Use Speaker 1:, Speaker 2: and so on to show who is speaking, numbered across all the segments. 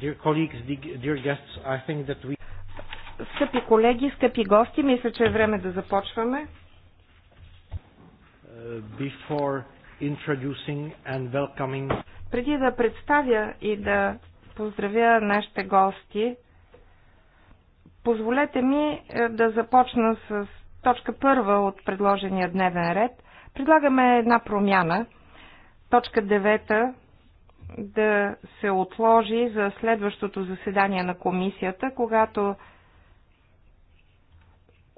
Speaker 1: Dear colleagues, dear guests, I think that we... Скъпи колеги, скъпи гости, мисля, че е време да
Speaker 2: започваме.
Speaker 1: Uh, before introducing and welcoming...
Speaker 2: Преди да представя и да поздравя нашите гости, позволете ми е, да започна с точка първа от предложения дневен ред. Предлагаме една промяна. Точка девета да се отложи за следващото заседание на комисията, когато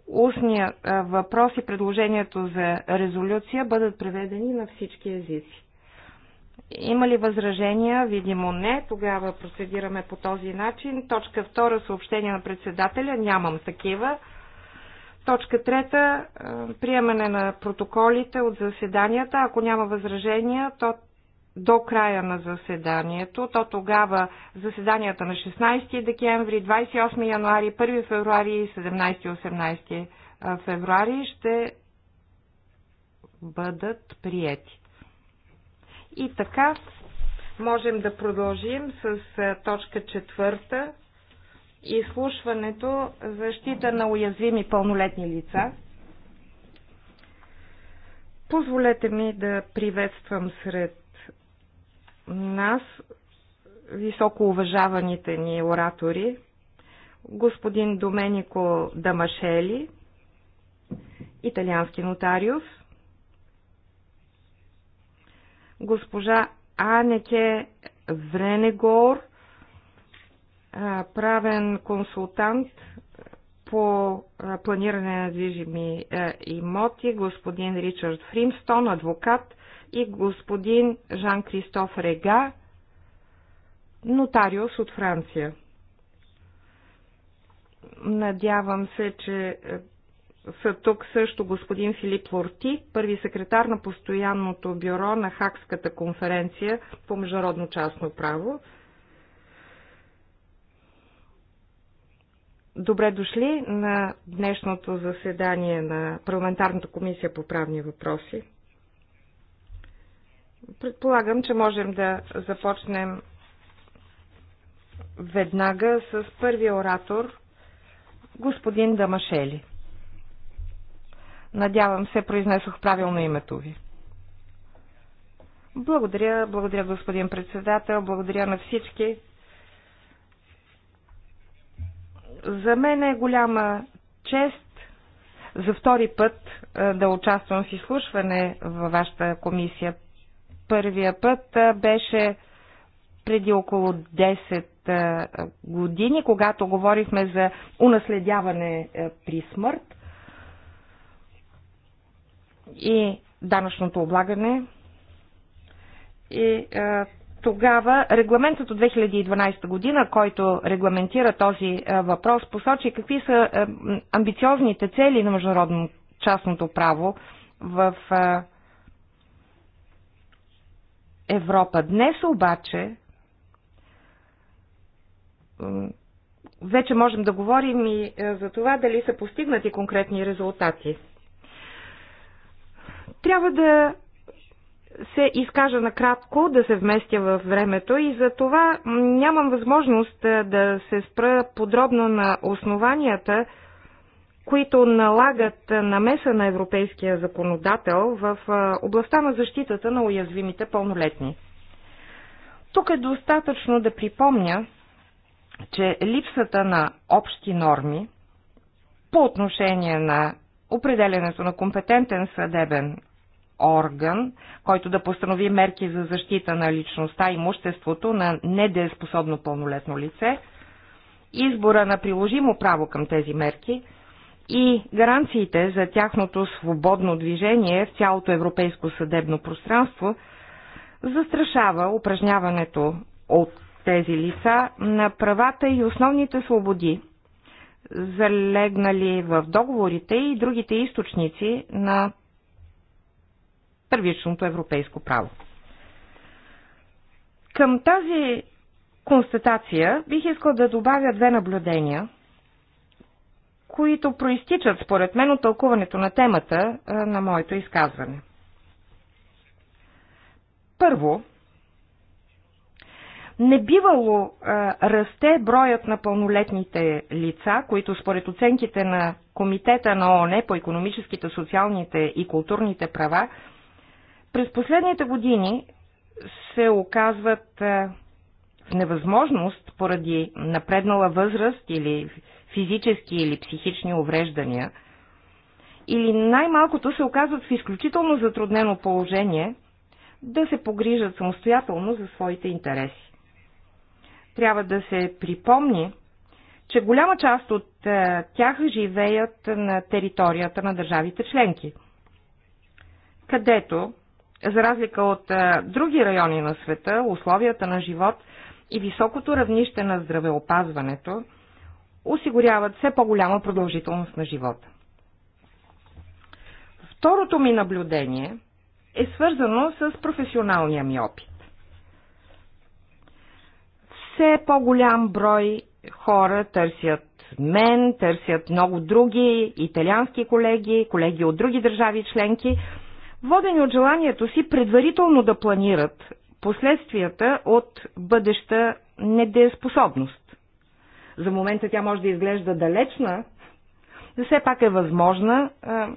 Speaker 2: устния въпрос и предложението за резолюция бъдат преведени на всички езици. Има ли възражения? Видимо не. Тогава процедираме по този начин. Точка 2. Съобщение на председателя. Нямам такива. Точка 3. Приемане на протоколите от заседанията. Ако няма възражения, то до края на заседанието, то тогава заседанията на 16 декември, 28 януари, 1 февруари и 17 18 февруари ще бъдат приети. И така можем да продължим с точка четвърта изслушването защита на уязвими пълнолетни лица. Позволете ми да приветствам сред нас високо уважаваните ни оратори, господин Доменико Дамашели, италиански нотариус, госпожа Анеке Вренегор, правен консултант по планиране на движими имоти, господин Ричард Фримстон, адвокат, и господин Жан-Кристоф Рега, нотариус от Франция. Надявам се, че е, са тук също господин Филип Лорти, първи секретар на постоянното бюро на Хакската конференция по международно частно право. Добре дошли на днешното заседание на Парламентарната комисия по правни въпроси. Предполагам, че можем да започнем веднага с първия оратор, господин Дамашели. Надявам се, произнесох правилно името ви. Благодаря, благодаря господин председател, благодаря на всички. За мен е голяма чест за втори път да участвам в изслушване във вашата комисия. Първия път беше преди около 10 години, когато говорихме за унаследяване при смърт и данъчното облагане. И тогава регламентът от 2012 година, който регламентира този въпрос, посочи какви са амбициозните цели на международно частното право в Европа. Днес обаче вече можем да говорим и е, за това дали са постигнати конкретни резултати. Трябва да се изкажа накратко, да се вместя във времето и за това нямам възможност е, да се спра подробно на основанията, които налагат намеса на европейския законодател в областта на защитата на уязвимите пълнолетни. Тук е достатъчно да припомня, че липсата на общи норми по отношение на определенето на компетентен съдебен орган, който да постанови мерки за защита на личността и имуществото на недееспособно пълнолетно лице, избора на приложимо право към тези мерки – и гаранциите за тяхното свободно движение в цялото европейско съдебно пространство застрашава упражняването от тези лица на правата и основните свободи, залегнали в договорите и другите източници на първичното европейско право. Към тази констатация бих искал да добавя две наблюдения – които проистичат според мен от тълкуването на темата на моето изказване. Първо, не бивало а, расте броят на пълнолетните лица, които според оценките на Комитета на ООН по економическите, социалните и културните права, през последните години се оказват а, в невъзможност поради напреднала възраст или физически или психични увреждания, или най-малкото се оказват в изключително затруднено положение да се погрижат самостоятелно за своите интереси. Трябва да се припомни, че голяма част от е, тях живеят на територията на държавите членки, където, за разлика от е, други райони на света, условията на живот – и високото равнище на здравеопазването осигуряват все по-голяма продължителност на живота. Второто ми наблюдение е свързано с професионалния ми опит. Все по-голям брой хора търсят мен, търсят много други италиански колеги, колеги от други държави членки, водени от желанието си предварително да планират последствията от бъдеща недееспособност. За момента тя може да изглежда далечна, но все пак е възможна а,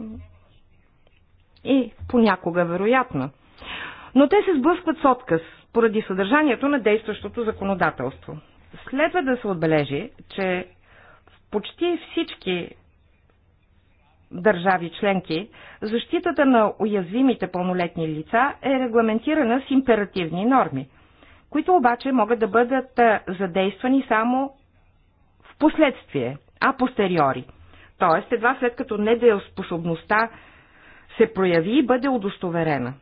Speaker 2: и понякога вероятна. Но те се сблъскват с отказ поради съдържанието на действащото законодателство. Следва да се отбележи, че в почти всички държави членки, защитата на уязвимите пълнолетни лица е регламентирана с императивни норми, които обаче могат да бъдат задействани само в последствие, а постериори. Тоест, едва след като недееспособността се прояви и бъде удостоверена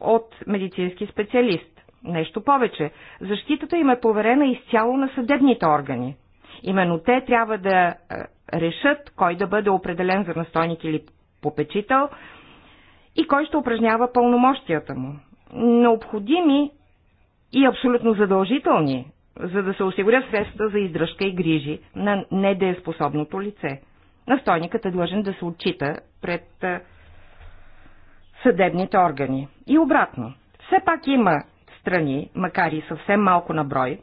Speaker 2: от медицински специалист. Нещо повече, защитата им е поверена изцяло на съдебните органи – Именно те трябва да е, решат кой да бъде определен за настойник или попечител и кой ще упражнява пълномощията му. Необходими и абсолютно задължителни, за да се осигурят средства за издръжка и грижи на недееспособното лице. Настойникът е длъжен да се отчита пред е, съдебните органи. И обратно. Все пак има страни, макар и съвсем малко на брой,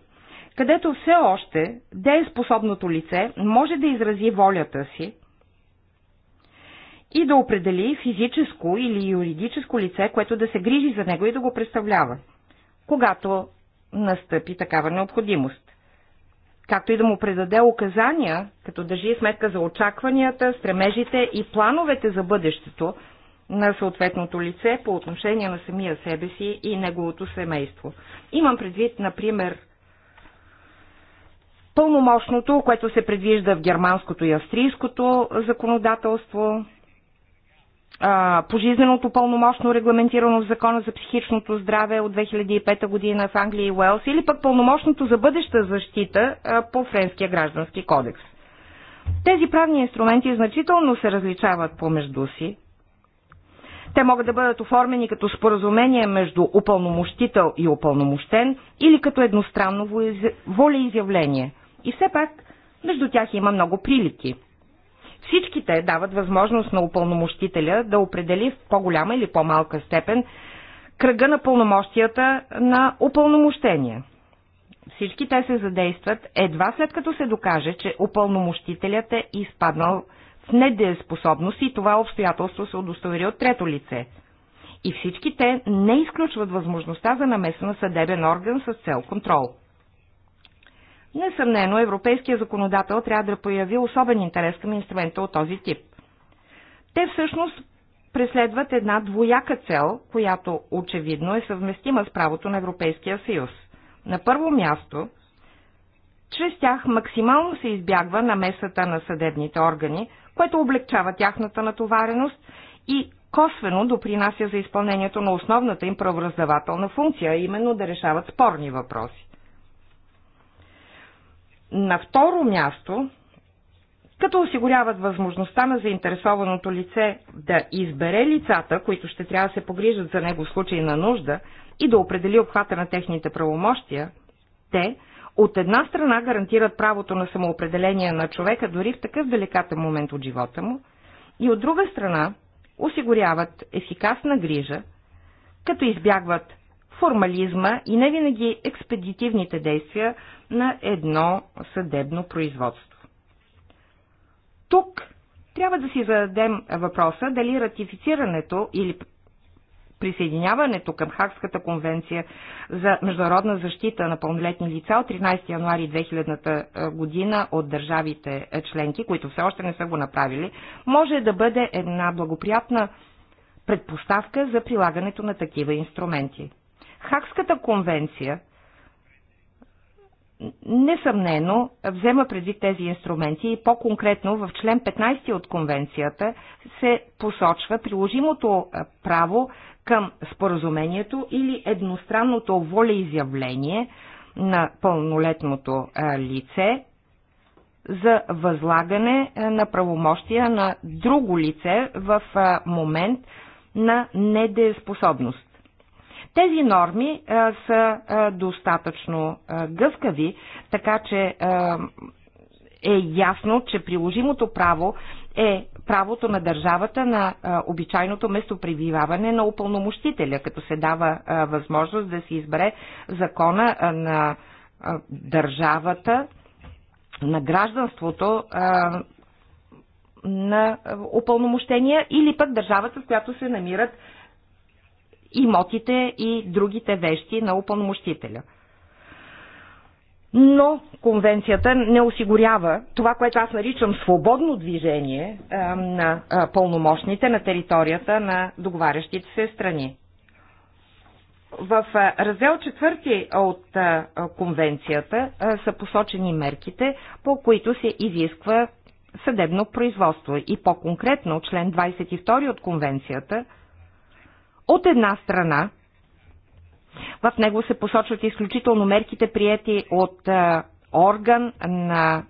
Speaker 2: където все още дееспособното лице може да изрази волята си и да определи физическо или юридическо лице, което да се грижи за него и да го представлява, когато настъпи такава необходимост. Както и да му предаде указания, като държи сметка за очакванията, стремежите и плановете за бъдещето на съответното лице по отношение на самия себе си и неговото семейство. Имам предвид, например, пълномощното, което се предвижда в германското и австрийското законодателство, пожизненото пълномощно регламентирано в Закона за психичното здраве от 2005 година в Англия и Уелс или пък пълномощното за бъдеща защита по Френския граждански кодекс. Тези правни инструменти значително се различават помежду си. Те могат да бъдат оформени като споразумение между упълномощител и упълномощен или като едностранно волеизявление – и все пак, между тях има много прилики. Всичките дават възможност на упълномощителя да определи в по-голяма или по-малка степен кръга на пълномощията на упълномощения. Всички те се задействат едва след като се докаже, че упълномощителят е изпаднал в недееспособност и това обстоятелство се удостовери от трето лице. И всички те не изключват възможността за намеса на съдебен орган с цел контрол. Несъмнено, европейският законодател трябва да появи особен интерес към инструмента от този тип. Те всъщност преследват една двояка цел, която очевидно е съвместима с правото на Европейския съюз. На първо място, чрез тях максимално се избягва намесата на съдебните органи, което облегчава тяхната натовареност и косвено допринася за изпълнението на основната им правораздавателна функция, а именно да решават спорни въпроси. На второ място, като осигуряват възможността на заинтересованото лице да избере лицата, които ще трябва да се погрижат за него в случай на нужда и да определи обхвата на техните правомощия, те от една страна гарантират правото на самоопределение на човека дори в такъв деликатен момент от живота му, и от друга страна осигуряват ефикасна грижа, като избягват формализма и не винаги експедитивните действия на едно съдебно производство. Тук трябва да си зададем въпроса дали ратифицирането или присъединяването към Хакската конвенция за международна защита на пълнолетни лица от 13 януари 2000 година от държавите членки, които все още не са го направили, може да бъде една благоприятна предпоставка за прилагането на такива инструменти. Хакската конвенция несъмнено взема преди тези инструменти и по-конкретно в член 15 от конвенцията се посочва приложимото право към споразумението или едностранното волеизявление на пълнолетното лице за възлагане на правомощия на друго лице в момент на недееспособност. Тези норми а, са а, достатъчно а, гъвкави, така че а, е ясно, че приложимото право е правото на държавата на а, обичайното местопребиваване на упълномощителя, като се дава а, възможност да се избере закона а, на а, държавата, на гражданството, а, на упълномощения или пък държавата, в която се намират имотите и другите вещи на упълномощителя. Но конвенцията не осигурява това, което аз наричам свободно движение на пълномощните на територията на договарящите се страни. В раздел 4 от конвенцията са посочени мерките, по които се изисква съдебно производство и по-конкретно член 22 от конвенцията – от една страна, в него се посочват изключително мерките, прияти от е, орган на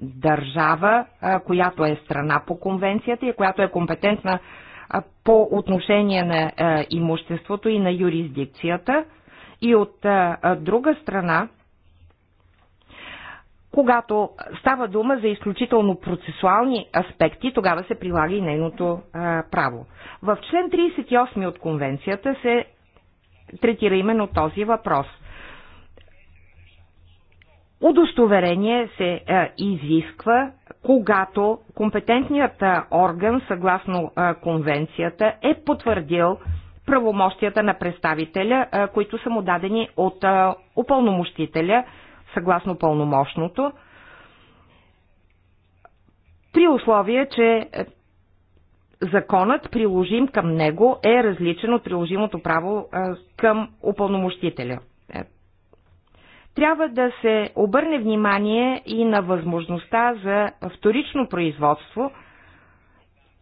Speaker 2: държава, е, която е страна по конвенцията и която е компетентна е, по отношение на имуществото и на юрисдикцията. И от друга страна, когато става дума за изключително процесуални аспекти, тогава се прилага и нейното а, право. В член 38 от конвенцията се третира именно този въпрос. Удостоверение се а, изисква, когато компетентният орган, съгласно а, конвенцията, е потвърдил правомощията на представителя, а, които са му дадени от а, упълномощителя съгласно пълномощното, при условие, че е, законът, приложим към него, е различен от приложимото право е, към упълномощителя. Е, трябва да се обърне внимание и на възможността за вторично производство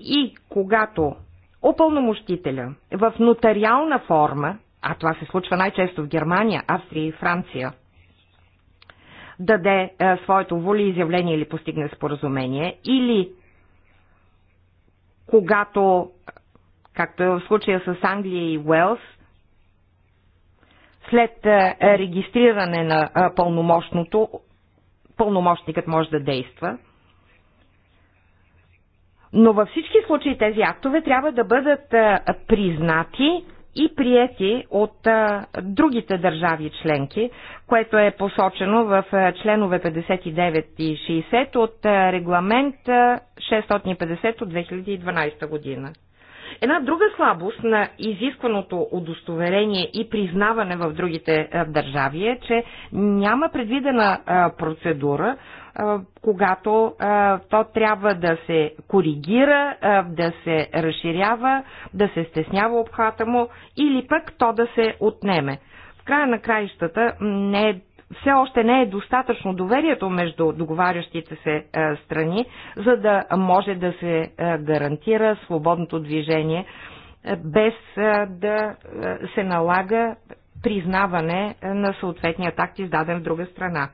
Speaker 2: и когато упълномощителя в нотариална форма, а това се случва най-често в Германия, Австрия и Франция – даде е, своето волеизявление или постигне споразумение, или когато, както е в случая с Англия и Уелс, след е, регистриране на е, пълномощното, пълномощникът може да действа. Но във всички случаи тези актове трябва да бъдат признати и прияти от а, другите държави членки, което е посочено в а, членове 59 и 60 от а, регламент а, 650 от 2012 година. Една друга слабост на изискваното удостоверение и признаване в другите а, държави е, че няма предвидена а, процедура, когато то трябва да се коригира, да се разширява, да се стеснява обхвата му или пък то да се отнеме. В края на краищата не е все още не е достатъчно доверието между договарящите се страни, за да може да се гарантира свободното движение, без да се налага признаване на съответния акт, издаден в друга страна.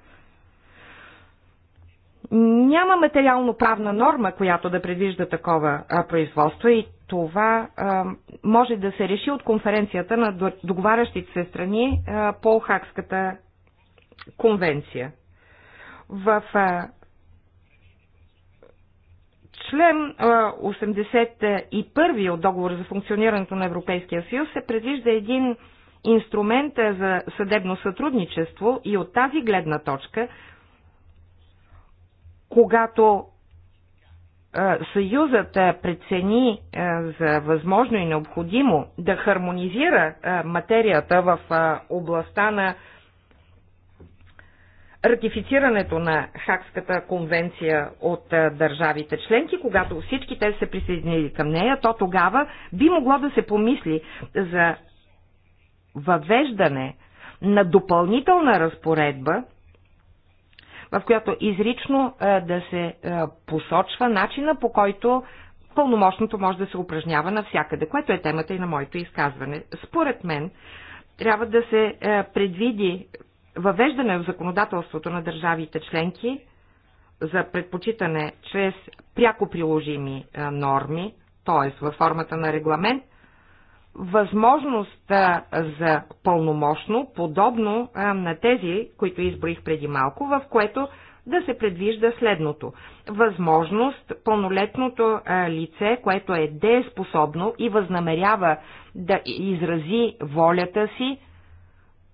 Speaker 2: Няма материално-правна норма, която да предвижда такова производство и това може да се реши от конференцията на договарящите се страни по Хакската конвенция. В член 81 от договора за функционирането на Европейския съюз се предвижда един инструмент за съдебно сътрудничество и от тази гледна точка когато Съюзът прецени за възможно и необходимо да хармонизира материята в областта на ратифицирането на Хакската конвенция от държавите членки, когато всички те се присъединили към нея, то тогава би могло да се помисли за въвеждане на допълнителна разпоредба, в която изрично е, да се е, посочва начина по който пълномощното може да се упражнява навсякъде, което е темата и на моето изказване. Според мен, трябва да се е, предвиди въвеждане в законодателството на държавите членки за предпочитане чрез пряко приложими норми, т.е. във формата на регламент, възможност за пълномощно, подобно на тези, които изброих преди малко, в което да се предвижда следното. Възможност пълнолетното лице, което е дееспособно и възнамерява да изрази волята си,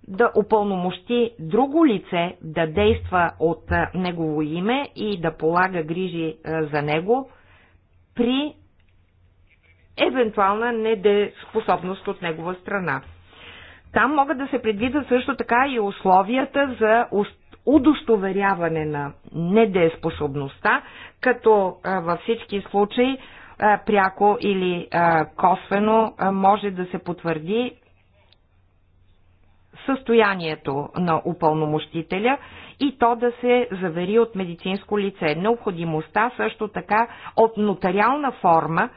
Speaker 2: да упълномощи друго лице да действа от негово име и да полага грижи за него при евентуална недеспособност от негова страна. Там могат да се предвидят също така и условията за удостоверяване на недееспособността, като във всички случаи пряко или косвено може да се потвърди състоянието на упълномощителя и то да се завери от медицинско лице. Необходимостта също така от нотариална форма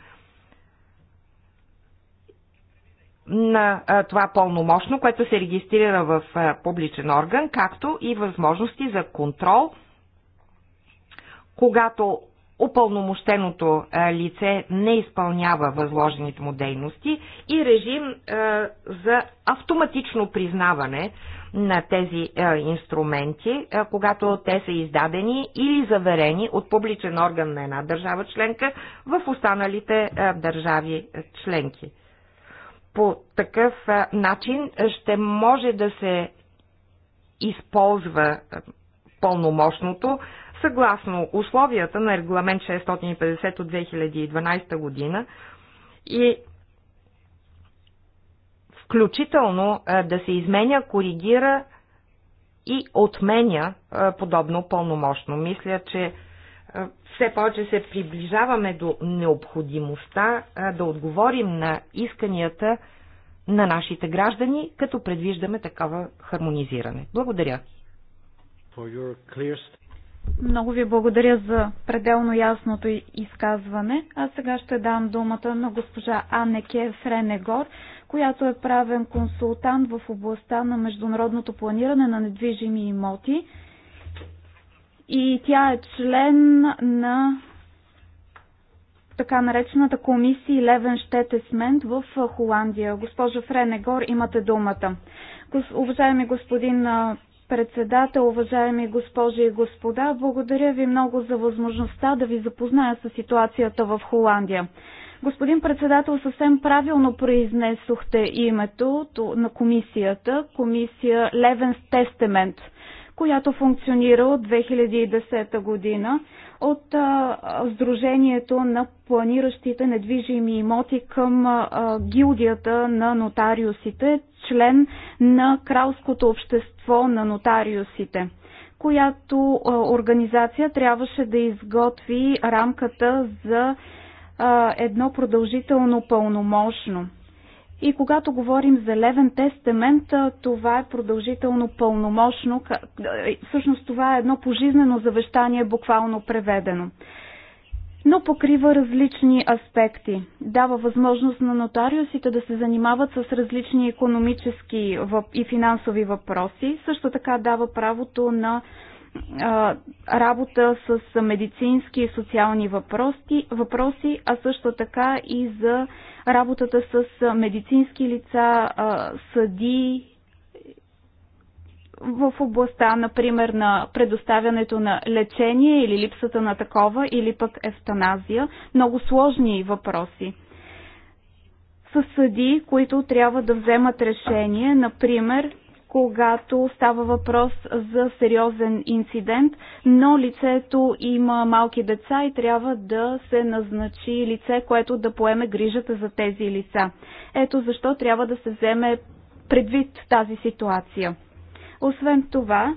Speaker 2: на това пълномощно, което се регистрира в публичен орган, както и възможности за контрол, когато упълномощеното лице не изпълнява възложените му дейности и режим за автоматично признаване на тези инструменти, когато те са издадени или заверени от публичен орган на една държава членка в останалите държави членки. По такъв начин ще може да се използва пълномощното, съгласно условията на регламент 650 от 2012 година и включително да се изменя, коригира и отменя подобно пълномощно. Мисля, че все повече се приближаваме до необходимостта да отговорим на исканията на нашите граждани, като предвиждаме такава хармонизиране.
Speaker 3: Благодаря. Много ви благодаря за пределно ясното изказване. А сега ще дам думата на госпожа Анеке Френегор, която е правен консултант в областта на международното планиране на недвижими имоти и тя е член на така наречената комисия Левен Штетесмент в Холандия. Госпожо Френегор, имате думата. Гос... Уважаеми господин председател, уважаеми госпожи и господа, благодаря ви много за възможността да ви запозная с ситуацията в Холандия. Господин председател, съвсем правилно произнесохте името на комисията, комисия Левен Тестемент – която функционира от 2010 година от а, Сдружението на планиращите недвижими имоти към а, гилдията на нотариусите, член на Кралското общество на нотариусите която а, организация трябваше да изготви рамката за а, едно продължително пълномощно. И когато говорим за левен тестамент, това е продължително пълномощно. Е, всъщност това е едно пожизнено завещание, буквално преведено но покрива различни аспекти. Дава възможност на нотариусите да се занимават с различни економически и финансови въпроси. Също така дава правото на работа с медицински и социални въпроси, въпроси, а също така и за работата с медицински лица, съди в областта, например, на предоставянето на лечение или липсата на такова, или пък евтаназия. Много сложни въпроси с съди, които трябва да вземат решение, например, когато става въпрос за сериозен инцидент, но лицето има малки деца и трябва да се назначи лице, което да поеме грижата за тези лица. Ето защо трябва да се вземе предвид тази ситуация. Освен това,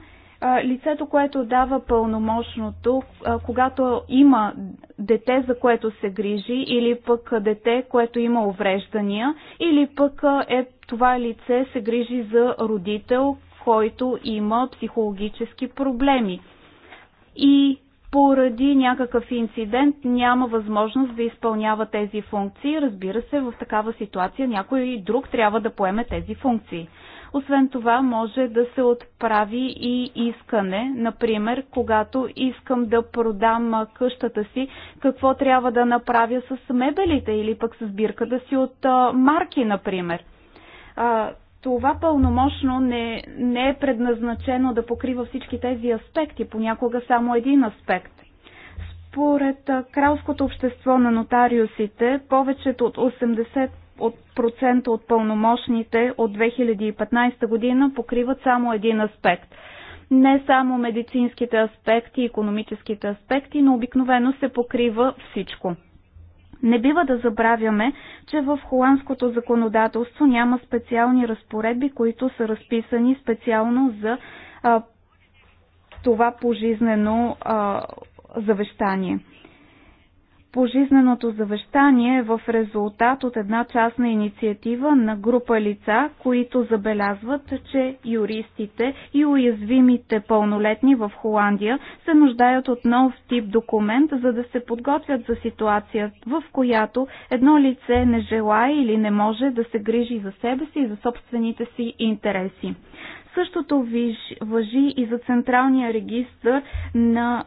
Speaker 3: лицето, което дава пълномощното, когато има дете, за което се грижи, или пък дете, което има увреждания, или пък е това лице се грижи за родител, който има психологически проблеми. И поради някакъв инцидент няма възможност да изпълнява тези функции. Разбира се, в такава ситуация някой друг трябва да поеме тези функции. Освен това, може да се отправи и искане. Например, когато искам да продам къщата си, какво трябва да направя с мебелите или пък с бирката си от марки, например това пълномощно не, не е предназначено да покрива всички тези аспекти, понякога само един аспект. Според Кралското общество на нотариусите, повечето от 80 от процента от пълномощните от 2015 година покриват само един аспект. Не само медицинските аспекти, економическите аспекти, но обикновено се покрива всичко. Не бива да забравяме, че в холандското законодателство няма специални разпоредби, които са разписани специално за а, това пожизнено а, завещание пожизненото завещание е в резултат от една частна инициатива на група лица, които забелязват, че юристите и уязвимите пълнолетни в Холандия се нуждаят от нов тип документ, за да се подготвят за ситуация, в която едно лице не желая или не може да се грижи за себе си и за собствените си интереси. Същото въжи и за Централния регистр на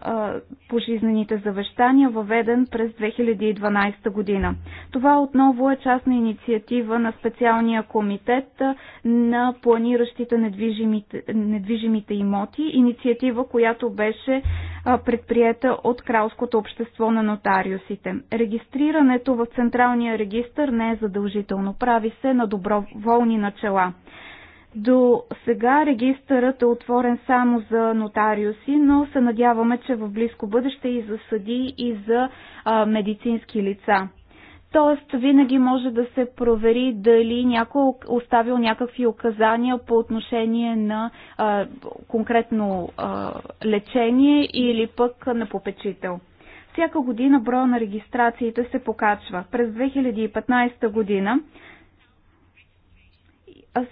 Speaker 3: пожизнените завещания, въведен през 2012 година. Това отново е частна инициатива на специалния комитет на планиращите недвижимите, недвижимите имоти, инициатива, която беше предприета от Кралското общество на нотариусите. Регистрирането в Централния регистр не е задължително, прави се на доброволни начала. До сега регистърът е отворен само за нотариуси, но се надяваме, че в близко бъдеще и за съди, и за а, медицински лица. Тоест, винаги може да се провери дали някой оставил някакви указания по отношение на а, конкретно а, лечение или пък на попечител. Всяка година броя на регистрациите се покачва. През 2015 година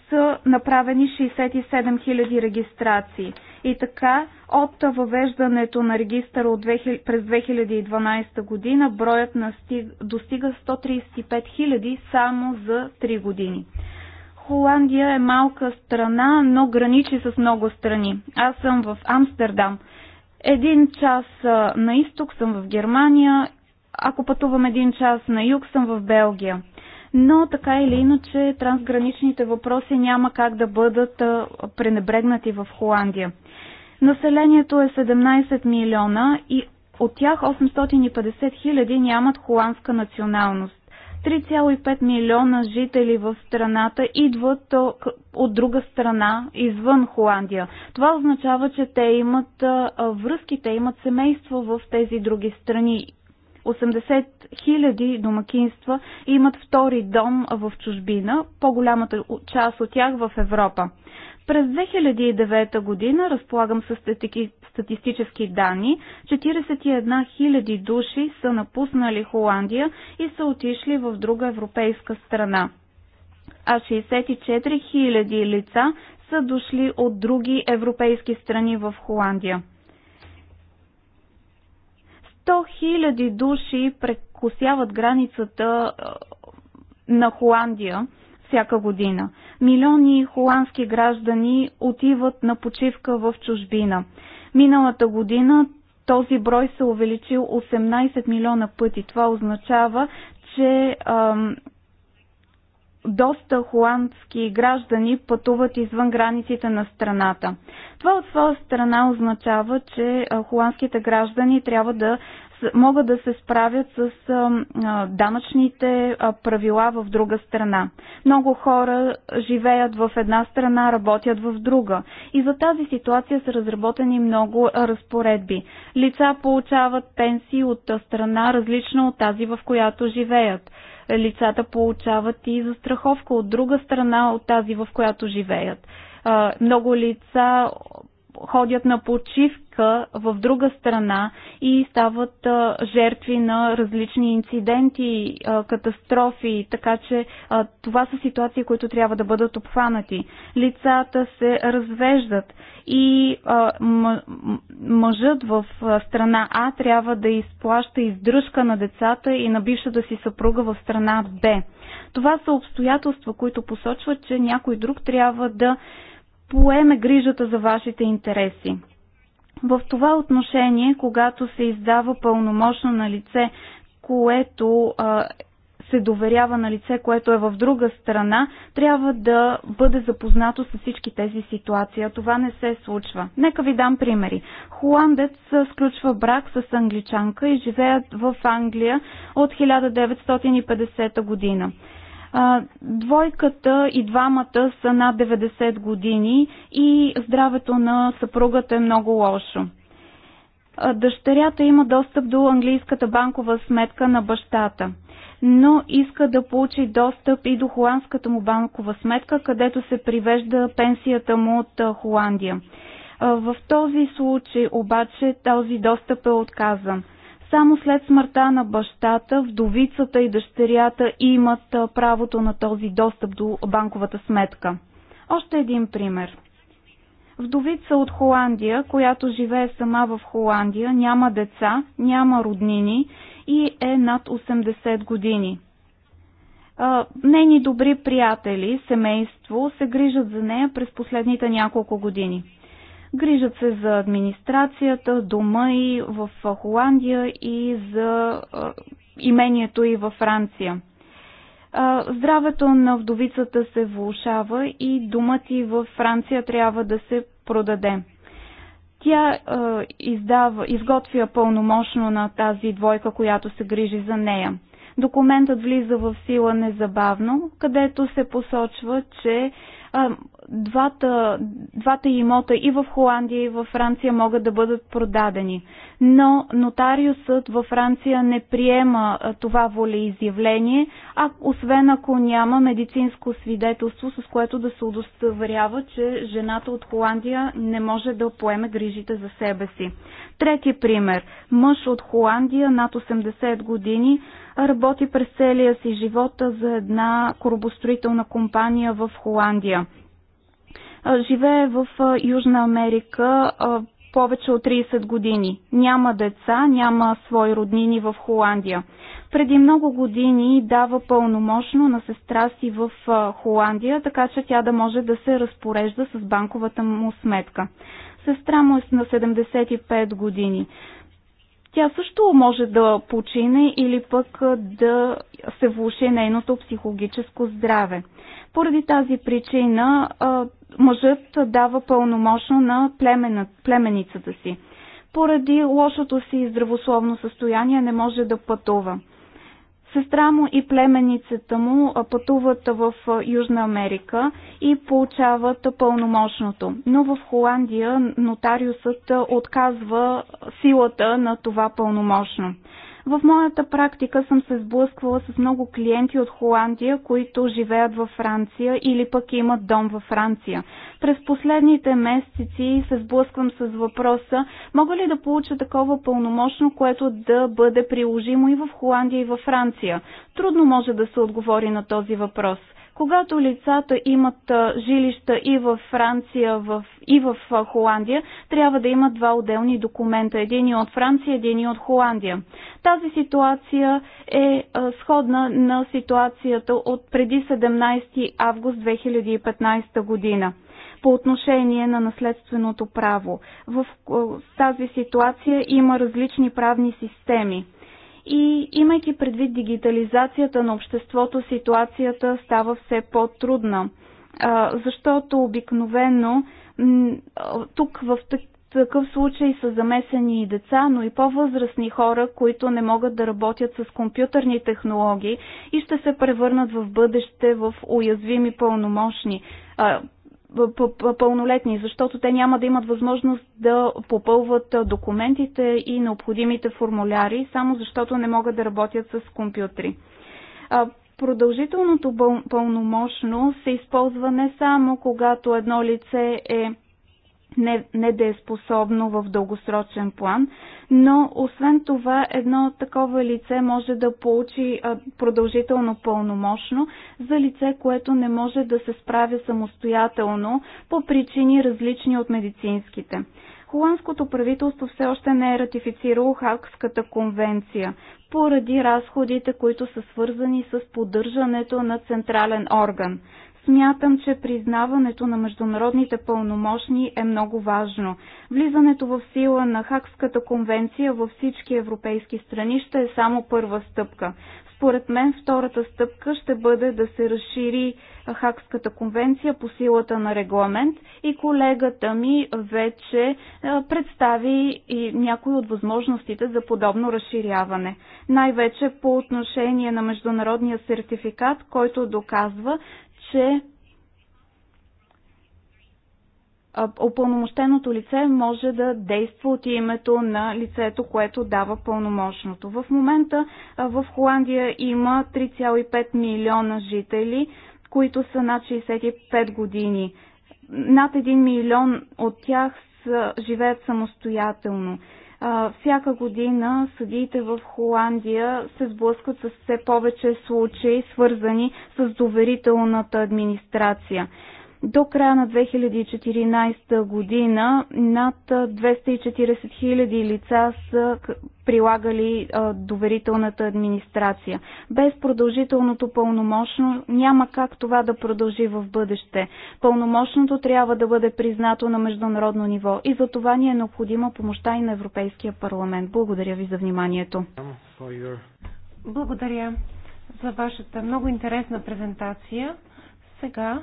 Speaker 3: са направени 67 000 регистрации. И така, от въвеждането на регистъра от 2000, през 2012 година, броят настиг, достига 135 000 само за 3 години. Холандия е малка страна, но граничи с много страни. Аз съм в Амстердам. Един час на изток съм в Германия, ако пътувам един час на юг съм в Белгия но така или иначе трансграничните въпроси няма как да бъдат пренебрегнати в Холандия. Населението е 17 милиона и от тях 850 хиляди нямат холандска националност. 3,5 милиона жители в страната идват от друга страна, извън Холандия. Това означава, че те имат връзки, те имат семейства в тези други страни 80 хиляди домакинства имат втори дом в чужбина, по-голямата част от тях в Европа. През 2009 година разполагам с статистически данни. 41 000 души са напуснали Холандия и са отишли в друга европейска страна. А 64 000 лица са дошли от други европейски страни в Холандия. 100 хиляди души прекусяват границата е, на Холандия всяка година. Милиони холандски граждани отиват на почивка в чужбина. Миналата година този брой се увеличил 18 милиона пъти. Това означава, че ам, доста холандски граждани пътуват извън границите на страната. Това от своя страна означава, че холандските граждани трябва да могат да се справят с данъчните правила в друга страна. Много хора живеят в една страна, работят в друга. И за тази ситуация са разработени много разпоредби. Лица получават пенсии от страна различна от тази, в която живеят лицата получават и застраховка от друга страна от тази, в която живеят. Много лица ходят на почивка в друга страна и стават жертви на различни инциденти, катастрофи, така че това са ситуации, които трябва да бъдат обхванати. Лицата се развеждат и мъжът в страна А трябва да изплаща издръжка на децата и на бившата си съпруга в страна Б. Това са обстоятелства, които посочват, че някой друг трябва да поеме грижата за вашите интереси. В това отношение, когато се издава пълномощно на лице, което а, се доверява на лице, което е в друга страна, трябва да бъде запознато с всички тези ситуации. А това не се случва. Нека ви дам примери. Холандец сключва брак с англичанка и живеят в Англия от 1950 година. Двойката и двамата са над 90 години и здравето на съпругата е много лошо. Дъщерята има достъп до английската банкова сметка на бащата, но иска да получи достъп и до холандската му банкова сметка, където се привежда пенсията му от Холандия. В този случай обаче този достъп е отказан. Само след смъртта на бащата, вдовицата и дъщерята имат правото на този достъп до банковата сметка. Още един пример. Вдовица от Холандия, която живее сама в Холандия, няма деца, няма роднини и е над 80 години. Нейни добри приятели, семейство се грижат за нея през последните няколко години. Грижат се за администрацията, дома и в Холандия и за
Speaker 1: имението
Speaker 3: и във Франция. Здравето на вдовицата се влушава и думът и във Франция трябва да се продаде. Тя е, издава, изготвя пълномощно на тази двойка, която се грижи за нея. Документът влиза в сила незабавно, където се посочва, че двата, двата имота и в Холандия, и в Франция могат да бъдат продадени. Но нотариусът във Франция не приема това волеизявление, а освен ако няма медицинско свидетелство, с което да се удостоверява, че жената от Холандия не може да поеме грижите за себе си. Трети пример. Мъж от Холандия над 80 години работи през целия си живота за една корабостроителна компания в Холандия. Живее в Южна Америка повече от 30 години. Няма деца, няма свои роднини в Холандия. Преди много години дава пълномощно на сестра си в Холандия, така че тя да може да се разпорежда с банковата му сметка. Сестра му е на 75 години тя също може да почине или пък да се влуши нейното психологическо здраве. Поради тази причина мъжът дава пълномощно на племена, племеницата си. Поради лошото си здравословно състояние не може да пътува. Сестра му и племеницата му пътуват в Южна Америка и получават пълномощното. Но в Холандия нотариусът отказва силата на това пълномощно. В моята практика съм се сблъсквала с много клиенти от Холандия, които живеят във Франция или пък имат дом във Франция. През последните месеци се сблъсквам с въпроса, мога ли да получа такова пълномощно, което да бъде приложимо и в Холандия и във Франция? Трудно може да се отговори на този въпрос. Когато лицата имат жилища и в Франция, и в Холандия, трябва да имат два отделни документа. Един е от Франция, един е от Холандия. Тази ситуация е сходна на ситуацията от преди 17 август 2015 година по отношение на наследственото право. В тази ситуация има различни правни системи. И имайки предвид дигитализацията на обществото, ситуацията става все по-трудна, защото обикновено тук в такъв случай са замесени и деца, но и по-възрастни хора, които не могат да работят с компютърни технологии и ще се превърнат в бъдеще в уязвими пълномощни, пълнолетни, защото те няма да имат възможност да попълват документите и необходимите формуляри, само защото не могат да работят с компютри. Продължителното пълномощно се използва не само когато едно лице е недееспособно в дългосрочен план, но освен това едно такова лице може да получи продължително пълномощно за лице, което не може да се справя самостоятелно по причини различни от медицинските. Холандското правителство все още не е ратифицирало Хакската конвенция поради разходите, които са свързани с поддържането на централен орган смятам, че признаването на международните пълномощни е много важно. Влизането в сила на Хакската конвенция във всички европейски страни ще е само първа стъпка. Според мен втората стъпка ще бъде да се разшири Хакската конвенция по силата на регламент и колегата ми вече е, представи и някои от възможностите за подобно разширяване. Най-вече по отношение на международния сертификат, който доказва, че опълномощеното лице може да действа от името на лицето, което дава пълномощното. В момента в Холандия има 3,5 милиона жители, които са над 65 години. Над 1 милион от тях са, живеят самостоятелно. Всяка година съдиите в Холандия се сблъскват с все повече случаи, свързани с доверителната администрация. До края на 2014 година над 240 000 лица са прилагали доверителната администрация. Без продължителното пълномощно няма как това да продължи в бъдеще. Пълномощното трябва да бъде признато на международно ниво и за това ни е необходима помощта и на Европейския парламент. Благодаря ви за вниманието. Благодаря за вашата много интересна
Speaker 4: презентация. Сега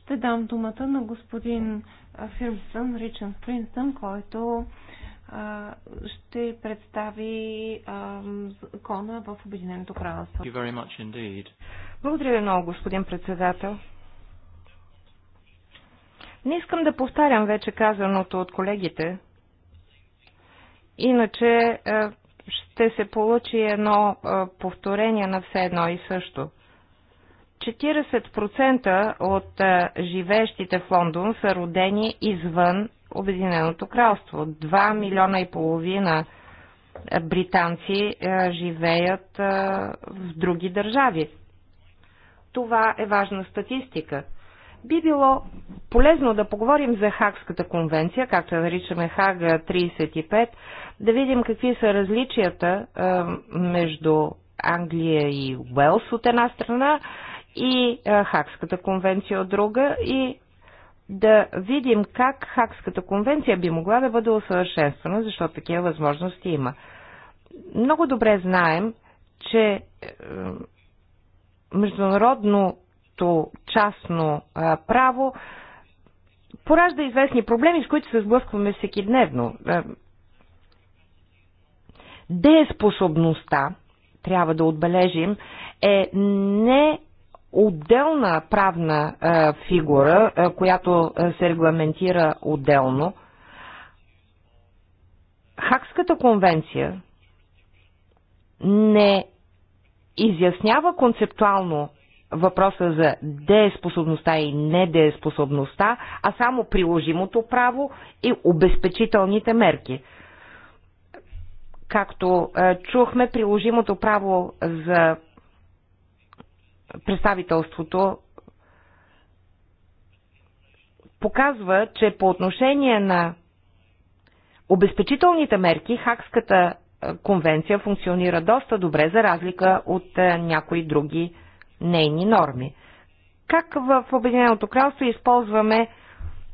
Speaker 4: ще дам думата на господин Фирмстън, Ричан Принстън, който а, ще представи а, закона в Обединеното кралство.
Speaker 2: Благодаря ви много, господин председател. Не искам да повтарям вече казаното от колегите, иначе ще се получи едно повторение на все едно и също – 40% от живеещите в Лондон са родени извън Обединеното кралство. 2 милиона и половина британци живеят в други държави. Това е важна статистика. Би било полезно да поговорим за Хагската конвенция, както я наричаме Хага 35, да видим какви са различията между Англия и Уелс от една страна и е, Хакската конвенция от друга и да видим как Хакската конвенция би могла да бъде усъвършенствана, защото такива възможности има. Много добре знаем, че е, международното частно е, право поражда известни проблеми, с които се сблъскваме всеки дневно. Дееспособността, трябва да отбележим, е не отделна правна е, фигура, е, която е, се регламентира отделно. Хакската конвенция не изяснява концептуално въпроса за дееспособността и недееспособността, а само приложимото право и обезпечителните мерки. Както чухме, приложимото право за представителството показва, че по отношение на обезпечителните мерки Хакската е, конвенция функционира доста добре, за разлика от е, някои други нейни норми. Как в Обединеното кралство използваме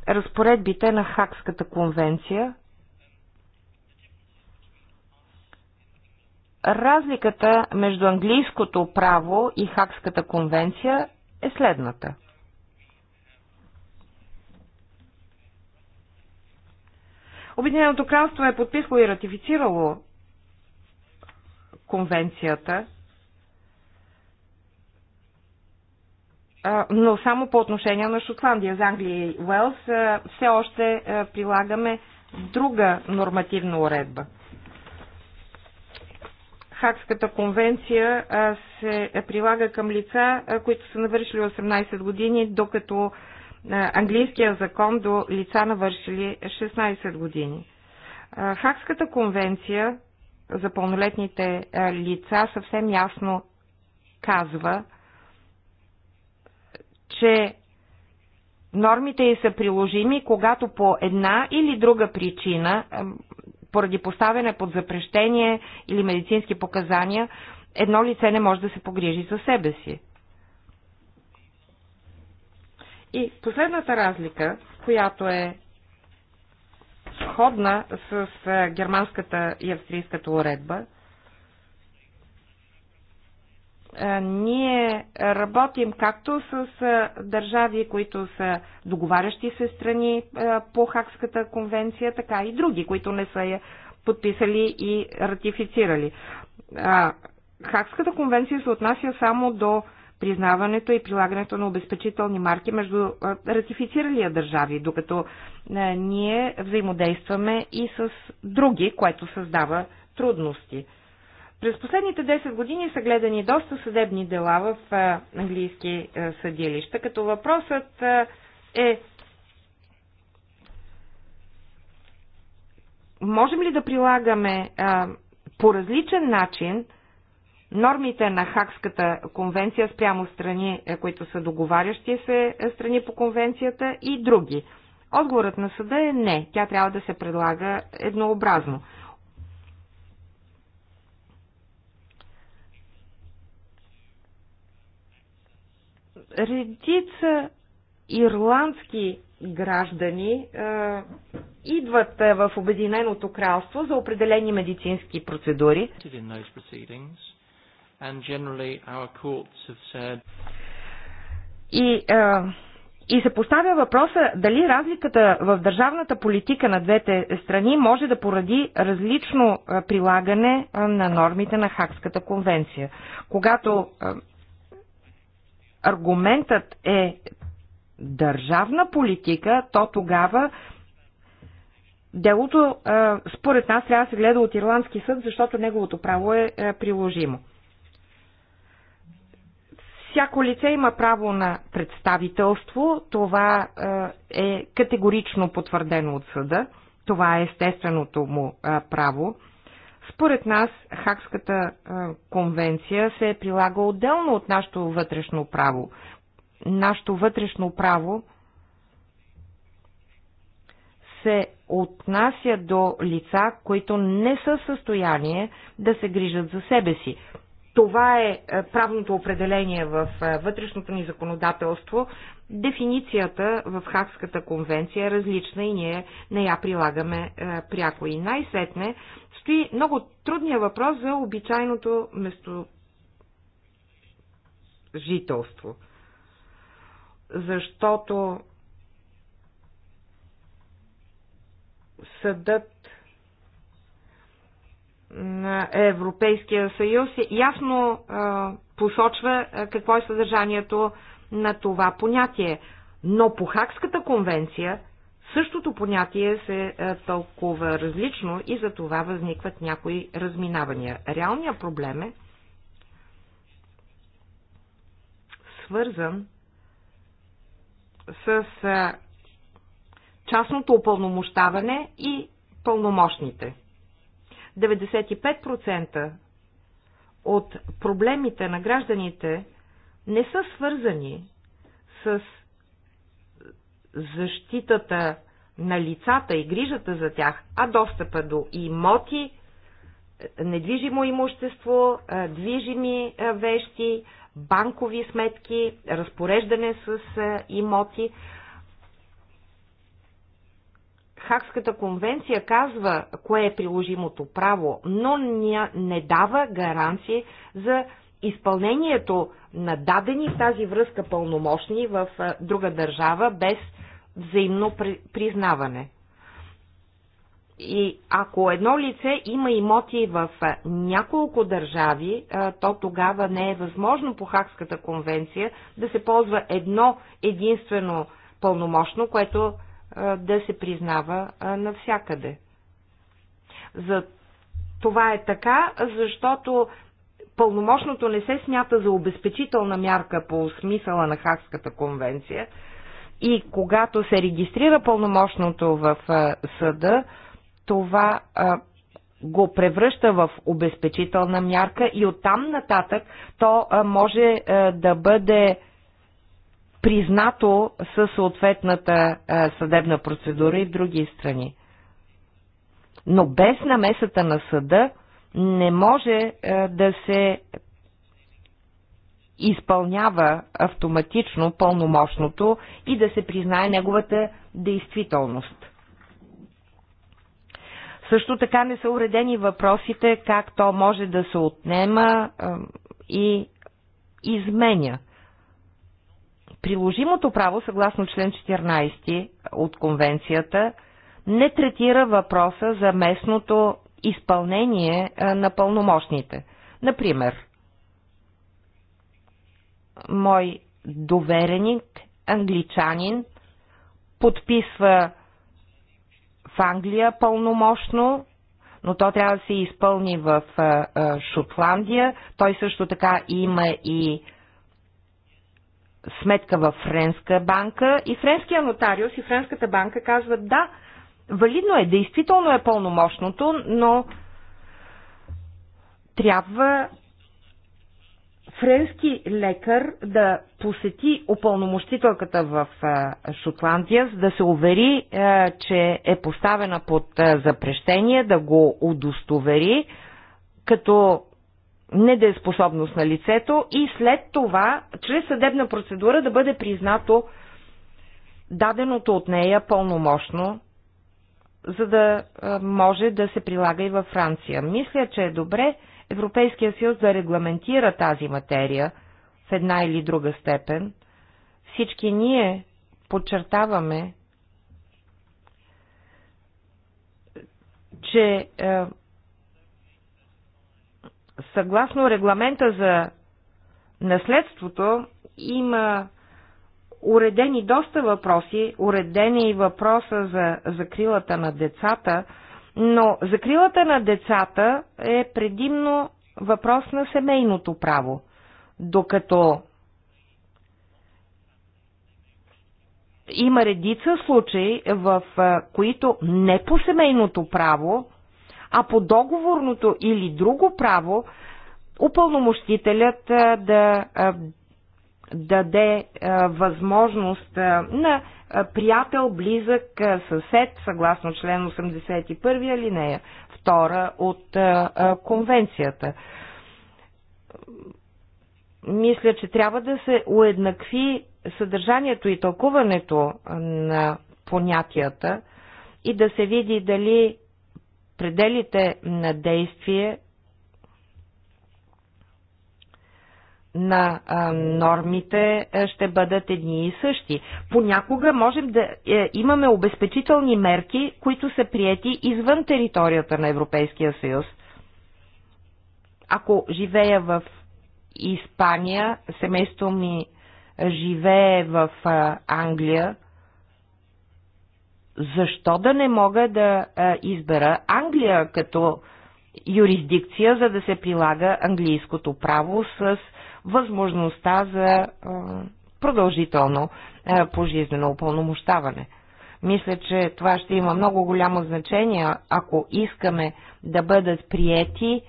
Speaker 2: разпоредбите на Хакската конвенция Разликата между английското право и Хакската конвенция е следната. Обединеното кралство е подписало и ратифицирало конвенцията, но само по отношение на Шотландия. За Англия и Уелс все още прилагаме друга нормативна уредба. Хакската конвенция се прилага към лица, които са навършили 18 години, докато английския закон до лица навършили 16 години. Хакската конвенция за пълнолетните лица съвсем ясно казва, че нормите й са приложими, когато по една или друга причина поради поставяне под запрещение или медицински показания, едно лице не може да се погрижи за себе си. И последната разлика, която е сходна с германската и австрийската уредба – е, ние работим както с е, държави, които са договарящи се страни е, по Хакската конвенция, така и други, които не са я подписали и ратифицирали. Хакската конвенция се отнася само до признаването и прилагането на обезпечителни марки между ратифициралия държави, докато ние взаимодействаме и с други, което създава трудности. През последните 10 години са гледани доста съдебни дела в английски съдилища, като въпросът е можем ли да прилагаме по различен начин нормите на Хакската конвенция спрямо страни, е, които са договарящи се е, страни по конвенцията и други. Отговорът на съда е не, тя трябва да се предлага еднообразно. редица ирландски граждани е, идват в Обединеното кралство за определени медицински процедури. И, е, и се поставя въпроса дали разликата в държавната политика на двете страни може да поради различно прилагане на нормите на Хакската конвенция. Когато аргументът е държавна политика, то тогава делото според нас трябва да се гледа от Ирландски съд, защото неговото право е приложимо. Всяко лице има право на представителство, това е категорично потвърдено от съда, това е естественото му право. Според нас Хакската конвенция се е прилага отделно от нашето вътрешно право. Нашето вътрешно право се отнася до лица, които не са в състояние да се грижат за себе си. Това е, е правното определение в е, вътрешното ни законодателство. Дефиницията в Хакската конвенция е различна и ние не я прилагаме е, пряко. И най-сетне стои много трудния въпрос за обичайното место жителство. Защото съдът на Европейския съюз ясно посочва какво е съдържанието на това понятие. Но по Хакската конвенция същото понятие се тълкува различно и за това възникват някои разминавания. Реалният проблем е свързан с частното упълномощаване и пълномощните. 95% от проблемите на гражданите не са свързани с защитата на лицата и грижата за тях, а достъпа до имоти, недвижимо имущество, движими вещи, банкови сметки, разпореждане с имоти. Хакската конвенция казва кое е приложимото право, но не дава гаранции за изпълнението на дадени в тази връзка пълномощни в друга държава без взаимно признаване. И ако едно лице има имоти в няколко държави, то тогава не е възможно по Хакската конвенция да се ползва едно единствено пълномощно, което да се признава навсякъде. За това е така, защото пълномощното не се смята за обезпечителна мярка по смисъла на Хагската конвенция и когато се регистрира пълномощното в съда, това го превръща в обезпечителна мярка и оттам нататък то може да бъде признато със съответната съдебна процедура и в други страни. Но без намесата на съда не може да се изпълнява автоматично пълномощното и да се признае неговата действителност. Също така не са уредени въпросите как то може да се отнема и изменя. Приложимото право, съгласно член 14 от конвенцията, не третира въпроса за местното изпълнение на пълномощните. Например, мой довереник, англичанин, подписва в Англия пълномощно, но то трябва да се изпълни в Шотландия. Той също така има и сметка в Френска банка и френския нотариус и Френската банка казват да, валидно е, действително е пълномощното, но трябва френски лекар да посети опълномощителката в Шотландия, за да се увери, че е поставена под запрещение, да го удостовери, като недееспособност на лицето и след това, чрез съдебна процедура, да бъде признато даденото от нея пълномощно, за да може да се прилага и във Франция. Мисля, че е добре Европейския съюз да регламентира тази материя в една или друга степен. Всички ние подчертаваме, че е, съгласно регламента за наследството има уредени доста въпроси, уредени и въпроса за закрилата на децата, но закрилата на децата е предимно въпрос на семейното право, докато има редица случаи, в които не по семейното право а по договорното или друго право упълномощителят да даде възможност на приятел, близък, съсед, съгласно член 81 алинея 2 от конвенцията. Мисля, че трябва да се уеднакви съдържанието и тълкуването на понятията и да се види дали пределите на действие на а, нормите ще бъдат едни и същи. Понякога можем да е, имаме обезпечителни мерки, които са приети извън територията на Европейския съюз. Ако живея в Испания, семейството ми живее в а, Англия, защо да не мога да избера Англия като юрисдикция, за да се прилага английското право с възможността за продължително пожизнено упълномощаване? Мисля, че това ще има много голямо значение, ако искаме да бъдат приети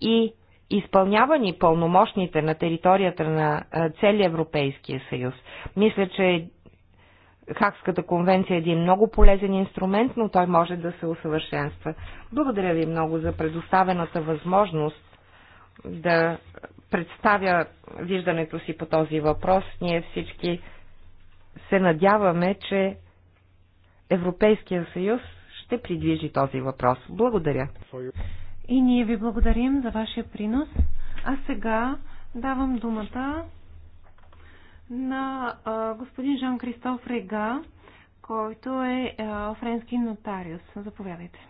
Speaker 2: и изпълнявани пълномощните на територията на целия Европейския съюз. Мисля, че Хакската конвенция е един много полезен инструмент, но той може да се усъвършенства. Благодаря ви много за предоставената възможност да представя виждането си по този въпрос. Ние всички се надяваме, че Европейския съюз ще придвижи този въпрос. Благодаря. И ние
Speaker 4: ви благодарим за вашия принос. А сега давам думата на а, господин Жан-Кристоф Рега, който е а, френски нотариус. Заповядайте.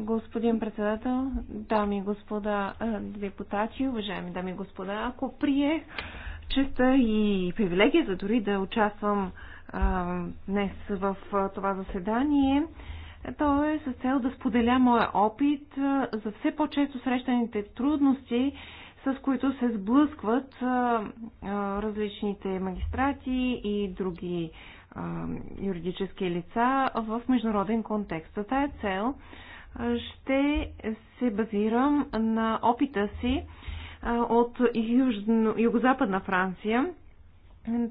Speaker 4: Господин председател, дами и господа депутати, уважаеми дами и господа, ако приех честа и привилегията дори да участвам а, днес в а, това заседание, то е с цел да споделя моя опит за все по-често срещаните трудности с които се сблъскват различните магистрати и други юридически лица в международен контекст. За тая цел ще се базирам на опита си от Юго-Западна Франция.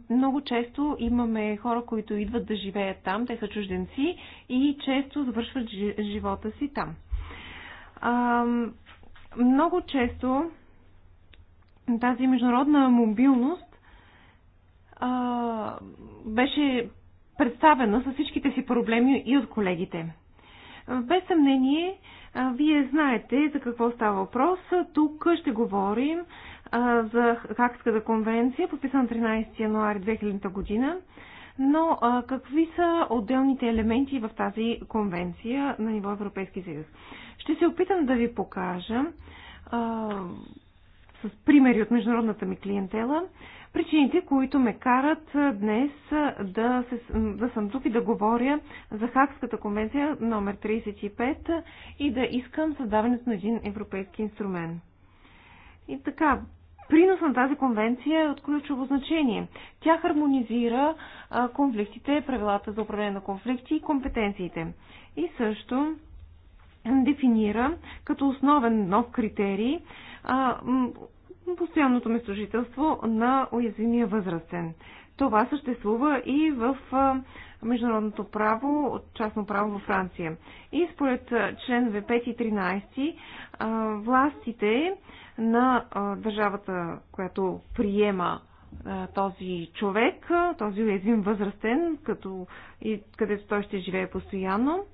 Speaker 4: Много често имаме хора, които идват да живеят там, те са чужденци и често завършват живота си там. Много често тази международна мобилност а, беше представена с всичките си проблеми и от колегите. Без съмнение, вие знаете за какво става въпрос. Тук ще говорим за Хакската конвенция, подписана 13 януари 2000 година. Но а, какви са отделните елементи в тази конвенция на ниво Европейски съюз? Ще се опитам да ви покажа а, с примери от международната ми клиентела, причините, които ме карат днес да, се, да съм тук и да говоря за Хакската конвенция номер 35 и да искам създаването на един европейски инструмент. И така, принос на тази конвенция е от ключово значение. Тя хармонизира конфликтите, правилата за управление на конфликти и компетенциите. И също дефинира като основен нов критерий постоянното местожителство на уязвимия възрастен. Това съществува и в международното право, частно право във Франция. И според член 5 и 13, властите на държавата, която приема този човек, този уязвим възрастен, като, и, където той ще живее постоянно,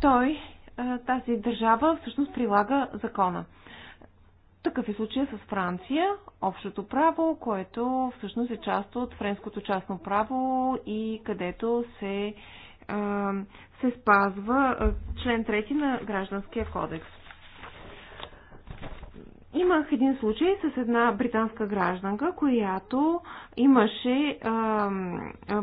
Speaker 4: той, тази държава, всъщност прилага закона. Такъв е случая с Франция, общото право, което всъщност е част от френското частно право и където се, се спазва член 3 на Гражданския кодекс. Имах един случай с една британска гражданка, която имаше а,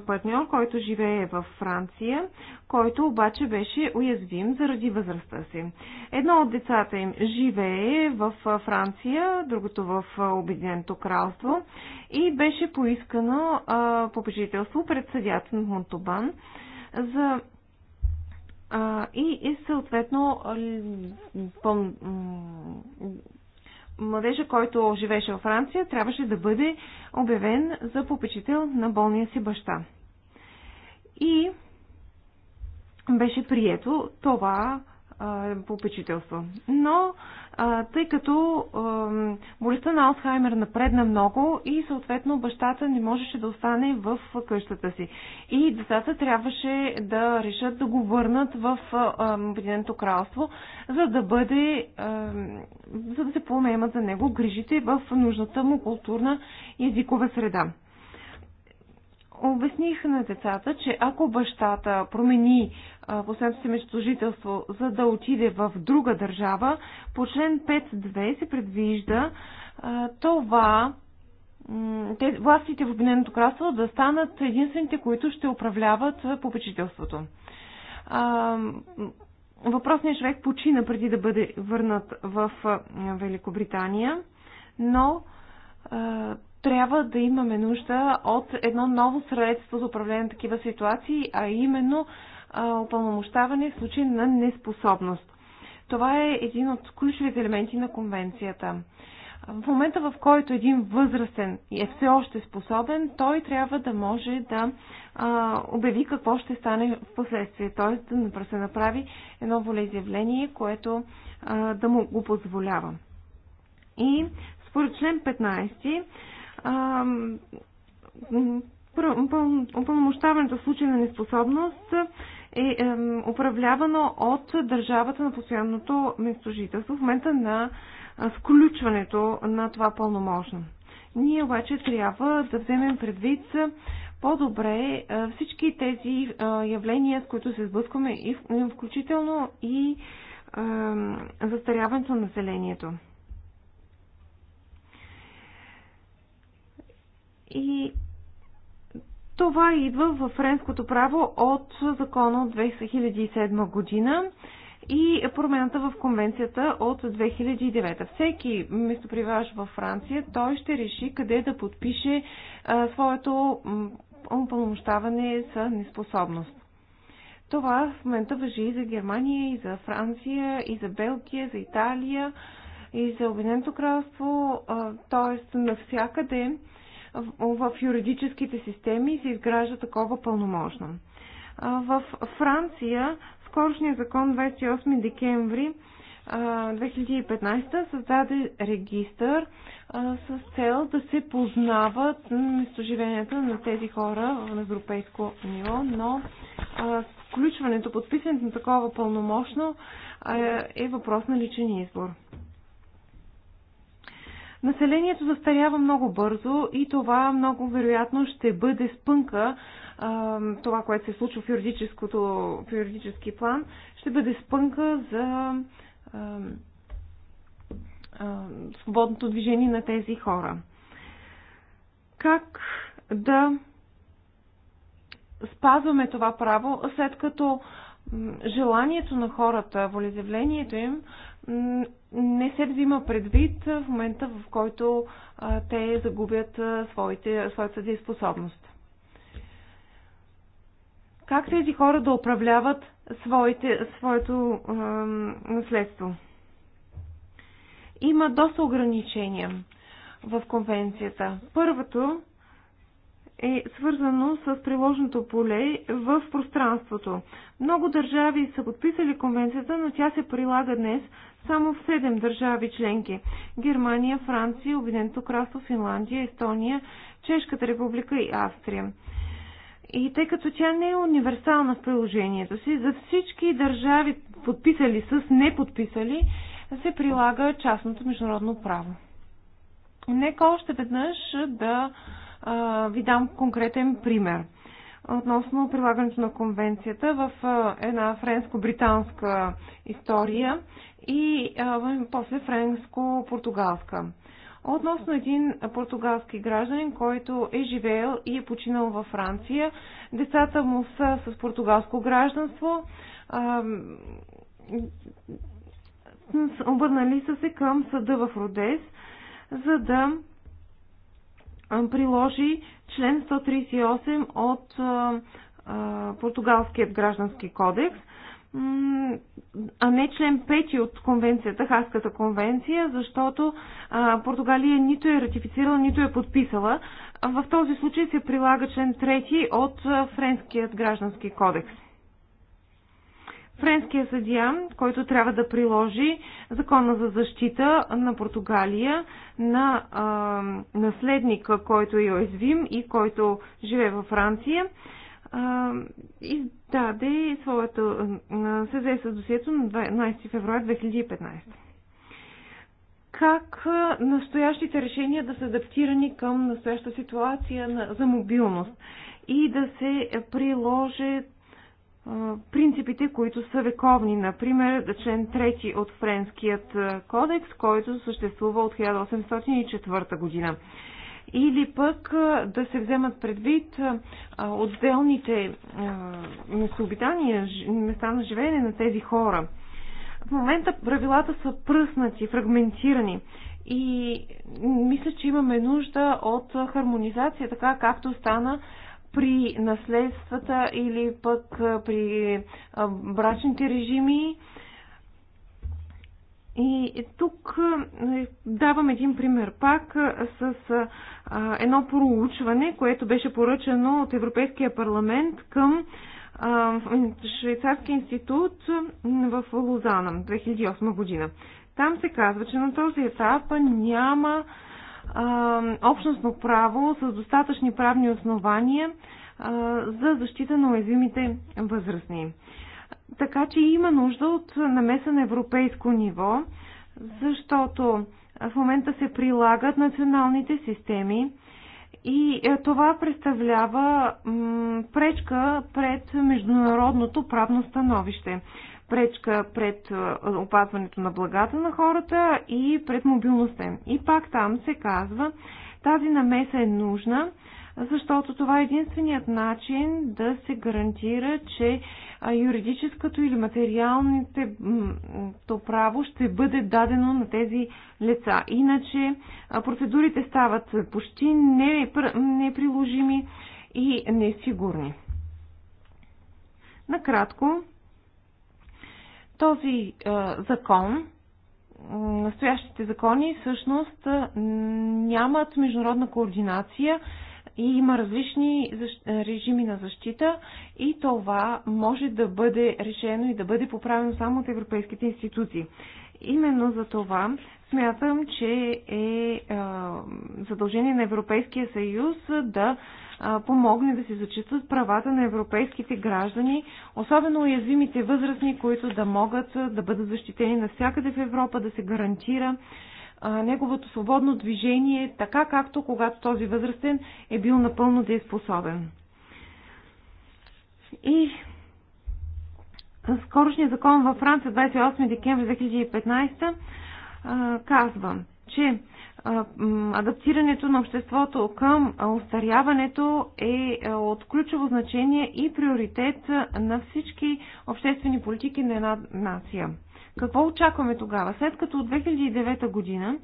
Speaker 4: партньор, който живее в Франция, който обаче беше уязвим заради възрастта си. Едно от децата им живее в Франция, другото в Обединеното кралство и беше поискано а, попечителство пред съдята на Монтобан за а, и, и съответно пъл, младежа, който живееше във Франция, трябваше да бъде обявен за попечител на болния си баща. И беше прието това а, попечителство. Но а, тъй като а, болестта на Алцхаймер напредна много и съответно бащата не можеше да остане в къщата си. И децата трябваше да решат да го върнат в Обединеното кралство, за да бъде, а, за да се поемат за него грижите в нужната му културна и езикова среда обясних на децата, че ако бащата промени последното си местожителство, за да отиде в друга държава, по член 5.2 се предвижда а, това те, властите в Обединеното кралство да станат единствените, които ще управляват попечителството. А, въпросният човек почина преди да бъде върнат в Великобритания, но а, трябва да имаме нужда от едно ново средство за управление на такива ситуации, а именно опълномощаване в случай на неспособност. Това е един от ключовите елементи на конвенцията. В момента, в който един възрастен е все още способен, той трябва да може да а, обяви какво ще стане в последствие, т.е. да се направи едно волеизявление, което а, да му го позволява. И според член 15 Упълномощаването в случай на неспособност е управлявано от държавата на постоянното местожителство в момента на сключването на това пълномощно. Ние обаче трябва да вземем предвид по-добре всички тези явления, с които се сблъскваме, включително и застаряването на населението. И това идва в френското право от закона от 2007 година и промената в конвенцията от 2009. Всеки местоприваж във Франция, той ще реши къде да подпише а, своето упълномощаване за неспособност. Това в момента въжи и за Германия, и за Франция, и за Белгия, за Италия, и за Обединеното кралство, т.е. навсякъде в юридическите системи се изгражда такова пълномощно. В Франция скорошният закон 28 декември 2015 създаде регистър с цел да се познават местоживенията на тези хора на европейско ниво, но включването, подписването на такова пълномощно е въпрос на личен избор. Населението застарява много бързо и това много вероятно ще бъде спънка, това, което се случва в, в юридически план, ще бъде спънка за свободното движение на тези хора. Как да спазваме това право, след като желанието на хората, волезявлението им не се взима предвид в момента, в който а, те загубят а, своите, своята дееспособност. Как тези хора да управляват своите, своето а, наследство? Има доста ограничения в конвенцията. Първото е свързано с приложното поле в пространството. Много държави са подписали конвенцията, но тя се прилага днес само в 7 държави членки. Германия, Франция, Обединеното кралство, Финландия, Естония, Чешката република и Австрия. И тъй като тя не е универсална в приложението си, за всички държави, подписали с не подписали, се прилага частното международно право. Нека още веднъж да ви дам конкретен пример. Относно прилагането на конвенцията в една френско-британска история и после френско-португалска. Относно един португалски гражданин, който е живеел и е починал във Франция. Децата му са с португалско гражданство. Обърнали са се към съда в Родес, за да приложи член 138 от португалският граждански кодекс, а не член 5 от конвенцията, Хаската конвенция, защото Португалия нито е ратифицирала, нито е подписала. В този случай се прилага член 3 от Френският граждански кодекс френския съдия, който трябва да приложи закона за защита на Португалия на а, наследника, който е уязвим и който живее във Франция, а, издаде своята, съзе с досието на 12 февруари 2015. Как настоящите решения да са адаптирани към настояща ситуация на, за мобилност и да се приложат принципите, които са вековни. Например, член 3 от Френският кодекс, който съществува от 1804 година. Или пък да се вземат предвид отделните местообитания, места на живеене на тези хора. В момента правилата са пръснати, фрагментирани и мисля, че имаме нужда от хармонизация, така както стана при наследствата или пък при брачните режими. И тук давам един пример пак с едно проучване, което беше поръчано от Европейския парламент към Швейцарски институт в Лозана 2008 година. Там се казва, че на този етап няма общностно право с достатъчни правни основания за защита на уязвимите възрастни. Така че има нужда от намеса на европейско ниво, защото в момента се прилагат националните системи и е, това представлява пречка пред международното правно становище пречка пред опазването на благата на хората и пред мобилността И пак там се казва, тази намеса е нужна, защото това е единственият начин да се гарантира, че юридическото или материалните то право ще бъде дадено на тези лица. Иначе процедурите стават почти неприложими и несигурни. Накратко, този закон, настоящите закони, всъщност нямат международна координация и има различни режими на защита и това може да бъде решено и да бъде поправено само от европейските институции. Именно за това смятам, че е задължение на Европейския съюз да помогне да се зачитат правата на европейските граждани, особено уязвимите възрастни, които да могат да бъдат защитени навсякъде в Европа, да се гарантира неговото свободно движение, така както когато този възрастен е бил напълно дееспособен. И скорошният закон във Франция 28 декември 2015 казва, че адаптирането на обществото към устаряването е, е от ключово значение и приоритет на всички обществени политики на една нация. Какво очакваме тогава? След като от 2009 година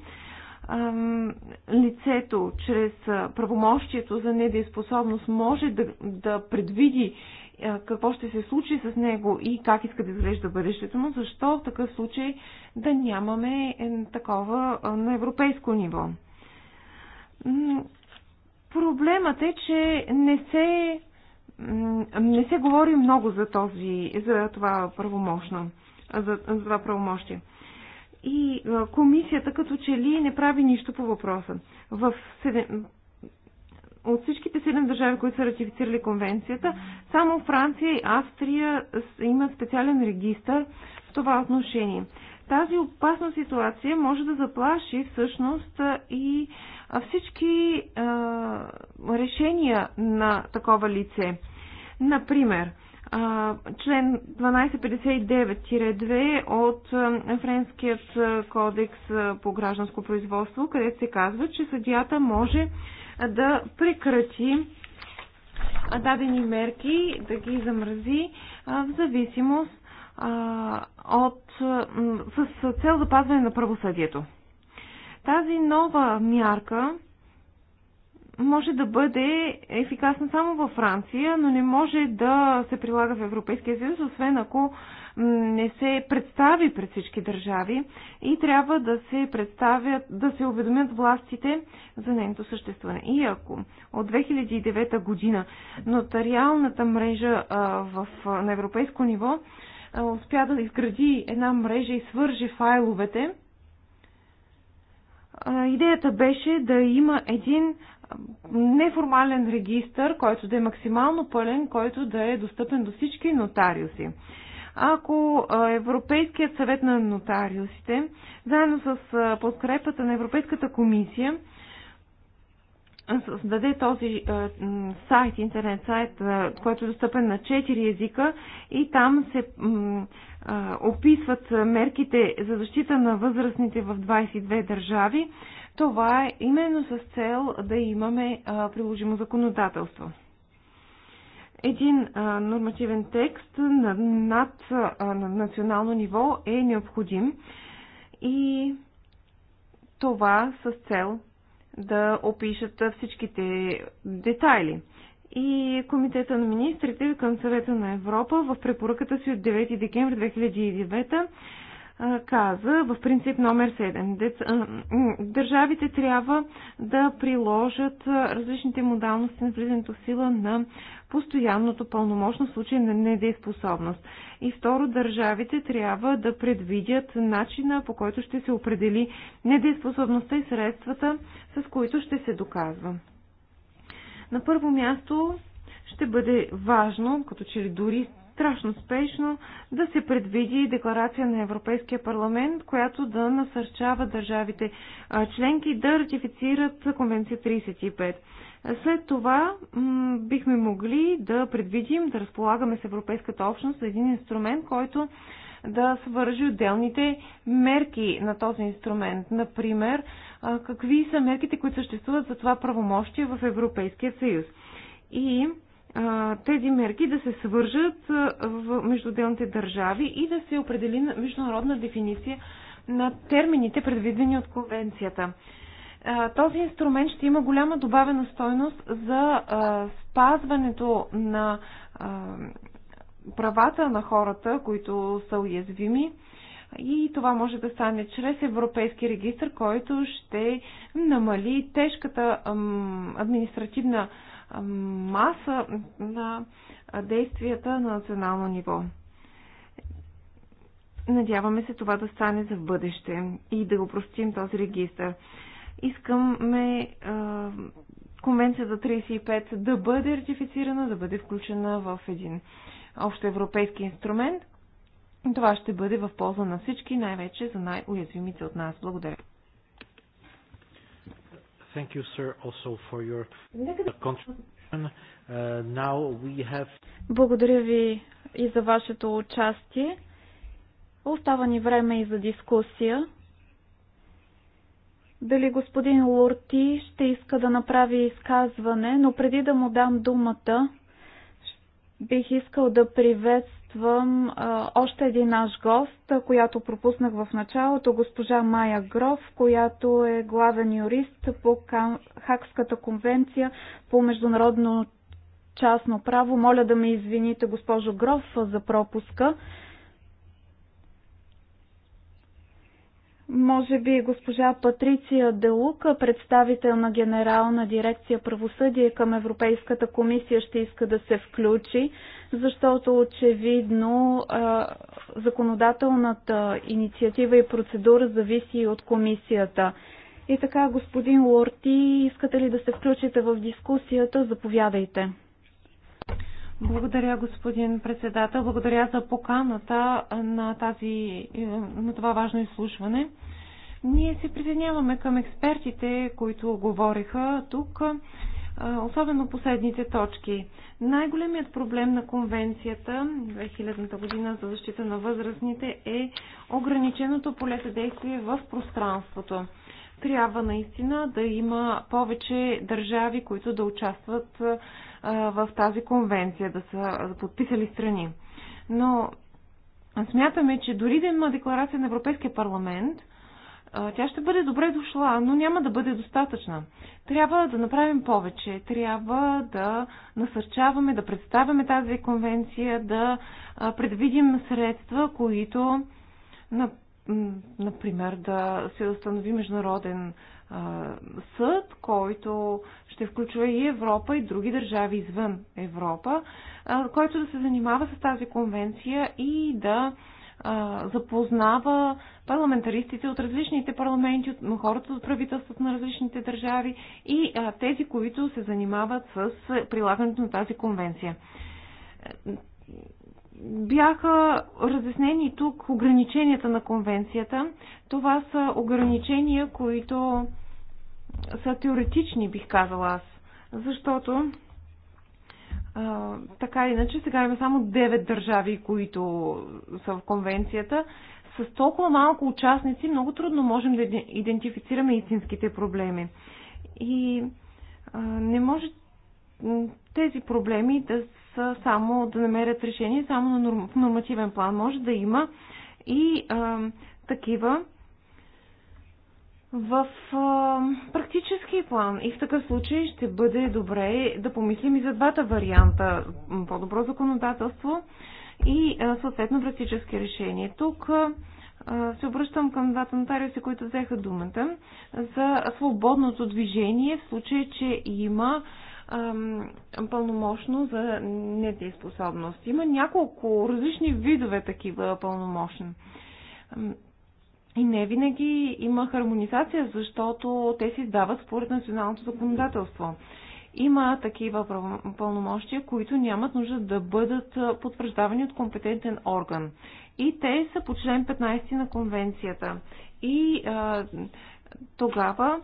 Speaker 4: лицето чрез правомощието за недееспособност може да, да предвиди какво ще се случи с него и как иска да изглежда бъдещето му, защо в такъв случай да нямаме е, такова на европейско ниво. Проблемът е, че не се, не се говори много за, този, за това правомощно, за, за това правомощие. И комисията като че ли не прави нищо по въпроса. В от всичките седем държави, които са ратифицирали конвенцията, само Франция и Австрия имат специален регистр в това отношение. Тази опасна ситуация може да заплаши всъщност и всички а, решения на такова лице. Например, а, член 1259-2 от Френският кодекс по гражданско производство, където се казва, че съдията може да прекрати дадени мерки, да ги замрази в зависимост от, с цел запазване на правосъдието. Тази нова мярка може да бъде ефикасна само във Франция, но не може да се прилага в Европейския съюз, освен ако не се представи пред всички държави и трябва да се представят, да се уведомят властите за нейното съществуване. И ако от 2009 година нотариалната мрежа в, на европейско ниво успя да изгради една мрежа и свърже файловете, идеята беше да има един неформален регистр, който да е максимално пълен, който да е достъпен до всички нотариуси. Ако Европейският съвет на нотариусите, заедно с подкрепата на Европейската комисия, създаде този сайт, интернет сайт, който е достъпен на 4 езика и там се описват мерките за защита на възрастните в 22 държави. Това е именно с цел да имаме приложимо законодателство един а, нормативен текст на, над а, на национално ниво е необходим и това с цел да опишат всичките детайли. И Комитета на министрите към съвета на Европа в препоръката си от 9 декември 2009 каза в принцип номер 7. Държавите трябва да приложат различните модалности на влизането в сила на постоянното пълномощно в случай на недееспособност. И второ, държавите трябва да предвидят начина по който ще се определи недееспособността и средствата, с които ще се доказва. На първо място ще бъде важно, като че ли дори страшно спешно да се предвиди декларация на Европейския парламент, която да насърчава държавите членки да ратифицират Конвенция 35. След това бихме могли да предвидим, да разполагаме с Европейската общност за един инструмент, който да свържи отделните мерки на този инструмент. Например, какви са мерките, които съществуват за това правомощие в Европейския съюз. И тези мерки да се свържат в междуделните държави и да се определи международна дефиниция на термините, предвидени от конвенцията. Този инструмент ще има голяма добавена стойност за спазването на правата на хората, които са уязвими. И това може да стане чрез Европейски регистр, който ще намали тежката административна маса на действията на национално ниво. Надяваме се това да стане за бъдеще и да упростим този регистр. Искаме а, Конвенцията 35 да бъде ратифицирана, да бъде включена в един общоевропейски инструмент. Това ще бъде в полза на всички, най-вече за най-уязвимите от нас. Благодаря.
Speaker 1: Thank you, sir, also for your contribution. Uh, now we have...
Speaker 3: Благодаря ви и за вашето участие. Остава ни време и за дискусия. Дали господин Лурти ще иска да направи изказване, но преди да му дам думата, бих искал да приветствам приветствам а, още един наш гост, която пропуснах в началото, госпожа Майя Гров, която е главен юрист по Хакската конвенция по международно частно право. Моля да ме извините, госпожо Гров, за пропуска. Може би госпожа Патриция Делука, представител на Генерална дирекция правосъдие към Европейската комисия, ще иска да се включи защото очевидно законодателната инициатива и процедура зависи от комисията. И така, господин Лорти, искате ли да се включите в дискусията? Заповядайте.
Speaker 4: Благодаря, господин председател. Благодаря за поканата на, тази, на това важно изслушване. Ние се присъединяваме към експертите, които говориха тук особено последните точки. Най-големият проблем на конвенцията 2000 година за защита на възрастните е ограниченото поле за действие в пространството. Трябва наистина да има повече държави, които да участват в тази конвенция, да са подписали страни. Но смятаме, че дори да има декларация на Европейския парламент – тя ще бъде добре дошла, но няма да бъде достатъчна. Трябва да направим повече, трябва да насърчаваме, да представяме тази конвенция, да предвидим средства, които, например, да се установи международен съд, който ще включва и Европа и други държави извън Европа, който да се занимава с тази конвенция и да запознава парламентаристите от различните парламенти, от хората от правителството на различните държави и а, тези, които се занимават с прилагането на тази конвенция. Бяха разяснени тук ограниченията на конвенцията. Това са ограничения, които са теоретични, бих казала аз, защото а, така иначе, сега има само 9 държави, които са в конвенцията. С толкова малко участници много трудно можем да идентифицираме истинските проблеми. И а, не може тези проблеми да са само да намерят решение само на норм, в нормативен план. Може да има и а, такива в а, практически план. И в такъв случай ще бъде добре да помислим и за двата варианта. По-добро законодателство и а, съответно практически решения. Тук а, се обръщам към двата нотариуси, които взеха думата за свободното движение в случай, че има пълномощно за недееспособност. Има няколко различни видове такива пълномощни. И не винаги има хармонизация, защото те се издават според националното законодателство. Има такива пълномощия, които нямат нужда да бъдат потвърждавани от компетентен орган. И те са по член 15 на конвенцията. И а, тогава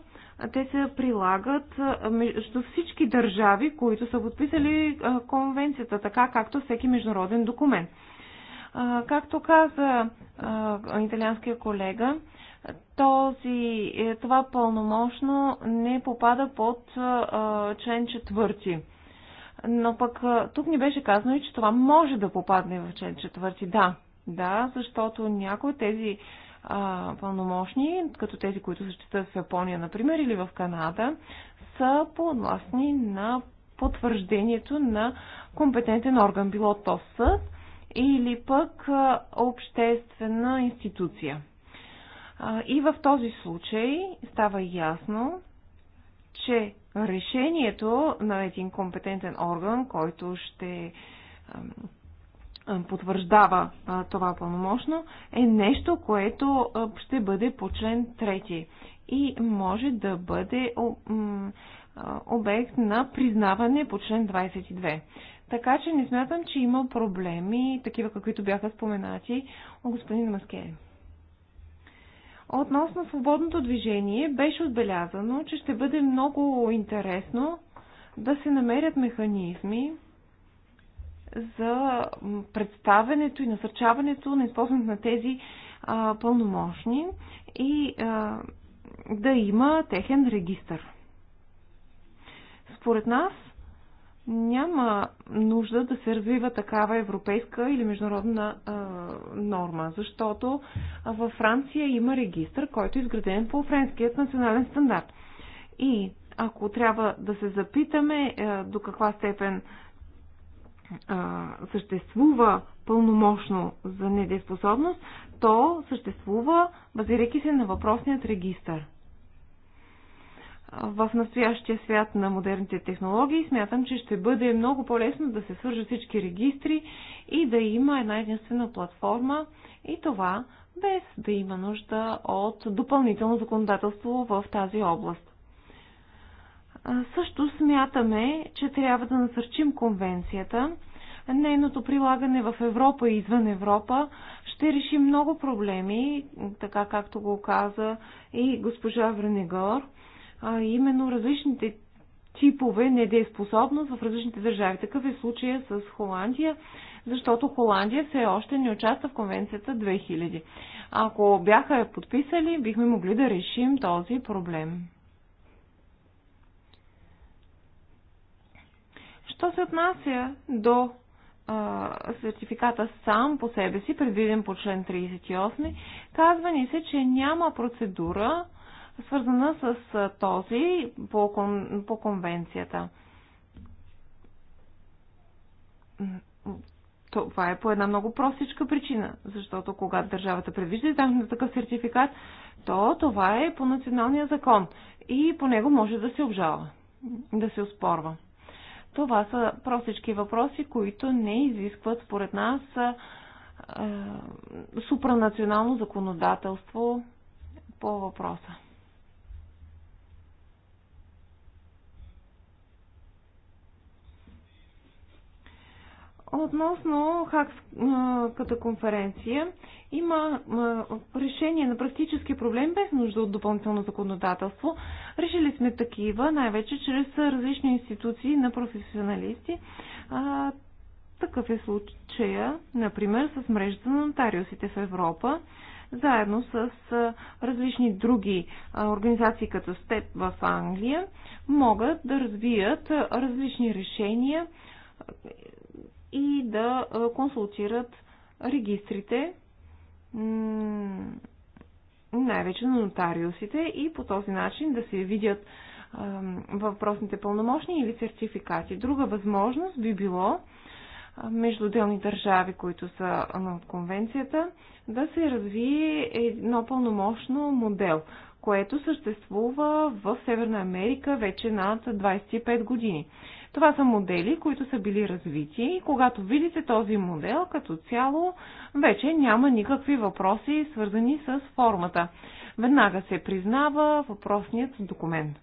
Speaker 4: те се прилагат между всички държави, които са подписали конвенцията, така както всеки международен документ. Както каза италианския колега, този, е, това пълномощно не попада под член четвърти. Но пък тук ни беше казано и, че това може да попадне в член четвърти. Да, да, защото някои тези а, пълномощни, като тези, които съществуват в Япония, например, или в Канада, са подвластни на потвърждението на компетентен орган, било то съд или пък обществена институция. И в този случай става ясно, че решението на един компетентен орган, който ще потвърждава това пълномощно, е нещо, което ще бъде по член 3 и може да бъде обект на признаване по член 22. Така че не смятам, че има проблеми, такива каквито бяха споменати от господин Маскери. Относно свободното движение, беше отбелязано, че ще бъде много интересно да се намерят механизми за представенето и насърчаването на използването на тези а, пълномощни и а, да има техен регистр. Според нас няма нужда да се развива такава европейска или международна а, норма, защото във Франция има регистр, който е изграден по френският национален стандарт. И ако трябва да се запитаме а, до каква степен а, съществува пълномощно за недееспособност, то съществува, базирайки се на въпросният регистр в настоящия свят на модерните технологии смятам, че ще бъде много по-лесно да се свържат всички регистри и да има една единствена платформа и това без да има нужда от допълнително законодателство в тази област. Също смятаме, че трябва да насърчим конвенцията. Нейното прилагане в Европа и извън Европа ще реши много проблеми, така както го каза и госпожа Вренегор а именно различните типове недееспособност в различните държави. Такъв е случая с Холандия, защото Холандия все още не участва в конвенцията 2000. Ако бяха я подписали, бихме могли да решим този проблем. Що се отнася до а, сертификата сам по себе си, предвиден по член 38, казва ни се, че няма процедура, свързана с този по, кон, по конвенцията. Това е по една много простичка причина, защото когато държавата предвижда издаване на такъв сертификат, то това е по националния закон и по него може да се обжалва, да се оспорва. Това са простички въпроси, които не изискват, според нас, супранационално законодателство по въпроса. Относно хакската конференция, има решение на практически проблем без нужда от допълнително законодателство. Решили сме такива, най-вече чрез различни институции на професионалисти. Такъв е случая, например, с мрежата на нотариусите в Европа, заедно с различни други организации като СТЕП в Англия, могат да развият различни решения и да консултират регистрите, най-вече на нотариусите и по този начин да се видят въпросните пълномощни или сертификати. Друга възможност би било между отделни държави, които са от конвенцията, да се развие едно пълномощно модел, което съществува в Северна Америка вече над 25 години. Това са модели, които са били развити и когато видите този модел като цяло, вече няма никакви въпроси свързани с формата. Веднага се признава въпросният документ.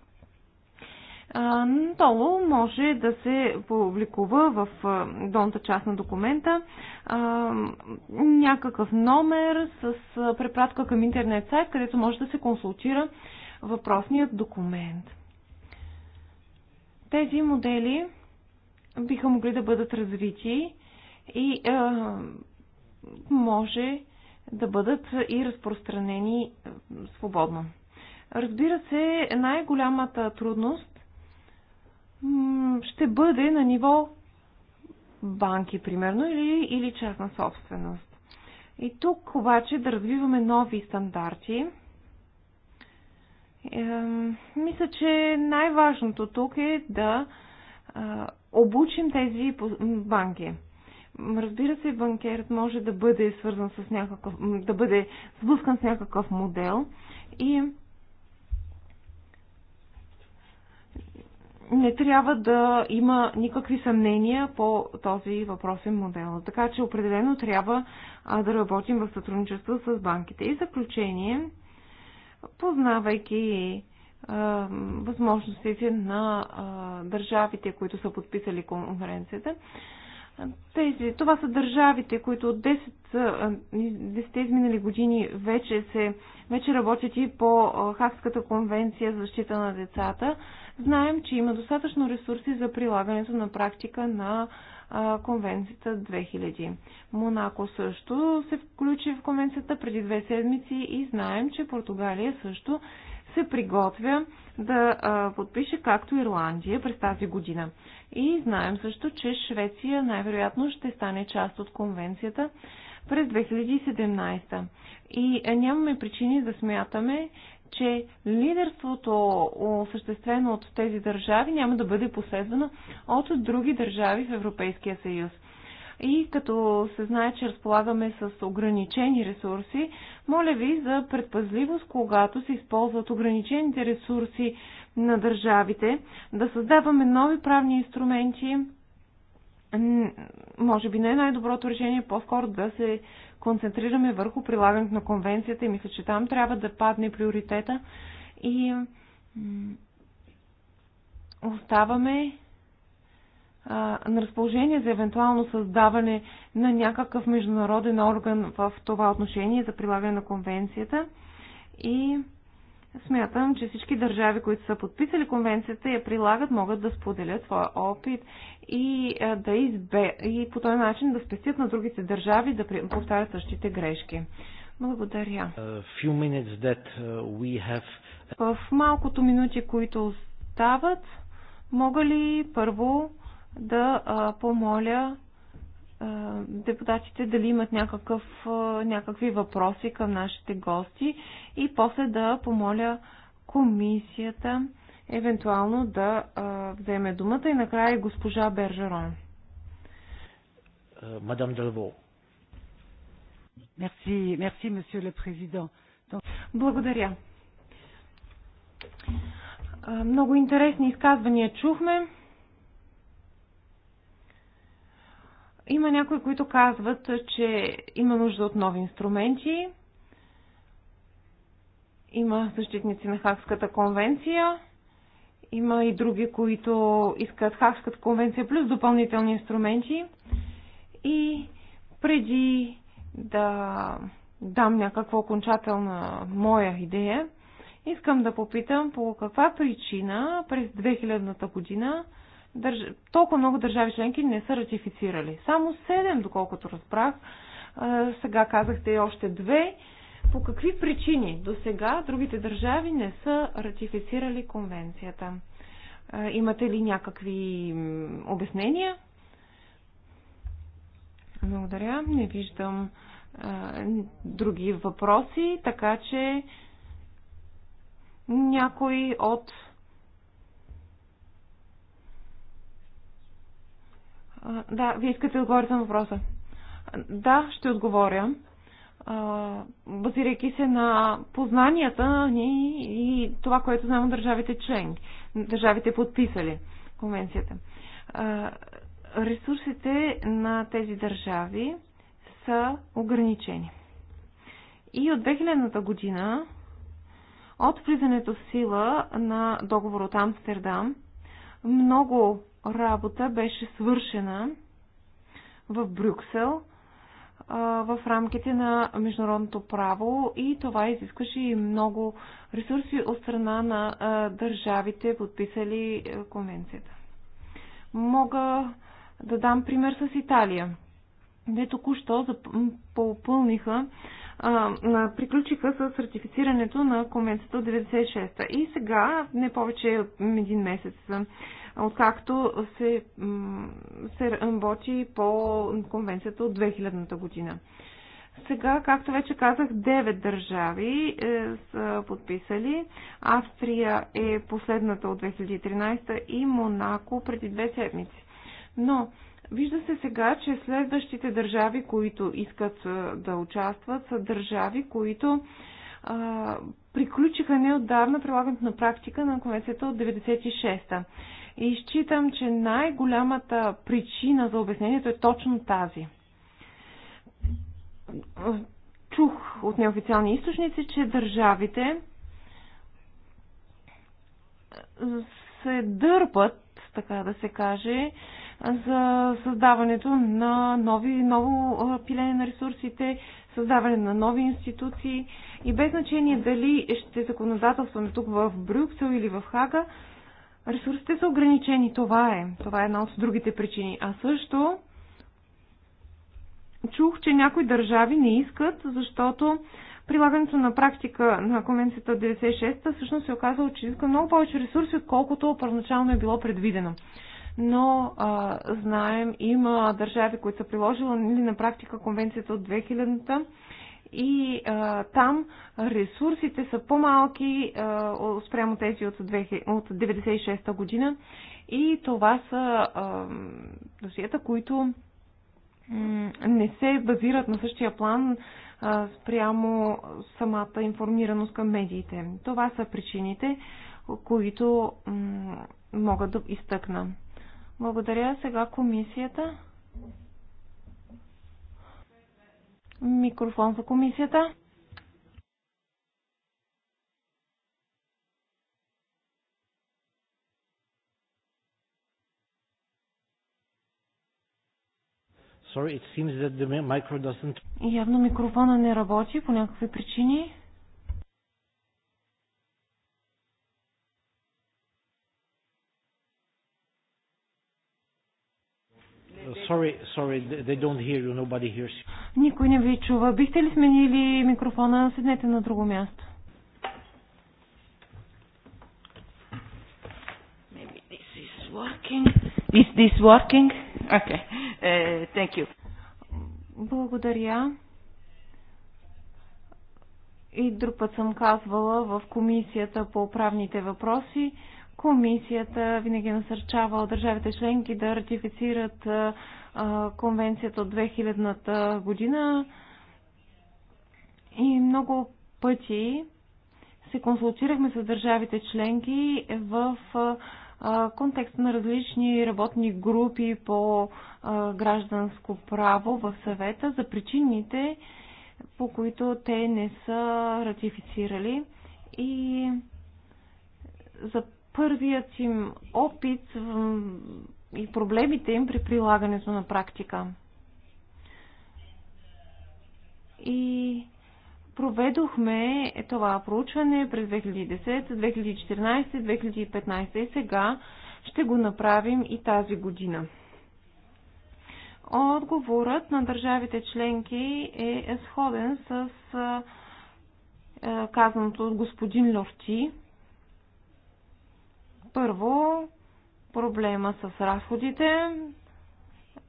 Speaker 4: Долу може да се публикува в долната част на документа някакъв номер с препратка към интернет сайт, където може да се консултира въпросният документ. Тези модели биха могли да бъдат развити и е, може да бъдат и разпространени свободно. Разбира се, най-голямата трудност ще бъде на ниво банки, примерно, или, или частна собственост. И тук обаче да развиваме нови стандарти, мисля, че най-важното тук е да обучим тези банки. Разбира се, банкерът може да бъде свързан с някакъв, да бъде сблъскан с някакъв модел и не трябва да има никакви съмнения по този въпросен модел. Така че определено трябва да работим в сътрудничество с банките. И заключение, познавайки възможностите на държавите, които са подписали конференцията. Тези, това са държавите, които от 10, 10 изминали години вече, се, вече работят и по Хакската конвенция за защита на децата. Знаем, че има достатъчно ресурси за прилагането на практика на Конвенцията 2000. Монако също се включи в Конвенцията преди две седмици и знаем, че Португалия също се приготвя да а, подпише както Ирландия през тази година. И знаем също, че Швеция най-вероятно ще стане част от конвенцията през 2017. И нямаме причини да смятаме, че лидерството, осъществено от тези държави, няма да бъде последвано от други държави в Европейския съюз. И като се знае, че разполагаме с ограничени ресурси, моля ви за предпазливост, когато се използват ограничените ресурси на държавите, да създаваме нови правни инструменти, може би не е най-доброто решение, по-скоро да се концентрираме върху прилагането на конвенцията и мисля, че там трябва да падне приоритета и оставаме на разположение за евентуално създаване на някакъв международен орган в това отношение за прилагане на конвенцията и Смятам, че всички държави, които са подписали конвенцията и я прилагат, могат да споделят своя опит и, да избе... и по този начин да спестят на другите държави да повтарят същите грешки. Благодаря. Uh, В малкото минути, които остават, мога ли първо да помоля депутатите дали имат някакъв, някакви въпроси към нашите гости и после да помоля комисията евентуално да вземе думата и накрая госпожа Бержерон. Е,
Speaker 1: мадам Делво.
Speaker 4: Мерси, мерси, месье ле президент. Благодаря. Много интересни изказвания чухме. Има някои, които казват, че има нужда от нови инструменти. Има защитници на Хакската конвенция. Има и други, които искат Хакската конвенция плюс допълнителни инструменти. И преди да дам някаква окончателна моя идея, искам да попитам по каква причина през 2000-та година държ... толкова много държави членки не са ратифицирали. Само 7, доколкото разбрах. Е, сега казахте и още две. По какви причини до сега другите държави не са ратифицирали конвенцията? Е, имате ли някакви обяснения? Благодаря. Не виждам е, други въпроси, така че някой от Да, вие искате да отговорите на въпроса. Да, ще отговоря. Базирайки се на познанията ни и това, което знаем от държавите членки, държавите подписали конвенцията. Ресурсите на тези държави са ограничени. И от 2000-та година, от влизането в сила на договор от Амстердам, много работа беше свършена в Брюксел в рамките на международното право и това изискваше и много ресурси от страна на държавите, подписали конвенцията. Мога да дам пример с Италия. Де току-що попълниха, приключиха с ратифицирането на конвенцията от 96-та. И сега, не повече от един месец откакто се, се работи по конвенцията от 2000-та година. Сега, както вече казах, 9 държави е, са подписали. Австрия е последната от 2013 и Монако преди две седмици. Но вижда се сега, че следващите държави, които искат е, да участват, са държави, които е, приключиха неотдавна прилагането на практика на конвенцията от 96-та. И считам, че най-голямата причина за обяснението е точно тази. Чух от неофициални източници, че държавите се дърпат, така да се каже, за създаването на нови, ново пилене на ресурсите, създаване на нови институции и без значение дали ще законодателстваме тук в Брюксел или в Хага, Ресурсите са ограничени, това е. Това е една от другите причини. А също чух, че някои държави не искат, защото прилагането на практика на конвенцията 96 та всъщност се оказало, че иска много повече ресурси, отколкото първоначално е било предвидено. Но а, знаем, има държави, които са приложили на практика конвенцията от 2000-та и а, там ресурсите са по-малки спрямо тези от, 2000, от 96-та година и това са а, досията, които не се базират на същия план а, спрямо самата информираност към медиите. Това са причините, които могат да изтъкна. Благодаря сега комисията. Микрофон за комисията.
Speaker 1: Sorry, it seems that the micro doesn't...
Speaker 4: Явно микрофона не работи по някакви причини.
Speaker 1: Sorry, sorry, they don't hear you, nobody hears you.
Speaker 4: Никой не ви чува. Бихте ли сменили микрофона? Седнете на друго място. Maybe this is working. Is this working?
Speaker 3: Okay. Uh, thank you.
Speaker 4: Благодаря. И друг път съм казвала в комисията по правните въпроси, Комисията винаги насърчава държавите членки да ратифицират конвенцията от 2000-та година и много пъти се консултирахме с държавите членки в контекста на различни работни групи по гражданско право в съвета за причините, по които те не са ратифицирали и за първият им опит и проблемите им при прилагането на практика. И проведохме това проучване през 2010, 2014, 2015 и сега ще го направим и тази година. Отговорът на държавите членки е сходен с казаното от господин Лорти. Първо, проблема с разходите.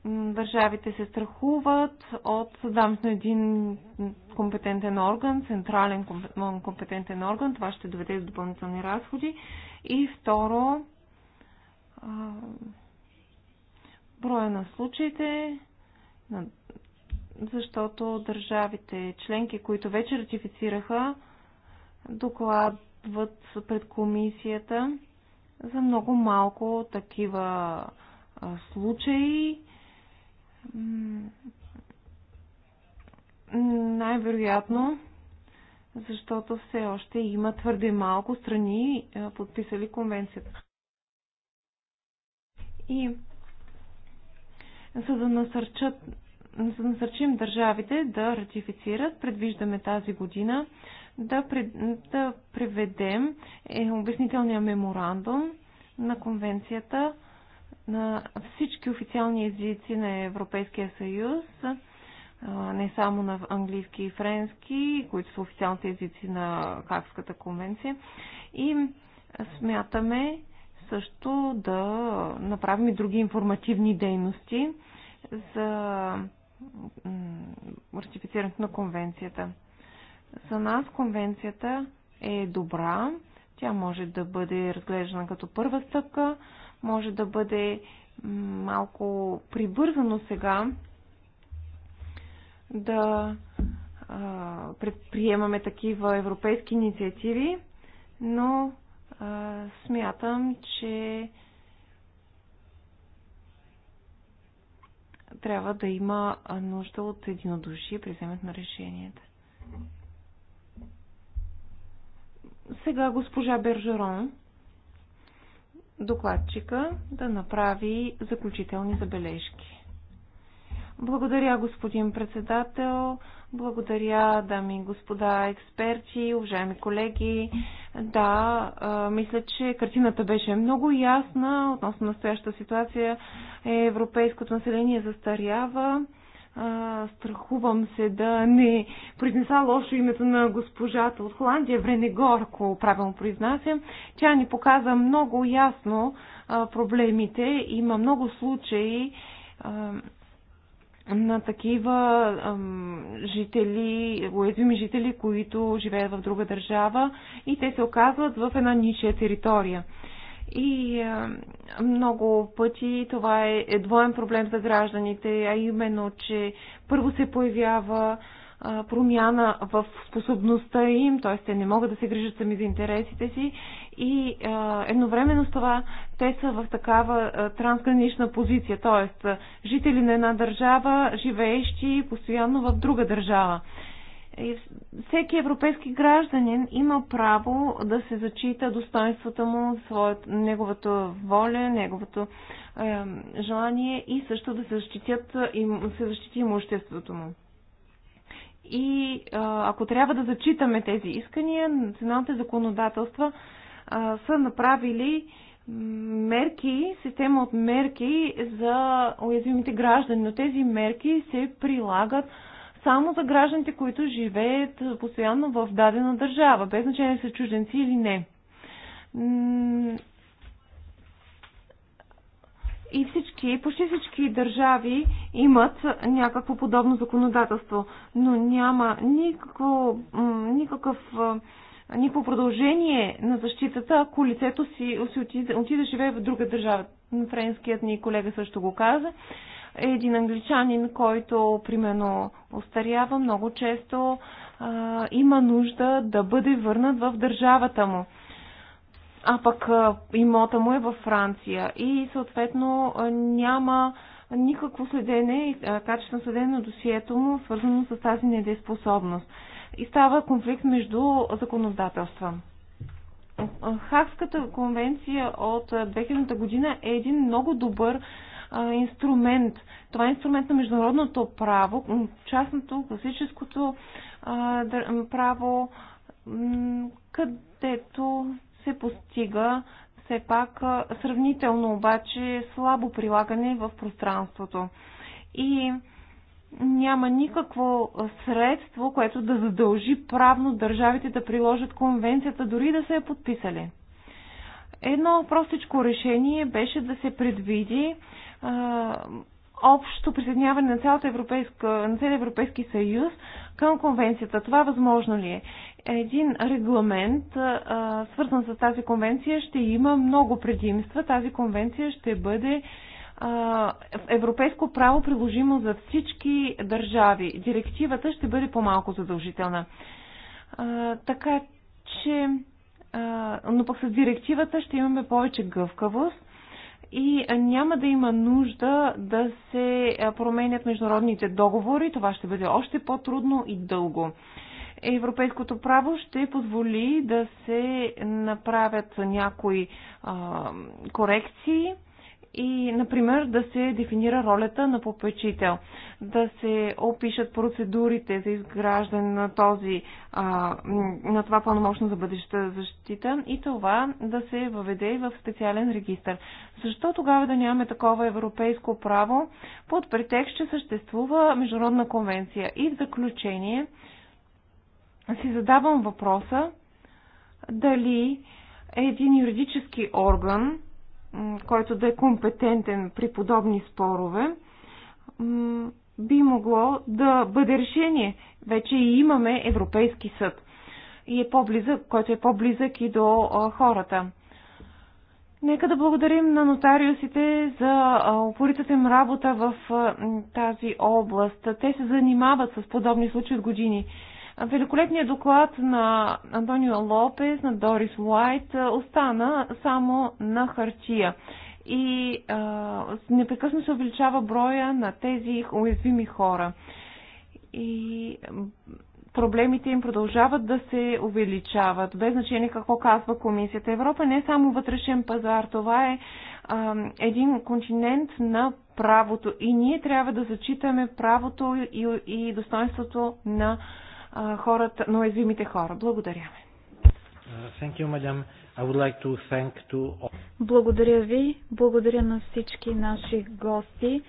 Speaker 4: Държавите се страхуват от създаването на един компетентен орган, централен компетентен орган. Това ще доведе до допълнителни разходи. И второ, броя на случаите, защото държавите членки, които вече ратифицираха, докладват пред комисията за много малко такива случаи. Най-вероятно, защото все още има твърде малко страни, подписали конвенцията. И за да, насърчат, за да насърчим държавите да ратифицират, предвиждаме тази година да, да преведем е, обяснителния меморандум на конвенцията на всички официални езици на Европейския съюз, не само на английски и френски, които са официалните езици на Хагската конвенция. И смятаме също да направим и други информативни дейности за ратифицирането на конвенцията. За нас конвенцията е добра. Тя може да бъде разглеждана като първа стъпка, може да бъде малко прибързано сега да предприемаме такива европейски инициативи, но а, смятам, че трябва да има нужда от единодушие при вземането на решенията. Сега госпожа Бержерон, докладчика, да направи заключителни забележки. Благодаря, господин председател. Благодаря, дами и господа експерти, уважаеми колеги. Да, мисля, че картината беше много ясна относно настоящата ситуация. Европейското население застарява страхувам се да не произнеса лошо името на госпожата от Холандия, Вренегор, ако правилно произнасям. Тя ни показа много ясно а, проблемите. Има много случаи а, на такива а, жители, уязвими жители, които живеят в друга държава и те се оказват в една ничия територия. И много пъти това е, е двоен проблем за гражданите, а именно, че първо се появява промяна в способността им, т.е. те не могат да се грижат сами за интересите си и едновременно с това те са в такава трансгранична позиция, т.е. жители на една държава, живеещи постоянно в друга държава. И всеки европейски гражданин има право да се зачита достоинствата му, своят, неговата воля, неговото е, желание и също да се, защитят, им, се защити имуществото му. И е, ако трябва да зачитаме тези искания, националните законодателства е, са направили мерки, система от мерки за уязвимите граждани, но тези мерки се прилагат само за гражданите, които живеят постоянно в дадена държава, без значение са чужденци или не. И всички, почти всички държави имат някакво подобно законодателство, но няма никакво, никакъв, никакво продължение на защитата, ако лицето си, си отиде, отиде живее в друга държава. Френският ни колега също го каза е един англичанин, който, примерно, остарява много често, а, има нужда да бъде върнат в държавата му. А пък а, имота му е във Франция и съответно а, няма никакво следене, качествено следене на досието му, свързано с тази недееспособност. И става конфликт между законодателства. Хакската конвенция от 2000 година е един много добър а, инструмент. Това е инструмент на международното право, частното, класическото а, право, където се постига все пак сравнително обаче слабо прилагане в пространството. И няма никакво средство, което да задължи правно държавите да приложат конвенцията, дори да се е подписали. Едно простичко решение беше да се предвиди общо присъединяване на, цялата европейска, на целия Европейски съюз към конвенцията. Това възможно ли е? Един регламент, свързан с тази конвенция, ще има много предимства. Тази конвенция ще бъде европейско право приложимо за всички държави. Директивата ще бъде по-малко задължителна. Така че, но пък с директивата ще имаме повече гъвкавост и няма да има нужда да се променят международните договори. Това ще бъде още по-трудно и дълго. Европейското право ще позволи да се направят някои а, корекции и, например, да се дефинира ролята на попечител, да се опишат процедурите за изграждане на, този, а, на това пълномощно за бъдеща защита и това да се въведе в специален регистр. Защо тогава да нямаме такова европейско право под претекст, че съществува международна конвенция? И в заключение си задавам въпроса дали един юридически орган, който да е компетентен при подобни спорове, би могло да бъде решение. Вече и имаме Европейски съд, и е по-близък, който е по-близък и до хората. Нека да благодарим на нотариусите за упоритата им работа в тази област. Те се занимават с подобни случаи от години. Великолепният доклад на Антонио Лопес, на Дорис Уайт остана само на хартия. И а, непрекъсно се увеличава броя на тези уязвими хора. И проблемите им продължават да се увеличават, без значение какво казва комисията. Европа не е само вътрешен пазар, това е а, един континент на правото и ние трябва да зачитаме правото и, и достоинството на
Speaker 3: хората, на уязвимите хора. Благодаря.
Speaker 1: Uh, thank you, madam. I would like to thank to...
Speaker 3: Благодаря ви. Благодаря на всички наши гости.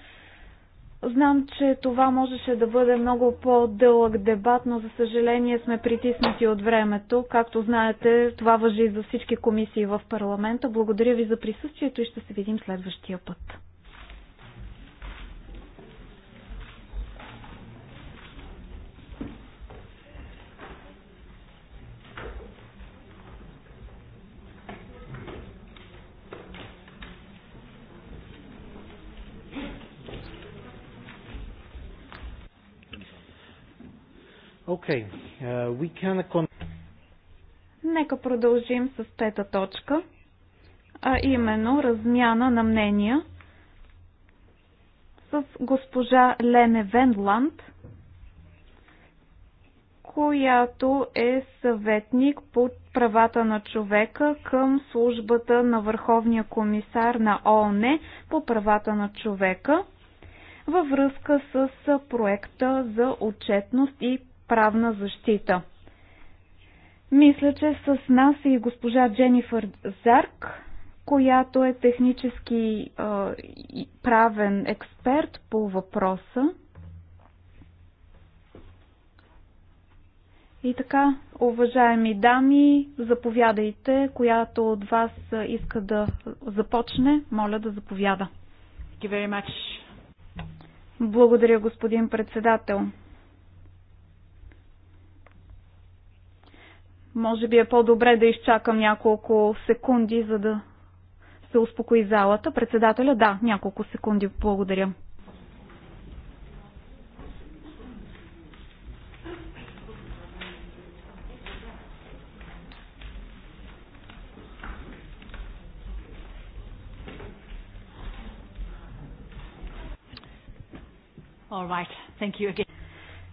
Speaker 3: Знам, че това можеше да бъде много по-дълъг дебат, но за съжаление сме притиснати от времето. Както знаете, това въжи и за всички комисии в парламента. Благодаря ви за присъствието и ще се видим следващия път.
Speaker 1: Okay. Uh, we can...
Speaker 3: Нека продължим с пета точка, а именно размяна на мнения с госпожа Лене Венланд, която е съветник по правата на човека към службата на Върховния комисар на ООН по правата на човека във връзка с проекта за отчетност и правна защита. Мисля, че с нас и госпожа Дженифър Зарк, която е технически е, правен експерт по въпроса. И така, уважаеми дами, заповядайте, която от вас иска да започне, моля да заповяда. Благодаря, господин председател. Може би е по-добре да изчакам няколко секунди, за да се успокои залата. Председателя, да, няколко секунди. Благодаря. All right. Thank you again.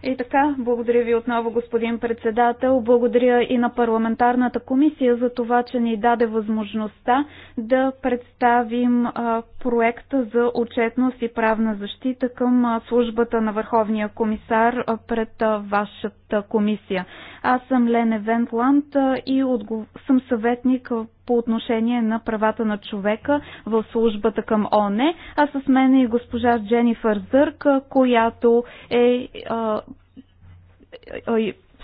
Speaker 3: И така, благодаря ви отново, господин председател. Благодаря и на парламентарната комисия за това, че ни даде възможността да представим проекта за отчетност и правна защита към службата на Върховния комисар пред вашата Европейската комисия. Аз съм Лене Вентланд и съм съветник по отношение на правата на човека в службата към ОНЕ, а с мен е и госпожа Дженифър Зърк, която е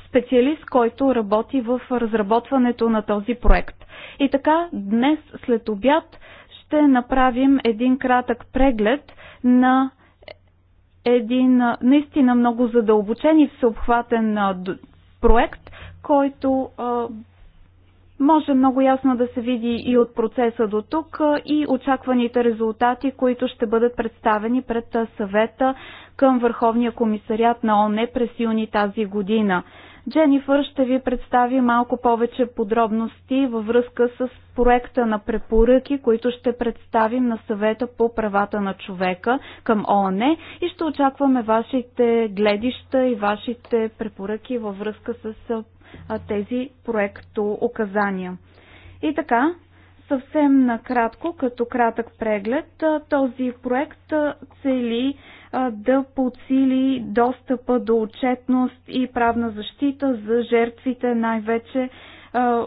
Speaker 3: специалист, който работи в разработването на този проект. И така, днес след обяд ще направим един кратък преглед на един наистина много задълбочен и всеобхватен проект, който може много ясно да се види и от процеса до тук и очакваните резултати, които ще бъдат представени пред съвета към Върховния комисариат на ОНЕ през юни тази година. Дженифър ще ви представи малко повече подробности във връзка с проекта на препоръки, които ще представим на съвета по правата на човека към ООН и ще очакваме вашите гледища и вашите препоръки във връзка с тези проекто указания. И така, съвсем накратко, като кратък преглед, този проект цели да подсили достъпа до отчетност и правна защита за жертвите, най-вече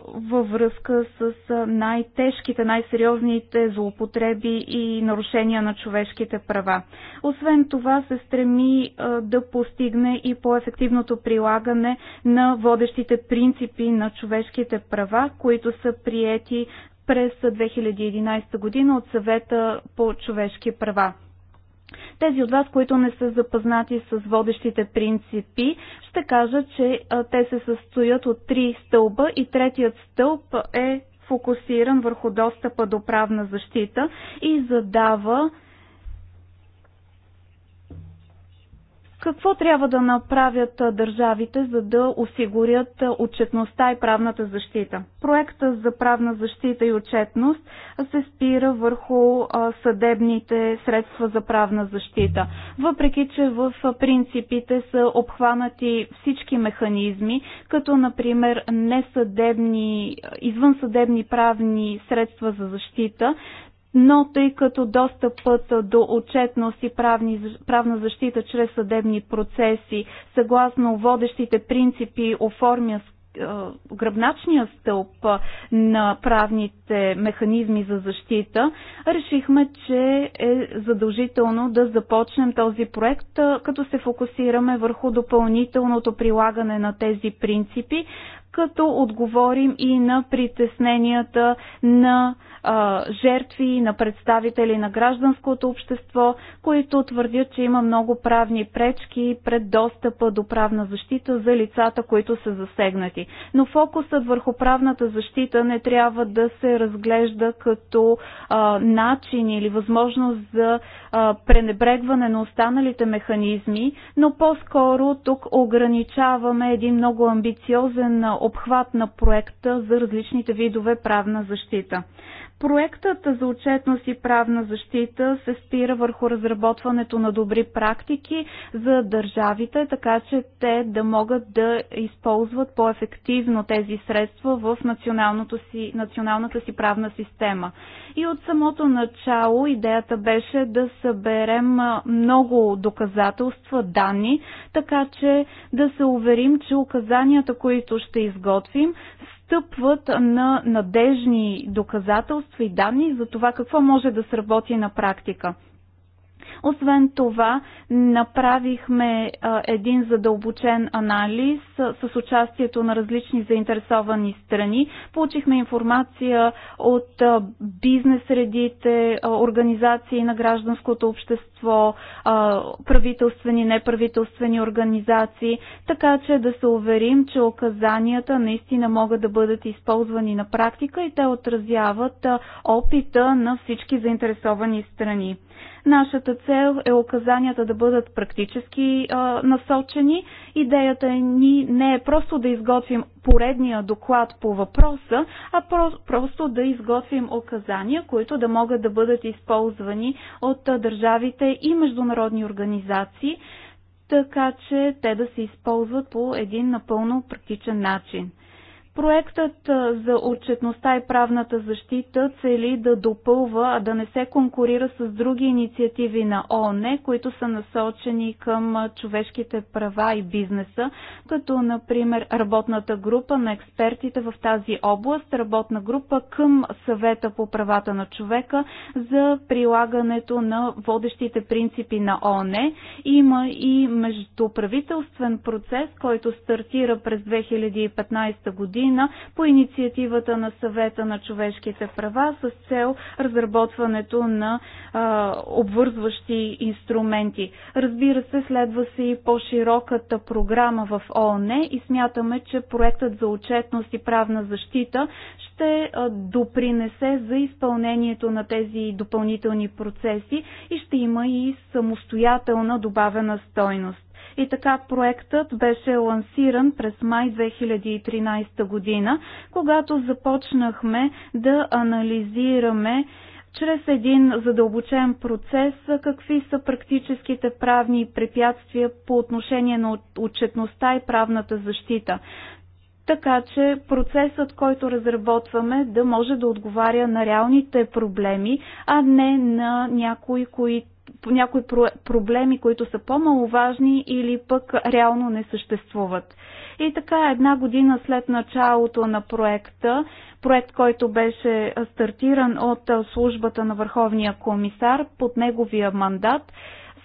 Speaker 3: във връзка с най-тежките, най-сериозните злоупотреби и нарушения на човешките права. Освен това се стреми да постигне и по-ефективното прилагане на водещите принципи на човешките права, които са приети през 2011 година от съвета по човешки права. Тези от вас, които не са запознати с водещите принципи, ще кажа, че те се състоят от три стълба и третият стълб е фокусиран върху достъпа до правна защита и задава Какво трябва да направят държавите, за да осигурят отчетността и правната защита? Проекта за правна защита и отчетност се спира върху съдебните средства за правна защита. Въпреки, че в принципите са обхванати всички механизми, като например несъдебни, извънсъдебни правни средства за защита, но тъй като достъпът до отчетност и правни, правна защита чрез съдебни процеси, съгласно водещите принципи, оформя гръбначния стълб на правните механизми за защита, решихме, че е задължително да започнем този проект, като се фокусираме върху допълнителното прилагане на тези принципи, като отговорим и на притесненията на а, жертви, на представители на гражданското общество, които твърдят, че има много правни пречки пред достъпа до правна защита за лицата, които са засегнати. Но фокусът върху правната защита не трябва да се разглежда като а, начин или възможност за а, пренебрегване на останалите механизми, но по-скоро тук ограничаваме един много амбициозен обхват на проекта за различните видове правна защита. Проектът за отчетност и правна защита се спира върху разработването на добри практики за държавите, така че те да могат да използват по-ефективно тези средства в си, националната си правна система. И от самото начало идеята беше да съберем много доказателства, данни, така че да се уверим, че указанията, които ще изготвим, стъпват на надежни доказателства и данни за това какво може да сработи на практика. Освен това, направихме един задълбочен анализ с участието на различни заинтересовани страни. Получихме информация от бизнес средите, организации на гражданското общество, правителствени, неправителствени организации, така че да се уверим, че указанията наистина могат да бъдат използвани на практика и те отразяват опита на всички заинтересовани страни. Нашата цел е указанията да бъдат практически а, насочени. Идеята е ни не е просто да изготвим поредния доклад по въпроса, а просто да изготвим указания, които да могат да бъдат използвани от държавите и международни организации, така че те да се използват по един напълно практичен начин. Проектът за отчетността и правната защита цели да допълва, а да не се конкурира с други инициативи на ООН, които са насочени към човешките права и бизнеса, като например работната група на експертите в тази област, работна група към съвета по правата на човека за прилагането на водещите принципи на ООН. Има и междуправителствен процес, който стартира през 2015 година година по инициативата на съвета на човешките права с цел разработването на а, обвързващи инструменти. Разбира се, следва се и по-широката програма в ООН и смятаме, че проектът за отчетност и правна защита ще допринесе за изпълнението на тези допълнителни процеси и ще има и самостоятелна добавена стойност. И така проектът беше лансиран през май 2013 година, когато започнахме да анализираме чрез един задълбочен процес какви са практическите правни препятствия по отношение на отчетността и правната защита така че процесът, който разработваме, да може да отговаря на реалните проблеми, а не на някои, които някои проблеми, които са по-маловажни или пък реално не съществуват. И така, една година след началото на проекта, проект, който беше стартиран от службата на Върховния комисар под неговия мандат,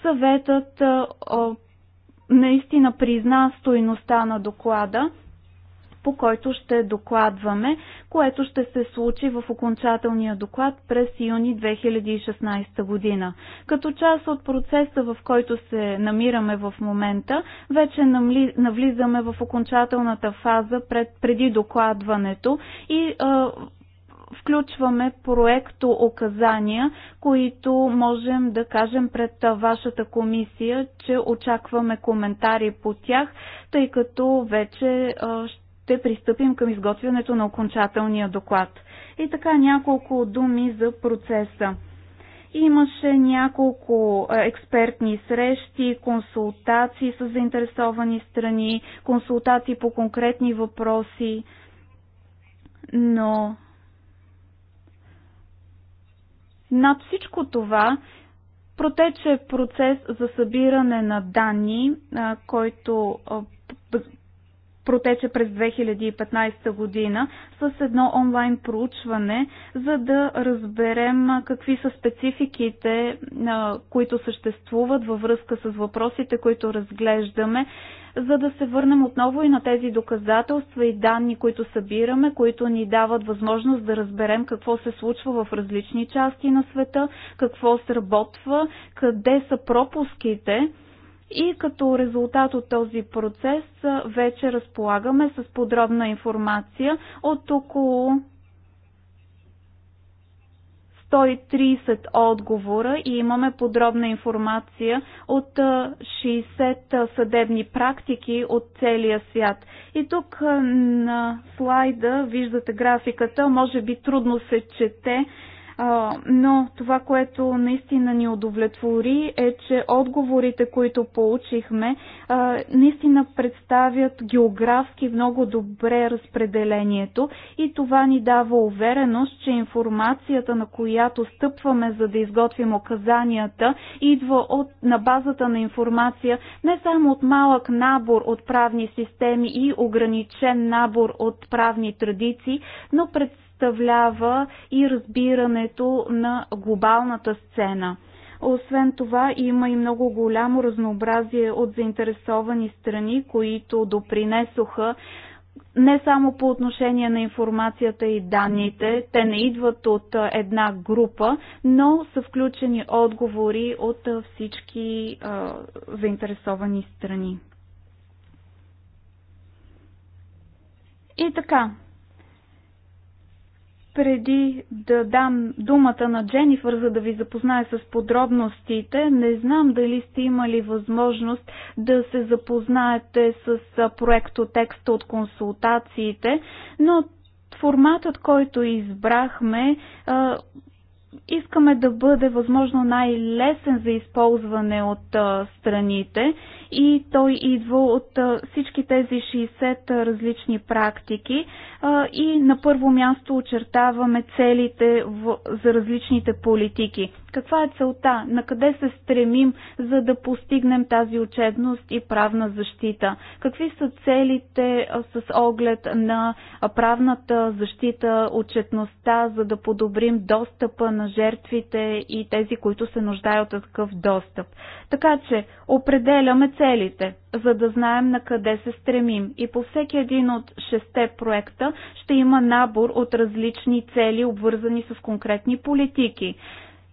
Speaker 3: съветът наистина призна стойността на доклада по който ще докладваме, което ще се случи в окончателния доклад през юни 2016 година. Като част от процеса, в който се намираме в момента, вече навлизаме в окончателната фаза пред, преди докладването и включваме проекто оказания, които можем да кажем пред вашата комисия, че очакваме коментари по тях, тъй като вече ще ще пристъпим към изготвянето на окончателния доклад. И така няколко думи за процеса. Имаше няколко експертни срещи, консултации с заинтересовани страни, консултации по конкретни въпроси, но над всичко това протече процес за събиране на данни, който протече през 2015 година с едно онлайн проучване, за да разберем какви са спецификите, които съществуват във връзка с въпросите, които разглеждаме, за да се върнем отново и на тези доказателства и данни, които събираме, които ни дават възможност да разберем какво се случва в различни части на света, какво сработва, къде са пропуските и като резултат от този процес вече разполагаме с подробна информация от около 130 отговора и имаме подробна информация от 60 съдебни практики от целия свят. И тук на слайда виждате графиката, може би трудно се чете, но това, което наистина ни удовлетвори е, че отговорите, които получихме, наистина представят географски много добре разпределението и това ни дава увереност, че информацията, на която стъпваме за да изготвим оказанията, идва от, на базата на информация не само от малък набор от правни системи и ограничен набор от правни традиции, но пред представлява и разбирането на глобалната сцена. Освен това, има и много голямо разнообразие от заинтересовани страни, които допринесоха не само по отношение на информацията и данните, те не идват от една група, но са включени отговори от всички а, заинтересовани страни. И така, преди да дам думата на Дженифър, за да ви запознае с подробностите, не знам дали сте имали възможност да се запознаете с проекто текста от консултациите, но форматът, който избрахме, искаме да бъде възможно най-лесен за използване от страните и той идва от всички тези 60 различни практики и на първо място очертаваме целите в, за различните политики. Каква е целта? На къде се стремим, за да постигнем тази отчетност и правна защита? Какви са целите с оглед на правната защита, отчетността, за да подобрим достъпа на жертвите и тези, които се нуждаят от такъв достъп? Така че определяме целите за да знаем на къде се стремим. И по всеки един от шесте проекта ще има набор от различни цели, обвързани с конкретни политики.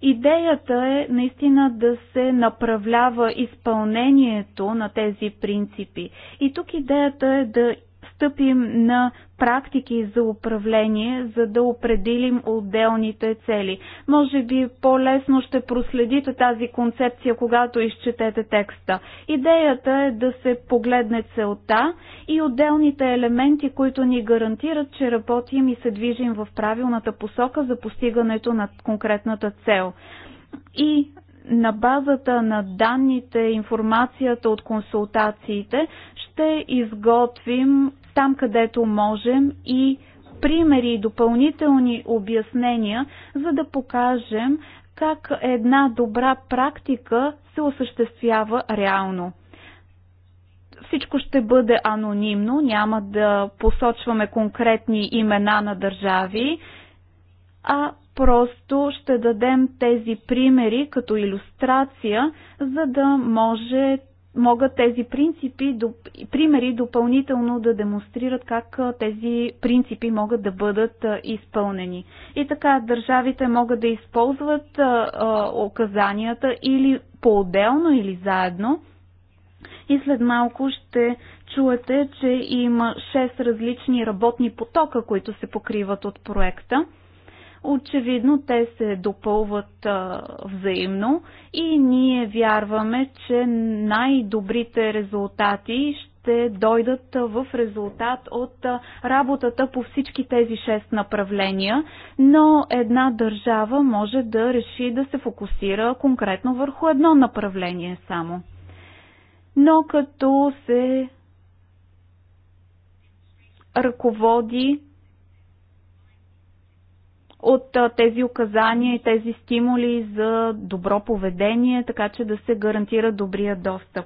Speaker 3: Идеята е наистина да се направлява изпълнението на тези принципи. И тук идеята е да стъпим на практики за управление, за да определим отделните цели. Може би по-лесно ще проследите тази концепция, когато изчетете текста. Идеята е да се погледне целта и отделните елементи, които ни гарантират, че работим и се движим в правилната посока за постигането на конкретната цел. И на базата на данните, информацията от консултациите ще изготвим там, където можем и примери и допълнителни обяснения, за да покажем как една добра практика се осъществява реално. Всичко ще бъде анонимно, няма да посочваме конкретни имена на държави, а просто ще дадем тези примери като иллюстрация, за да може могат тези принципи, примери допълнително да демонстрират как тези принципи могат да бъдат изпълнени. И така държавите могат да използват указанията или по-отделно или заедно. И след малко ще чуете, че има 6 различни работни потока, които се покриват от проекта. Очевидно те се допълват а, взаимно и ние вярваме, че най-добрите резултати ще дойдат в резултат от работата по всички тези шест направления, но една държава може да реши да се фокусира конкретно върху едно направление само. Но като се ръководи от тези указания и тези стимули за добро поведение, така че да се гарантира добрия достъп.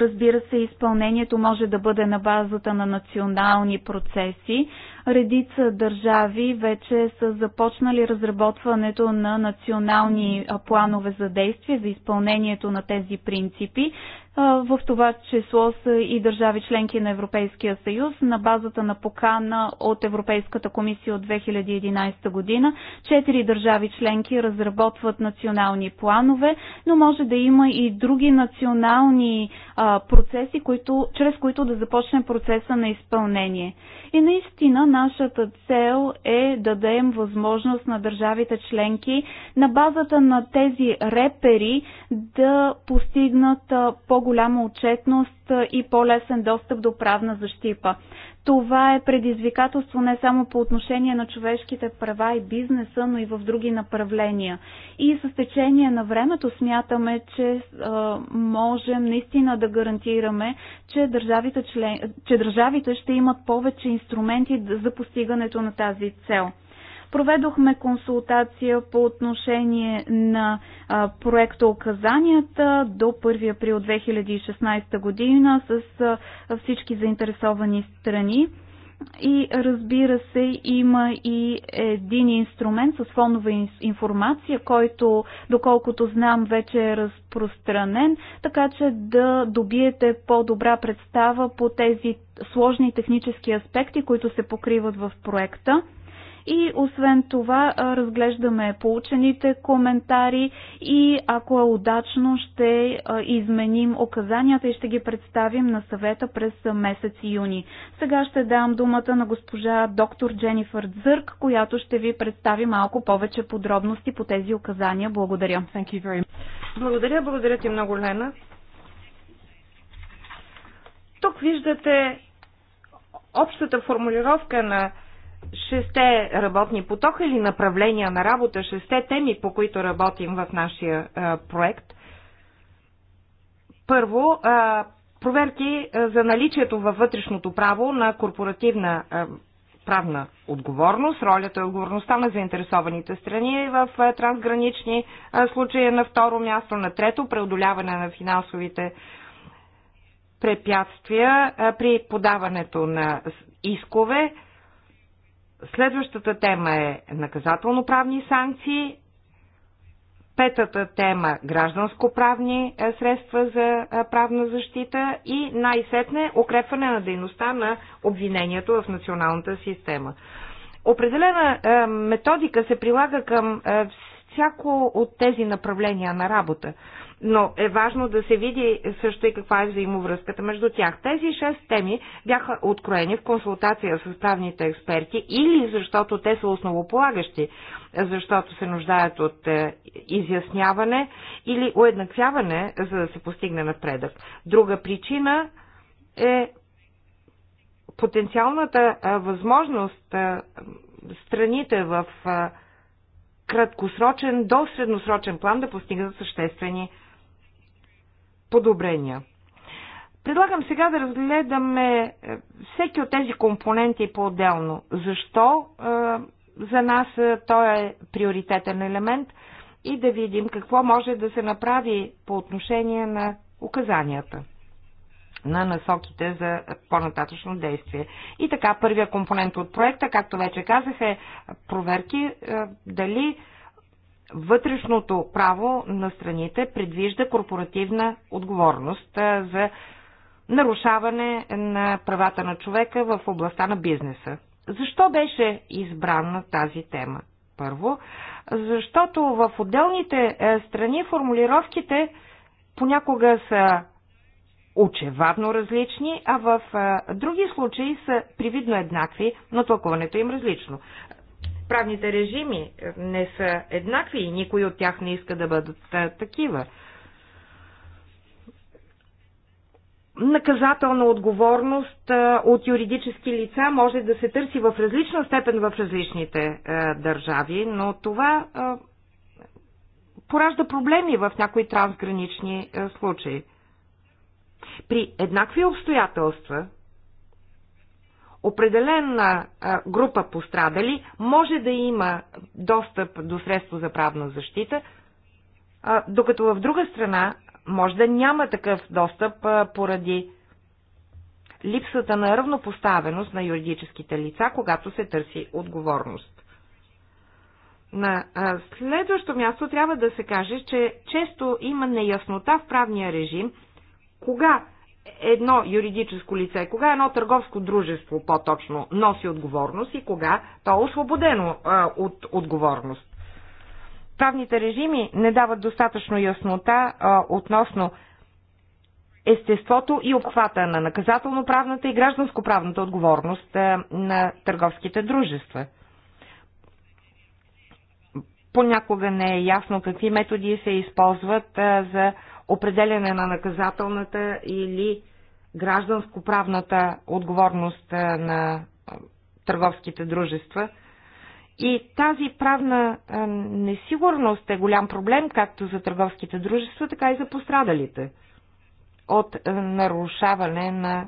Speaker 3: Разбира се, изпълнението може да бъде на базата на национални процеси. Редица държави вече са започнали разработването на национални планове за действие за изпълнението на тези принципи в това число са и държави членки на Европейския съюз на базата на покана от Европейската комисия от 2011 година. Четири държави членки разработват национални планове, но може да има и други национални а, процеси, които, чрез които да започне процеса на изпълнение. И наистина нашата цел е да дадем възможност на държавите членки на базата на тези репери да постигнат по по-голяма отчетност и по-лесен достъп до правна защита. Това е предизвикателство не само по отношение на човешките права и бизнеса, но и в други направления. И с течение на времето смятаме, че а, можем наистина да гарантираме, че държавите, член... че държавите ще имат повече инструменти за постигането на тази цел. Проведохме консултация по отношение на проекта Оказанията до 1 април 2016 година с всички заинтересовани страни. И разбира се, има и един инструмент с фонова информация, който, доколкото знам, вече е разпространен, така че да добиете по-добра представа по тези сложни технически аспекти, които се покриват в проекта. И освен това разглеждаме получените коментари и ако е удачно ще изменим оказанията и ще ги представим на съвета през месец юни. Сега ще дам думата на госпожа доктор Дженифър Дзърк, която ще ви представи малко повече подробности по тези указания. Благодаря. Благодаря, благодаря ти много, Лена. Тук виждате
Speaker 2: общата формулировка на шесте работни потока или направления на работа, шесте теми, по които работим в нашия е, проект. Първо, е, проверки е, за наличието във вътрешното право на корпоративна правна отговорност, ролята и отговорността на заинтересованите страни в трансгранични случаи на второ място, на трето преодоляване на финансовите препятствия при подаването на искове, Следващата тема е наказателно-правни санкции. Петата тема гражданско-правни е, средства за е, правна защита и най-сетне укрепване на дейността на обвинението в националната система. Определена е, методика се прилага към всяко от тези направления на работа но е важно да се види също и каква е взаимовръзката между тях. Тези шест теми бяха откроени в консултация с правните експерти или защото те са основополагащи, защото се нуждаят от е, изясняване или уеднаквяване, за да се постигне напредък. Друга причина е потенциалната е, възможност е, страните в краткосрочен до средносрочен план да постигнат съществени подобрения. Предлагам сега да разгледаме е, всеки от тези компоненти по-отделно. Защо е, за нас е, той е приоритетен елемент и да видим какво може да се направи по отношение на указанията на насоките за по-нататъчно действие. И така, първия компонент от проекта, както вече казах, е проверки дали вътрешното право на страните предвижда корпоративна отговорност за нарушаване на правата на човека в областта на бизнеса. Защо беше избрана тази тема? Първо, защото в отделните е, страни формулировките понякога са очевадно различни, а в е, други случаи са привидно еднакви, но тълкуването им различно правните режими е, не са еднакви и никой от тях не иска да бъдат е, такива. Наказателна отговорност е, от юридически лица може да се търси в различна степен в различните държави, но това поражда проблеми в някои трансгранични случаи. При еднакви обстоятелства определена група пострадали може да има достъп до средство за правна защита, докато в друга страна може да няма такъв достъп поради липсата на равнопоставеност на юридическите лица, когато се търси отговорност. На следващо място трябва да се каже, че често има неяснота в правния режим, кога едно юридическо лице, кога едно търговско дружество по-точно носи отговорност и кога то е освободено а, от отговорност. Правните режими не дават достатъчно яснота а, относно естеството и обхвата на наказателно-правната и гражданско-правната отговорност а, на търговските дружества. Понякога не е ясно какви методи се използват а, за определяне на наказателната или гражданско-правната отговорност на търговските дружества. И тази правна несигурност е голям проблем както за търговските дружества, така и за пострадалите от нарушаване на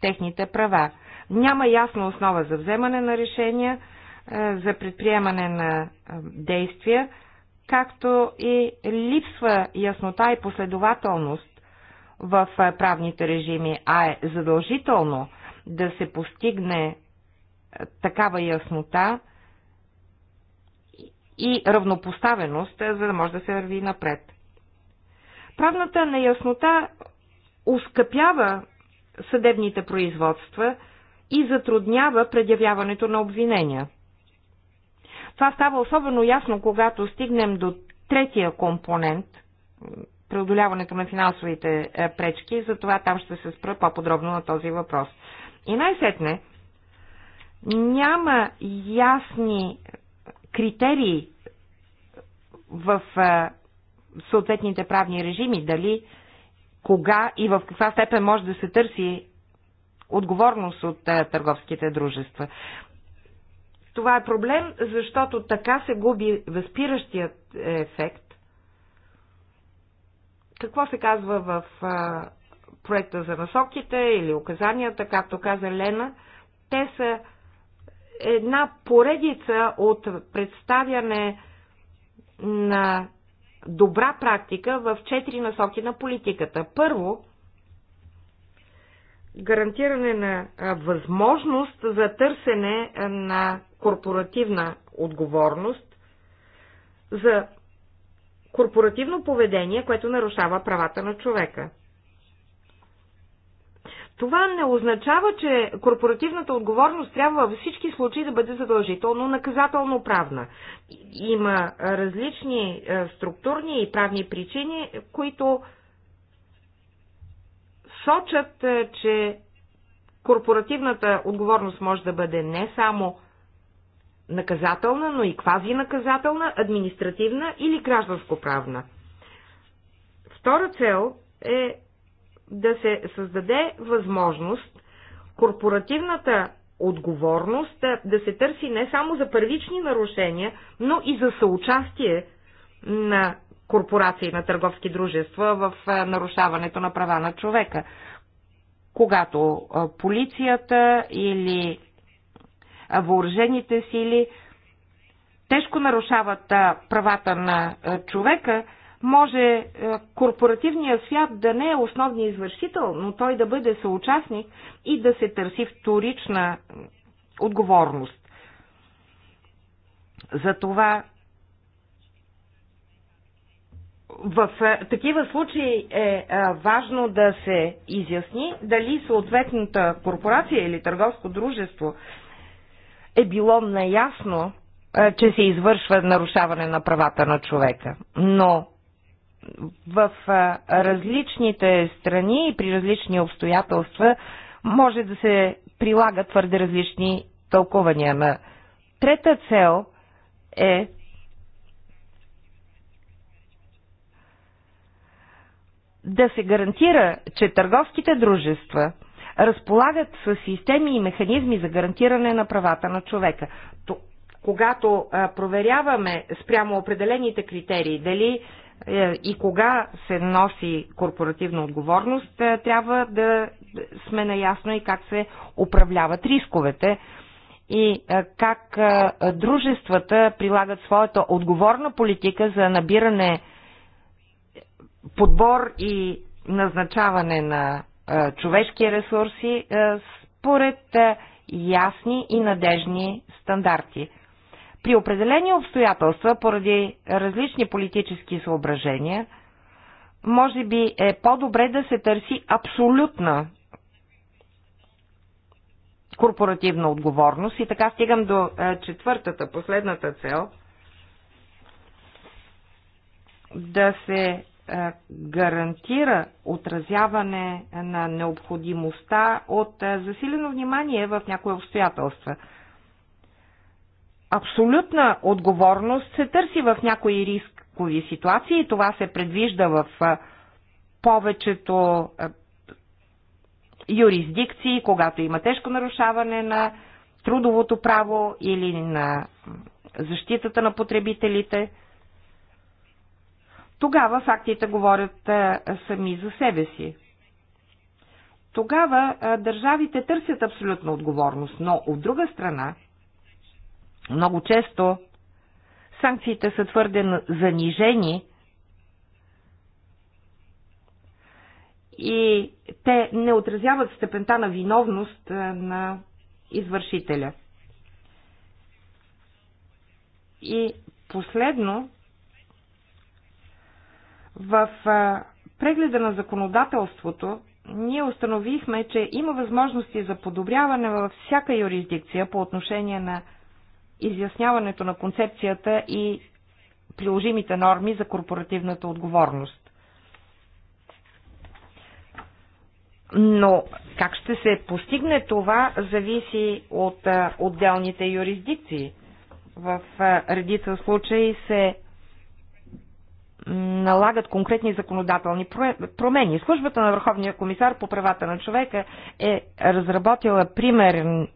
Speaker 2: техните права. Няма ясна основа за вземане на решения, за предприемане на действия както и липсва яснота и последователност в правните режими, а е задължително да се постигне такава яснота и равнопоставеност, за да може да се върви напред. Правната неяснота ускъпява съдебните производства и затруднява предявяването на обвинения – това става особено ясно, когато стигнем до третия компонент преодоляването на финансовите е, пречки, затова там ще се спра по-подробно на този въпрос. И най-сетне, няма ясни критерии в е, съответните правни режими, дали кога и в каква степен може да се търси отговорност от е, търговските дружества. Това е проблем, защото така се губи възпиращият ефект. Какво се казва в а, проекта за насоките или указанията, както каза Лена, те са една поредица от представяне на добра практика в четири насоки на политиката. Първо, гарантиране на възможност за търсене на корпоративна отговорност за корпоративно поведение, което нарушава правата на човека. Това не означава, че корпоративната отговорност трябва във всички случаи да бъде задължително наказателно правна. Има различни е, структурни и правни причини, които сочат, е, че корпоративната отговорност може да бъде не само наказателна, но и квази наказателна, административна или гражданско-правна. Втора цел е да се създаде възможност корпоративната отговорност да се търси не само за първични нарушения, но и за съучастие на корпорации, на търговски дружества в нарушаването на права на човека. Когато полицията или въоръжените сили тежко нарушават правата на човека, може корпоративният свят да не е основният извършител, но той да бъде съучастник и да се търси вторична отговорност. Затова в такива случаи е важно да се изясни дали съответната корпорация или търговско дружество е било наясно, е, че се извършва нарушаване на правата на човека. Но в е, различните страни и при различни обстоятелства може да се прилагат твърде различни тълкувания. На трета цел е да се гарантира, че търговските дружества – разполагат с системи и механизми за гарантиране на правата на човека. Когато проверяваме спрямо определените критерии дали е, и кога се носи корпоративна отговорност, е, трябва да сме наясно и как се управляват рисковете и е, как дружествата прилагат своята отговорна политика за набиране, подбор и назначаване на човешки ресурси според ясни и надежни стандарти. При определени обстоятелства, поради различни политически съображения, може би е по-добре да се търси абсолютна корпоративна отговорност. И така стигам до четвъртата, последната цел да се е, гарантира отразяване на необходимостта от е, засилено внимание в някои обстоятелства. Абсолютна отговорност се търси в някои рискови ситуации и това се предвижда в е, повечето юрисдикции, когато има тежко нарушаване на трудовото право или на защитата на потребителите – тогава фактите говорят сами за себе си. Тогава държавите търсят абсолютна отговорност, но от друга страна, много често санкциите са твърде занижени и те не отразяват степента на виновност на извършителя. И последно, в прегледа на законодателството ние установихме, че има възможности за подобряване във всяка юрисдикция по отношение на изясняването на концепцията и приложимите норми за корпоративната отговорност. Но как ще се постигне това, зависи от отделните юрисдикции. В редица случаи се налагат конкретни законодателни промени. Службата на Върховния комисар по правата на човека е разработила примерен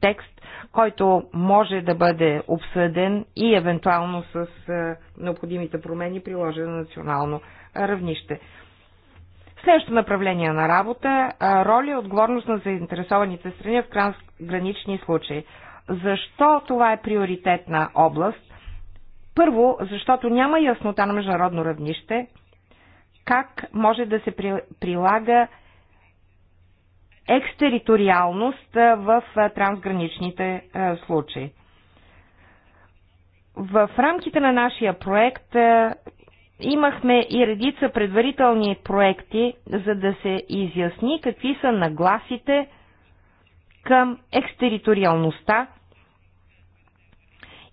Speaker 2: текст, който може да бъде обсъден и евентуално с е, необходимите промени приложен на национално равнище. Следващото направление на работа е, – роля и отговорност на заинтересованите страни в трансгранични случаи. Защо това е приоритетна област? Първо, защото няма яснота на международно равнище как може да се прилага екстериториалност в трансграничните случаи. В рамките на нашия проект имахме и редица предварителни проекти, за да се изясни какви са нагласите към екстериториалността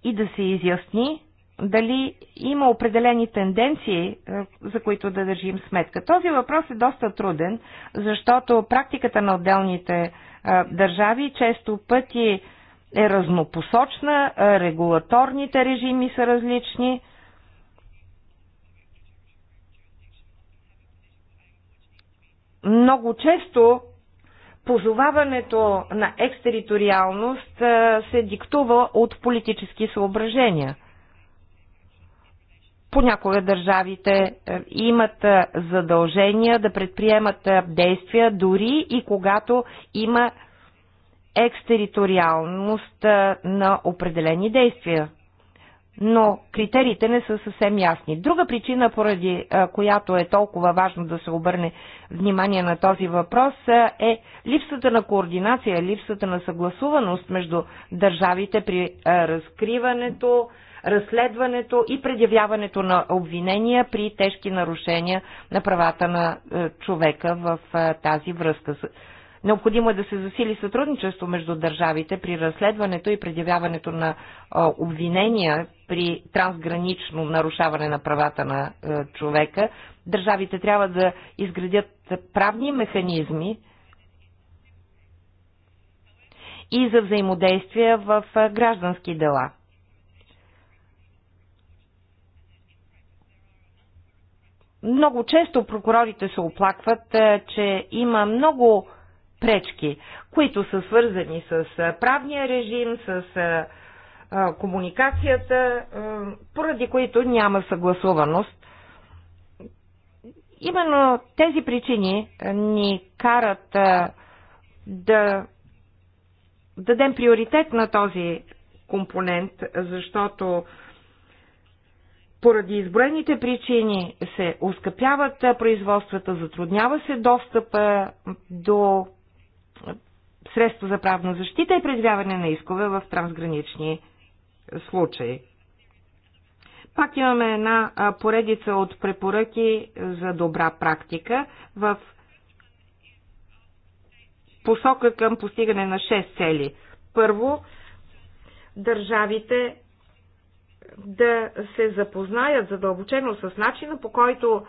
Speaker 2: и да се изясни дали има определени тенденции, е, за които да държим сметка. Този въпрос е доста труден, защото практиката на отделните е, държави често пъти е разнопосочна, е, регулаторните режими са различни. Много често позоваването на екстериториалност се диктува от политически съображения – Понякога държавите е, имат е, задължения да предприемат е, действия, дори и когато има екстериториалност на определени действия но критериите не са съвсем ясни. Друга причина, поради която е толкова важно да се обърне внимание на този въпрос, е липсата на координация, липсата на съгласуваност между държавите при разкриването, разследването и предявяването на обвинения при тежки нарушения на правата на човека в тази връзка. Необходимо е да се засили сътрудничество между държавите при разследването и предявяването на обвинения при трансгранично нарушаване на правата на човека. Държавите трябва да изградят правни механизми и за взаимодействие в граждански дела. Много често прокурорите се оплакват, че има много пречки, които са свързани с правния режим, с комуникацията, поради които няма съгласуваност. Именно тези причини ни карат да дадем приоритет на този компонент, защото поради изброените причини се ускъпяват производствата, затруднява се достъпа до средство за правна защита и предявяване на искове в трансгранични случаи. Пак имаме една поредица от препоръки за добра практика в посока към постигане на 6 цели. Първо, държавите да се запознаят задълбочено с начина по който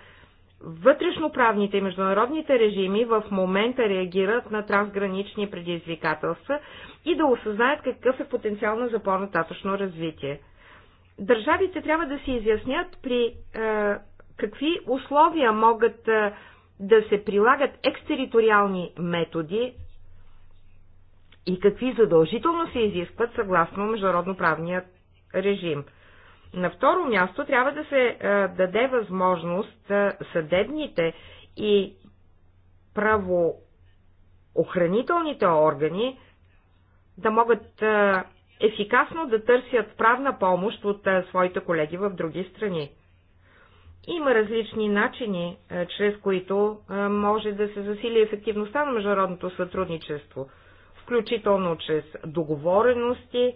Speaker 2: Вътрешноправните и международните режими в момента реагират на трансгранични предизвикателства и да осъзнаят какъв е потенциал за по-нататъчно развитие. Държавите трябва да се изяснят при е, какви условия могат е, да се прилагат екстериториални методи и какви задължително се изискват съгласно международноправният режим – на второ място трябва да се даде възможност съдебните и правоохранителните органи да могат ефикасно да търсят правна помощ от своите колеги в други страни. Има различни начини, чрез които може да се засили ефективността на международното сътрудничество, включително чрез договорености,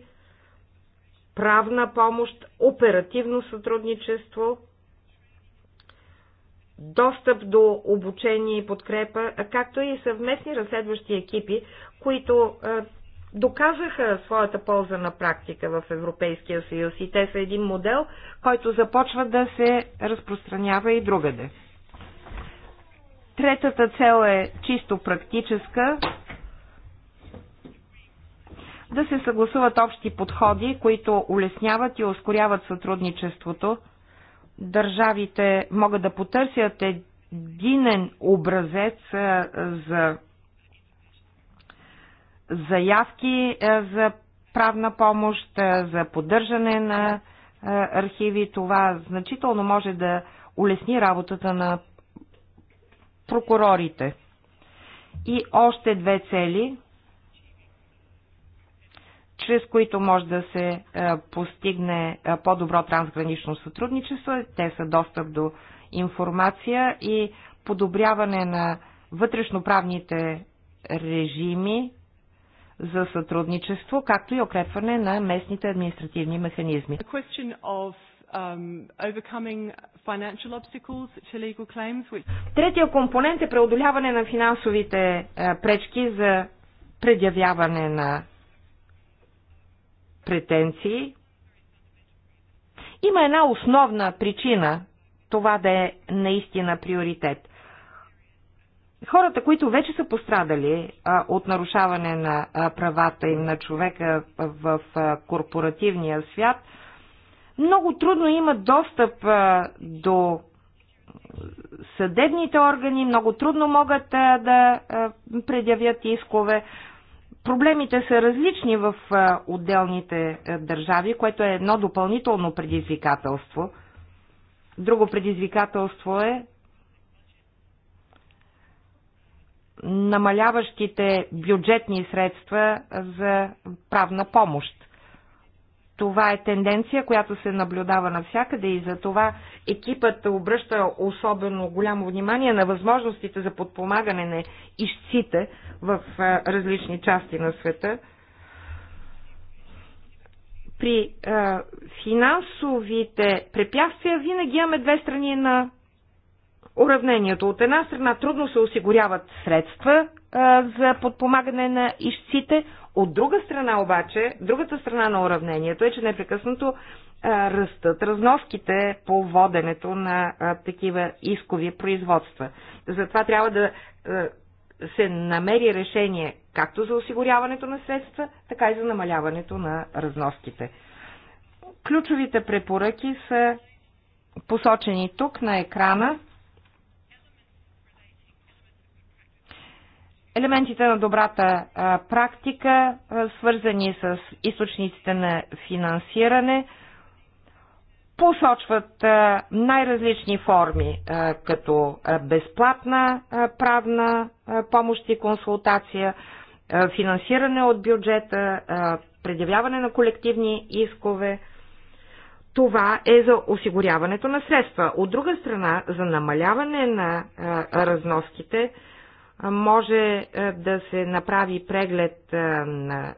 Speaker 2: правна помощ, оперативно сътрудничество, достъп до обучение и подкрепа, както и съвместни разследващи екипи, които доказаха своята полза на практика в Европейския съюз и те са един модел, който започва да се разпространява и другаде. Третата цел е чисто практическа да се съгласуват общи подходи, които улесняват и ускоряват сътрудничеството. Държавите могат да потърсят единен образец е, за заявки е, за правна помощ, е, за поддържане на архиви. Това значително може да улесни работата на прокурорите. И още две цели – чрез които може да се постигне по-добро трансгранично сътрудничество. Те са достъп до информация и подобряване на вътрешноправните режими за сътрудничество, както и укрепване на местните административни механизми. Um, Третия компонент е преодоляване на финансовите пречки за предявяване на претенции. Има една основна причина това да е наистина приоритет. Хората, които вече са пострадали а, от нарушаване на а, правата им на човека в а, корпоративния свят, много трудно имат достъп а, до съдебните органи, много трудно могат а, да а, предявят искове, Проблемите са различни в отделните държави, което е едно допълнително предизвикателство. Друго предизвикателство е намаляващите бюджетни средства за правна помощ. Това е тенденция, която се наблюдава навсякъде и за това екипът обръща особено голямо внимание на възможностите за подпомагане на ищците в различни части на света. При финансовите препятствия винаги имаме две страни на уравнението. От една страна трудно се осигуряват средства а, за подпомагане на ищците, от друга страна обаче, другата страна на уравнението е, че непрекъснато а, растат разновките по воденето на а, такива искови производства. Затова трябва да а, се намери решение както за осигуряването на средства, така и за намаляването на разноските. Ключовите препоръки са посочени тук на екрана. Елементите на добрата практика, свързани с източниците на финансиране – посочват най-различни форми, като безплатна правна помощ и консултация, финансиране от бюджета, предявяване на колективни искове. Това е за осигуряването на средства. От друга страна, за намаляване на разноските може да се направи преглед на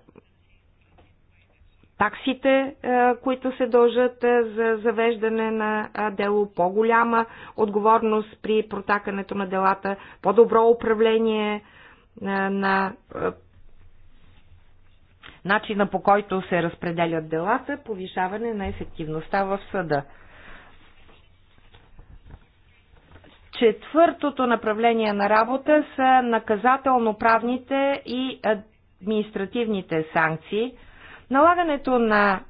Speaker 2: таксите, е, които се дължат е, за завеждане на е, дело, по-голяма отговорност при протакането на делата, по-добро управление на начина по който се разпределят делата, повишаване на ефективността в съда. Четвъртото направление на работа са наказателно-правните и административните санкции – Налагането на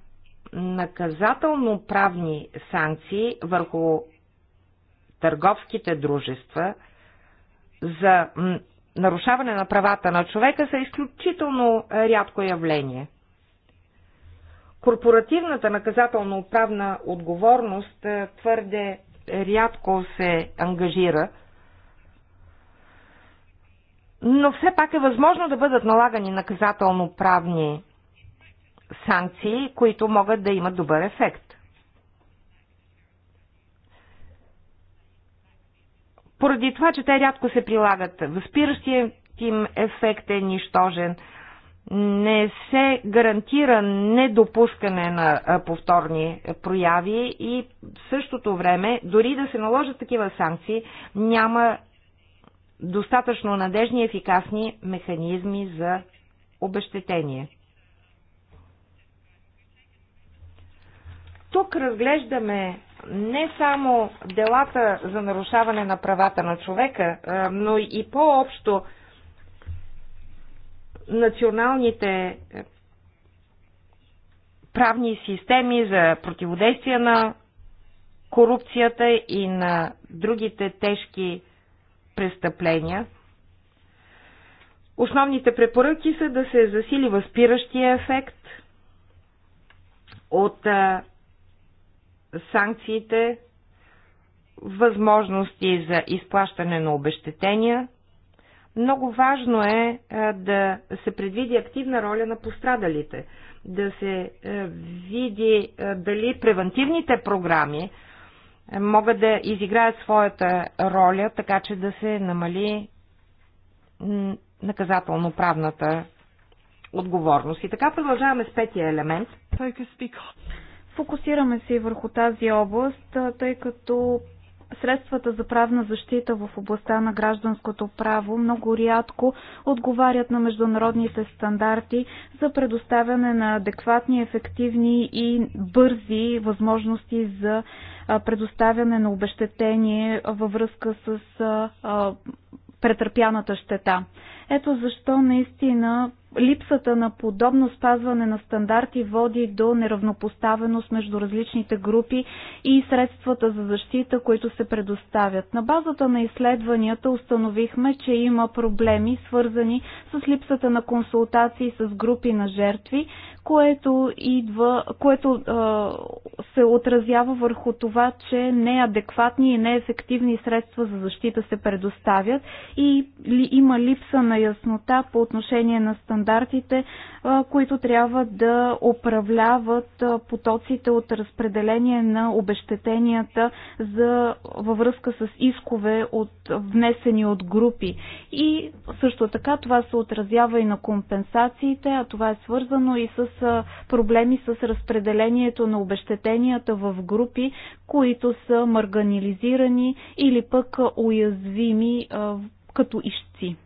Speaker 2: наказателно-правни санкции върху търговските дружества за нарушаване на правата на човека са изключително рядко явление. Корпоративната наказателно-правна отговорност е, твърде рядко се ангажира, но все пак е възможно да бъдат налагани наказателно-правни санкции, които могат да имат добър ефект. Поради това, че те рядко се прилагат, възпиращият им ефект е нищожен, не се гарантира недопускане на повторни прояви и в същото време, дори да се наложат такива санкции, няма достатъчно надежни и ефикасни механизми за обещетение. Тук разглеждаме не само делата за нарушаване на правата на човека, но и по-общо националните е, правни системи за противодействие на корупцията и на другите тежки престъпления. Основните препоръки са да се засили възпиращия ефект от е, санкциите, възможности за изплащане на обещетения. Много важно е, е да се предвиди активна роля на пострадалите, да се е, види е, дали превентивните програми могат да изиграят своята роля, така че да се намали наказателно-правната отговорност. И така продължаваме с петия елемент.
Speaker 3: Фокусираме се и върху тази област, тъй като средствата за правна защита в областта на гражданското право много рядко отговарят на международните стандарти за предоставяне на адекватни, ефективни и бързи възможности за предоставяне на обещетение във връзка с претърпяната щета. Ето защо наистина липсата на подобно спазване на стандарти води до неравнопоставеност между различните групи и средствата за защита, които се предоставят. На базата на изследванията установихме, че има проблеми, свързани с липсата на консултации с групи на жертви, което, идва, което е, се отразява върху това, че неадекватни и неефективни средства за защита се предоставят и има липса на яснота по отношение на стандартите, които трябва да управляват потоците от разпределение на обещетенията за, във връзка с искове от внесени от групи. И също така това се отразява и на компенсациите, а това е свързано и с проблеми с разпределението на обещетенията в групи, които са марганилизирани или пък уязвими като ищци.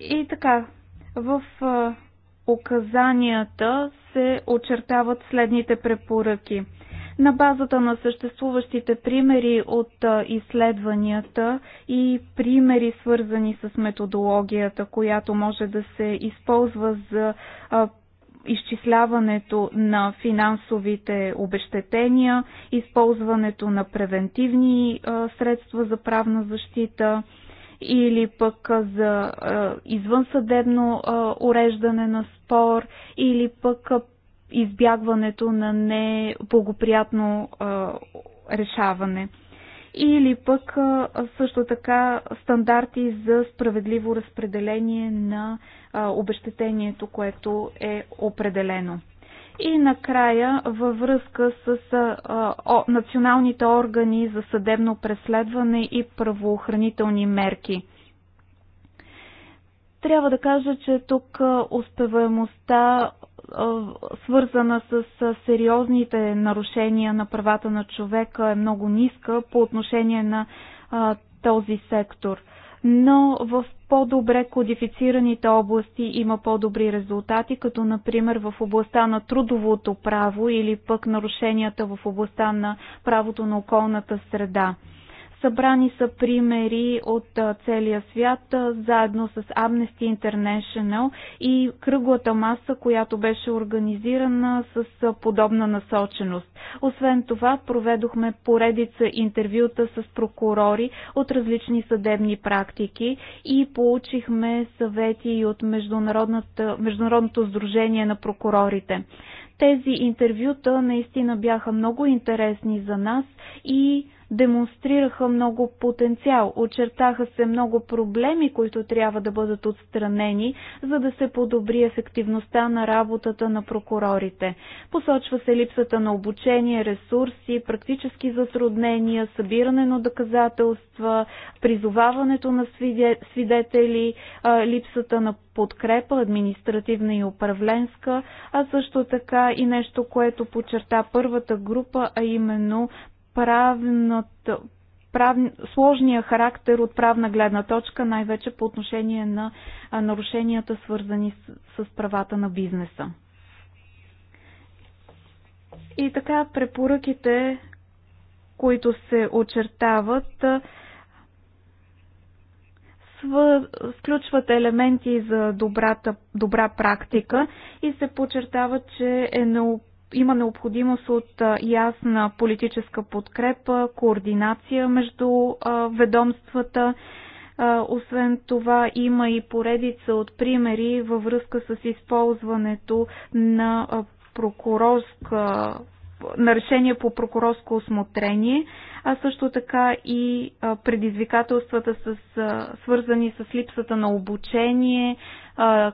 Speaker 3: И така, в указанията се очертават следните препоръки. На базата на съществуващите примери от изследванията и примери свързани с методологията, която може да се използва за изчисляването на финансовите обещетения, използването на превентивни средства за правна защита, или пък за извънсъдебно уреждане на спор, или пък избягването на неблагоприятно решаване. Или пък също така стандарти за справедливо разпределение на обещетението, което е определено. И накрая, във връзка с а, о, националните органи за съдебно преследване и правоохранителни мерки. Трябва да кажа, че тук успеваемостта, свързана с сериозните нарушения на правата на човека, е много ниска по отношение на този сектор – но в по-добре кодифицираните области има по-добри резултати, като например в областта на трудовото право или пък нарушенията в областта на правото на околната среда. Събрани са примери от целия свят, заедно с Amnesty International и кръглата маса, която беше организирана с подобна насоченост. Освен това, проведохме поредица интервюта с прокурори от различни съдебни практики и получихме съвети и от Международното сдружение на прокурорите. Тези интервюта наистина бяха много интересни за нас и демонстрираха много потенциал. Очертаха се много проблеми, които трябва да бъдат отстранени, за да се подобри ефективността на работата на прокурорите. Посочва се липсата на обучение, ресурси, практически затруднения, събиране на доказателства, призоваването на свидетели, липсата на подкрепа, административна и управленска, а също така и нещо, което подчерта първата група, а именно правната, прав, сложния характер от правна гледна точка, най-вече по отношение на нарушенията, свързани с, с правата на бизнеса. И така препоръките, които се очертават, включват елементи за добрата, добра практика и се подчертава, че е необходимо има необходимост от ясна политическа подкрепа, координация между ведомствата. Освен това има и поредица от примери във връзка с използването на прокурорска на решение по прокурорско осмотрение, а също така и предизвикателствата с, свързани с липсата на обучение,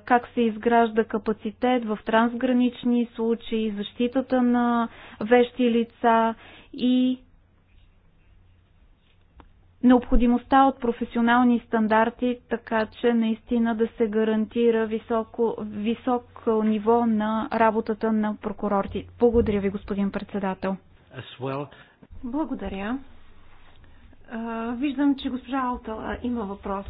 Speaker 3: как се изгражда капацитет в трансгранични случаи, защитата на вещи лица и необходимостта от професионални стандарти, така че наистина да се гарантира високо, висок ниво на работата на прокурорите. Благодаря ви, господин председател. Well. Благодаря.
Speaker 4: Виждам, че госпожа Алтала има въпрос.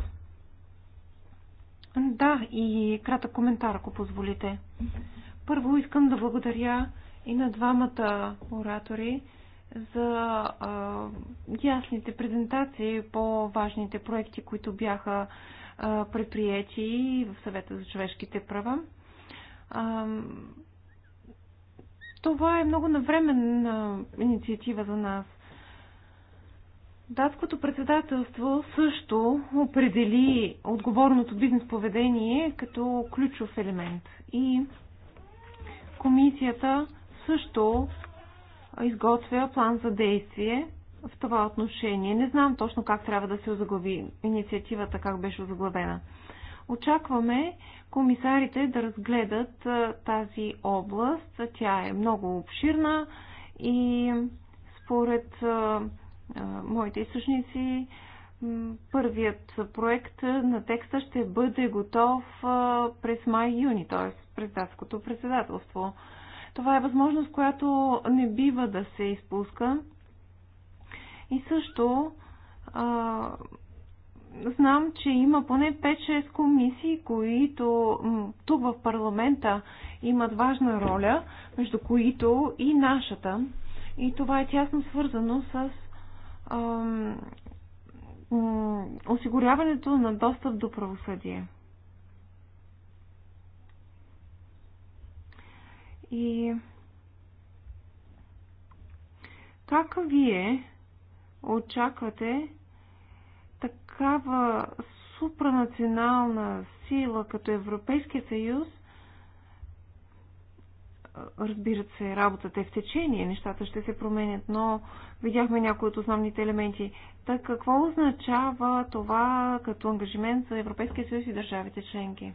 Speaker 4: Да, и кратък коментар, ако позволите. Първо искам да благодаря и на двамата оратори за а, ясните презентации по важните проекти, които бяха а, предприяти в съвета за човешките права. А, това е много навременна инициатива за нас. Датското председателство също определи отговорното бизнес поведение като ключов елемент. И комисията също изготвя план за действие в това отношение. Не знам точно как трябва да се озаглави инициативата, как беше озаглавена. Очакваме комисарите да разгледат тази област. Тя е много обширна и според моите източници първият проект на текста ще бъде готов през май-юни, т.е. през датското председателство. Това е възможност, която не бива да се изпуска. И също а, знам, че има поне 5-6 комисии, които тук в парламента имат важна роля, между които и нашата. И това е тясно свързано с а, осигуряването на достъп до правосъдие. И как вие очаквате такава супранационална сила като Европейския съюз, разбира се, работата е в течение, нещата ще се променят, но видяхме някои от основните елементи. Так какво означава това като ангажимент за Европейския съюз и държавите членки?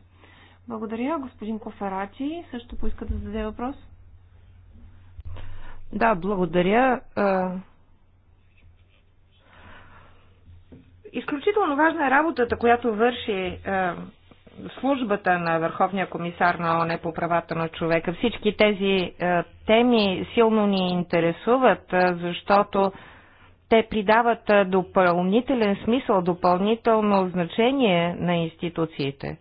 Speaker 4: Благодаря. Господин Коферачи също поиска да зададе въпрос.
Speaker 2: Да, благодаря. Изключително важна е работата, която върши службата на Върховния комисар на ОНЕ по правата на човека. Всички тези теми силно ни интересуват, защото те придават допълнителен смисъл, допълнително значение на институциите.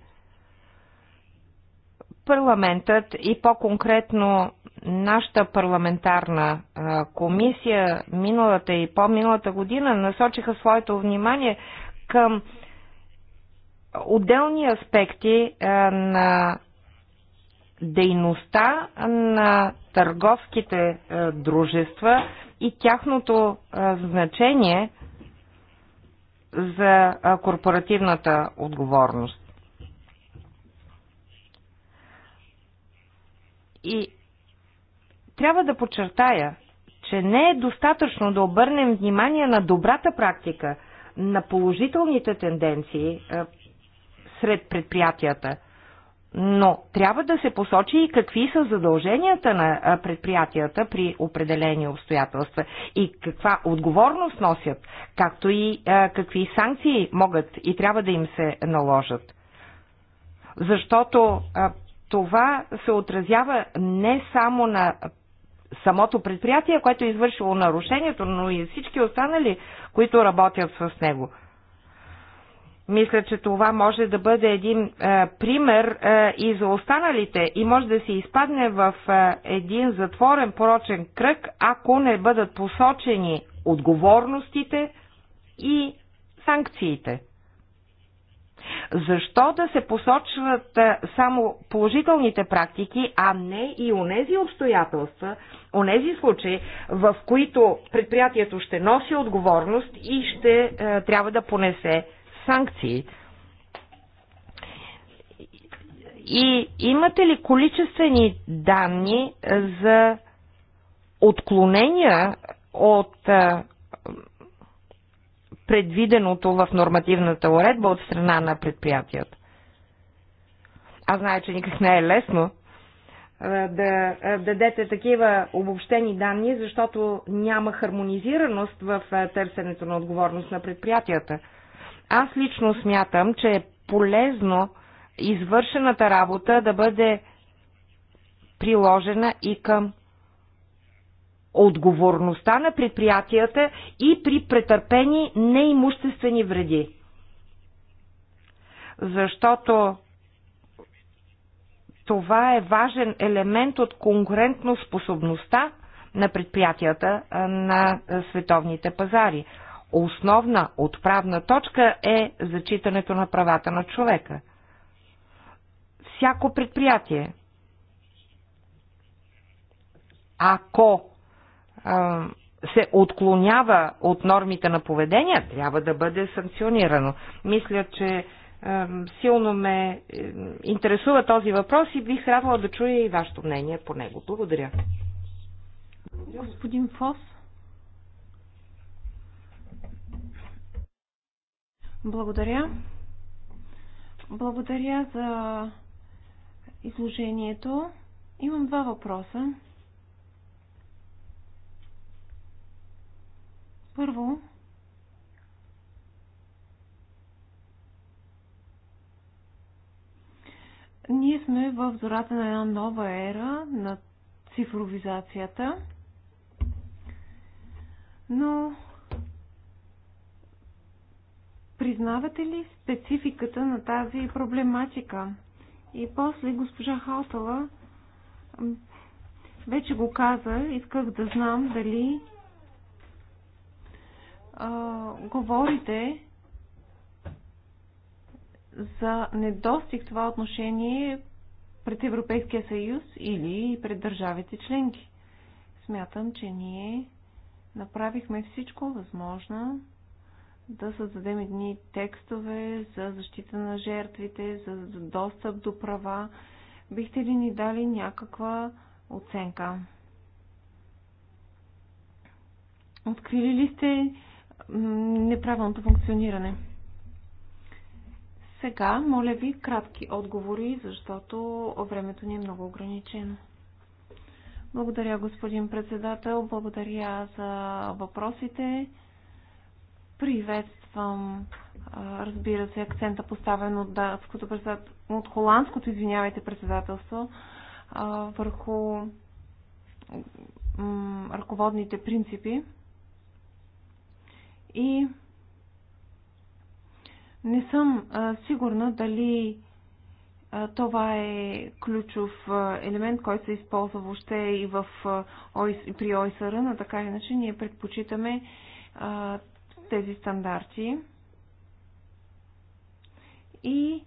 Speaker 2: Парламентът и по-конкретно нашата парламентарна комисия миналата и по-миналата година насочиха своето внимание към отделни аспекти на дейността на търговските дружества и тяхното значение за корпоративната отговорност. И трябва да подчертая, че не е достатъчно да обърнем внимание на добрата практика, на положителните тенденции е, сред предприятията, но трябва да се посочи и какви са задълженията на е, предприятията при определени обстоятелства и каква отговорност носят, както и е, какви санкции могат и трябва да им се наложат. Защото това се отразява не само на самото предприятие, което е извършило нарушението, но и всички останали, които работят с него. Мисля, че това може да бъде един е, пример е, и за останалите и може да се изпадне в е, един затворен порочен кръг, ако не бъдат посочени отговорностите и санкциите. Защо да се посочват само положителните практики, а не и онези обстоятелства, онези случаи, в които предприятието ще носи отговорност и ще е, трябва да понесе санкции? И имате ли количествени данни за отклонения от предвиденото в нормативната уредба от страна на предприятията. Аз знае, че никак не е лесно да дадете такива обобщени данни, защото няма хармонизираност в търсенето на отговорност на предприятията. Аз лично смятам, че е полезно извършената работа да бъде приложена и към отговорността на предприятията и при претърпени неимуществени вреди. Защото това е важен елемент от конкурентно способността на предприятията на световните пазари. Основна отправна точка е зачитането на правата на човека. Всяко предприятие, ако се отклонява от нормите на поведение, трябва да бъде санкционирано. Мисля, че силно ме е, интересува този въпрос и бих радвала да чуя и вашето мнение по него. Благодаря. Господин Фос. Благодаря.
Speaker 4: Благодаря за изложението. Имам два въпроса. Първо, ние сме в зората на една нова ера на цифровизацията, но признавате ли спецификата на тази проблематика? И после госпожа Халтала вече го каза, исках да знам дали говорите за недостиг това отношение пред Европейския съюз или пред държавите членки. Смятам, че ние направихме всичко възможно да създадем едни текстове за защита на жертвите, за достъп до права. Бихте ли ни дали някаква оценка? Открили ли сте неправилното функциониране. Сега, моля ви, кратки отговори, защото времето ни е много ограничено. Благодаря, господин председател. Благодаря за въпросите. Приветствам, разбира се, акцента поставен от, датското от холандското, извинявайте, председателство върху ръководните принципи и не съм а, сигурна дали а, това е ключов а, елемент, който се използва въобще и в, а, ОИС, при ОИСР, но така иначе ние предпочитаме а, тези стандарти. И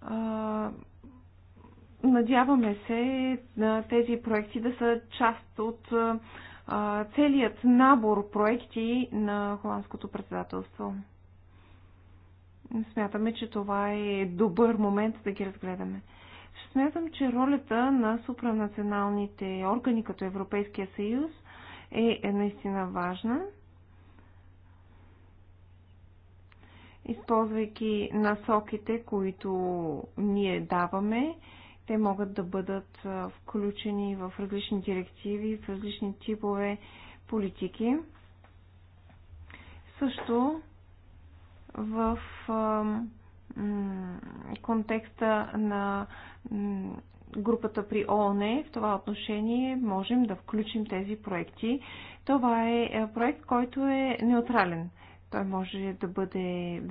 Speaker 4: а, Надяваме се на тези проекти да са част от целият набор проекти на холандското председателство. Смятаме, че това е добър момент да ги разгледаме. Смятам, че ролята на супранационалните органи като Европейския съюз е, е наистина важна. Използвайки насоките, които ние даваме, те могат да бъдат включени в различни директиви, в различни типове политики. Също в контекста на групата при ООН в това отношение можем да включим тези проекти. Това е проект, който е неутрален. Той може да бъде,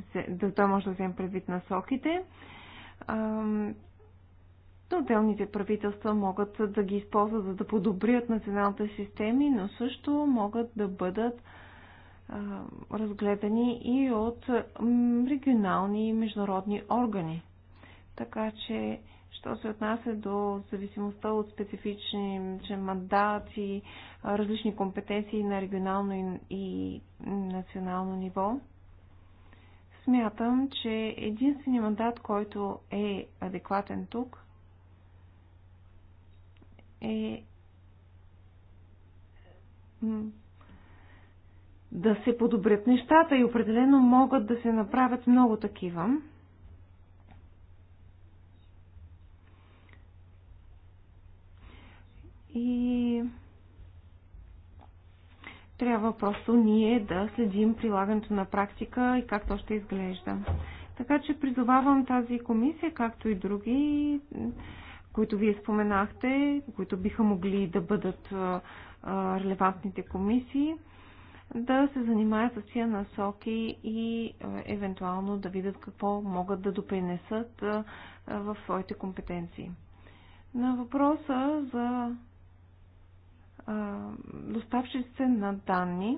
Speaker 4: той може да вземе предвид насоките да отделните правителства могат да ги използват, за да подобрят националните системи, но също могат да бъдат а, разгледани и от регионални и международни органи. Така че, що се отнася до зависимостта от специфични мандат и различни компетенции на регионално и национално ниво, смятам, че единственият мандат, който е адекватен тук, е да се подобрят нещата и определено могат да се направят много такива. И трябва просто ние да следим прилагането на практика и как то ще изглежда. Така че призовавам тази комисия, както и други, които вие споменахте, които биха могли да бъдат релевантните комисии, да се занимаят с тия насоки и евентуално да видят какво могат да допринесат в своите компетенции. На въпроса за доставчиците на данни,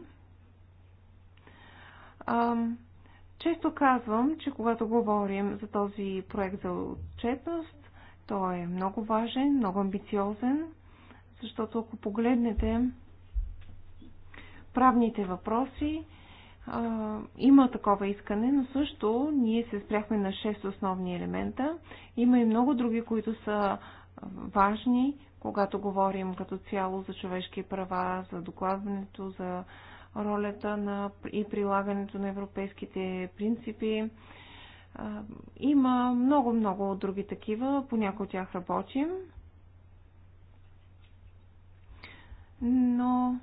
Speaker 4: често казвам, че когато говорим за този проект за отчетност, той е много важен, много амбициозен, защото ако погледнете правните въпроси, а, има такова искане, но също ние се спряхме на 6 основни елемента. Има и много други, които са важни, когато говорим като цяло за човешки права, за докладването, за ролята на и прилагането на европейските принципи, има много-много други такива, по някои от тях работим. Но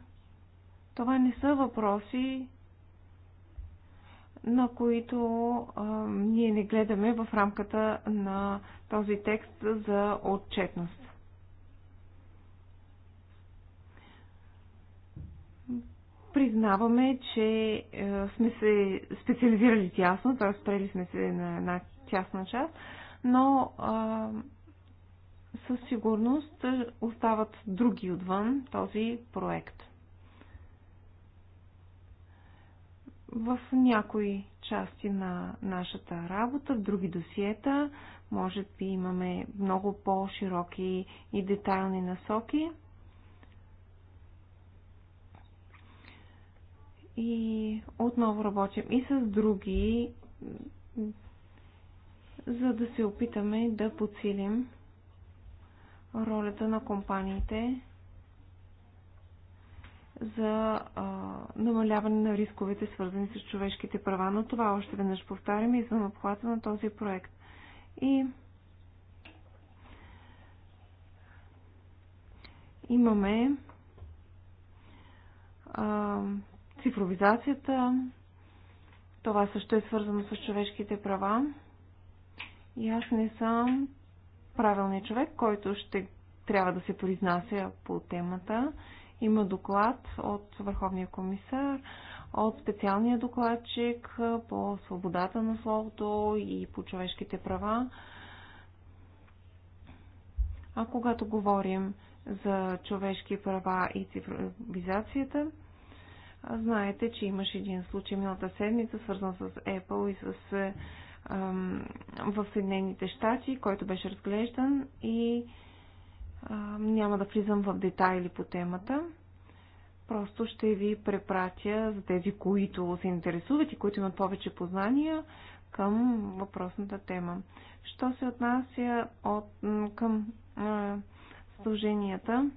Speaker 4: това не са въпроси, на които а, ние не гледаме в рамката на този текст за отчетност. признаваме, че е, сме се специализирали тясно, т.е. спрели сме се на една тясна част, но е, със сигурност остават други отвън този проект. В някои части на нашата работа, в други досиета, може би имаме много по-широки и детайлни насоки. И отново работим и с други, за да се опитаме да подсилим ролята на компаниите за а, намаляване на рисковете, свързани с човешките права. Но това още веднъж повтаряме извън обхвата на този проект. И имаме а, цифровизацията. Това също е свързано с човешките права. И аз не съм правилният човек, който ще трябва да се произнася по темата. Има доклад от Върховния комисар, от специалния докладчик по свободата на словото и по човешките права. А когато говорим за човешки права и цифровизацията, Знаете, че имаше един случай миналата седмица, свързан с Apple и с в Съединените щати, който беше разглеждан и а, няма да влизам в детайли по темата. Просто ще ви препратя за тези, които се интересуват и които имат повече познания към въпросната тема. Що се отнася от, към а, служенията?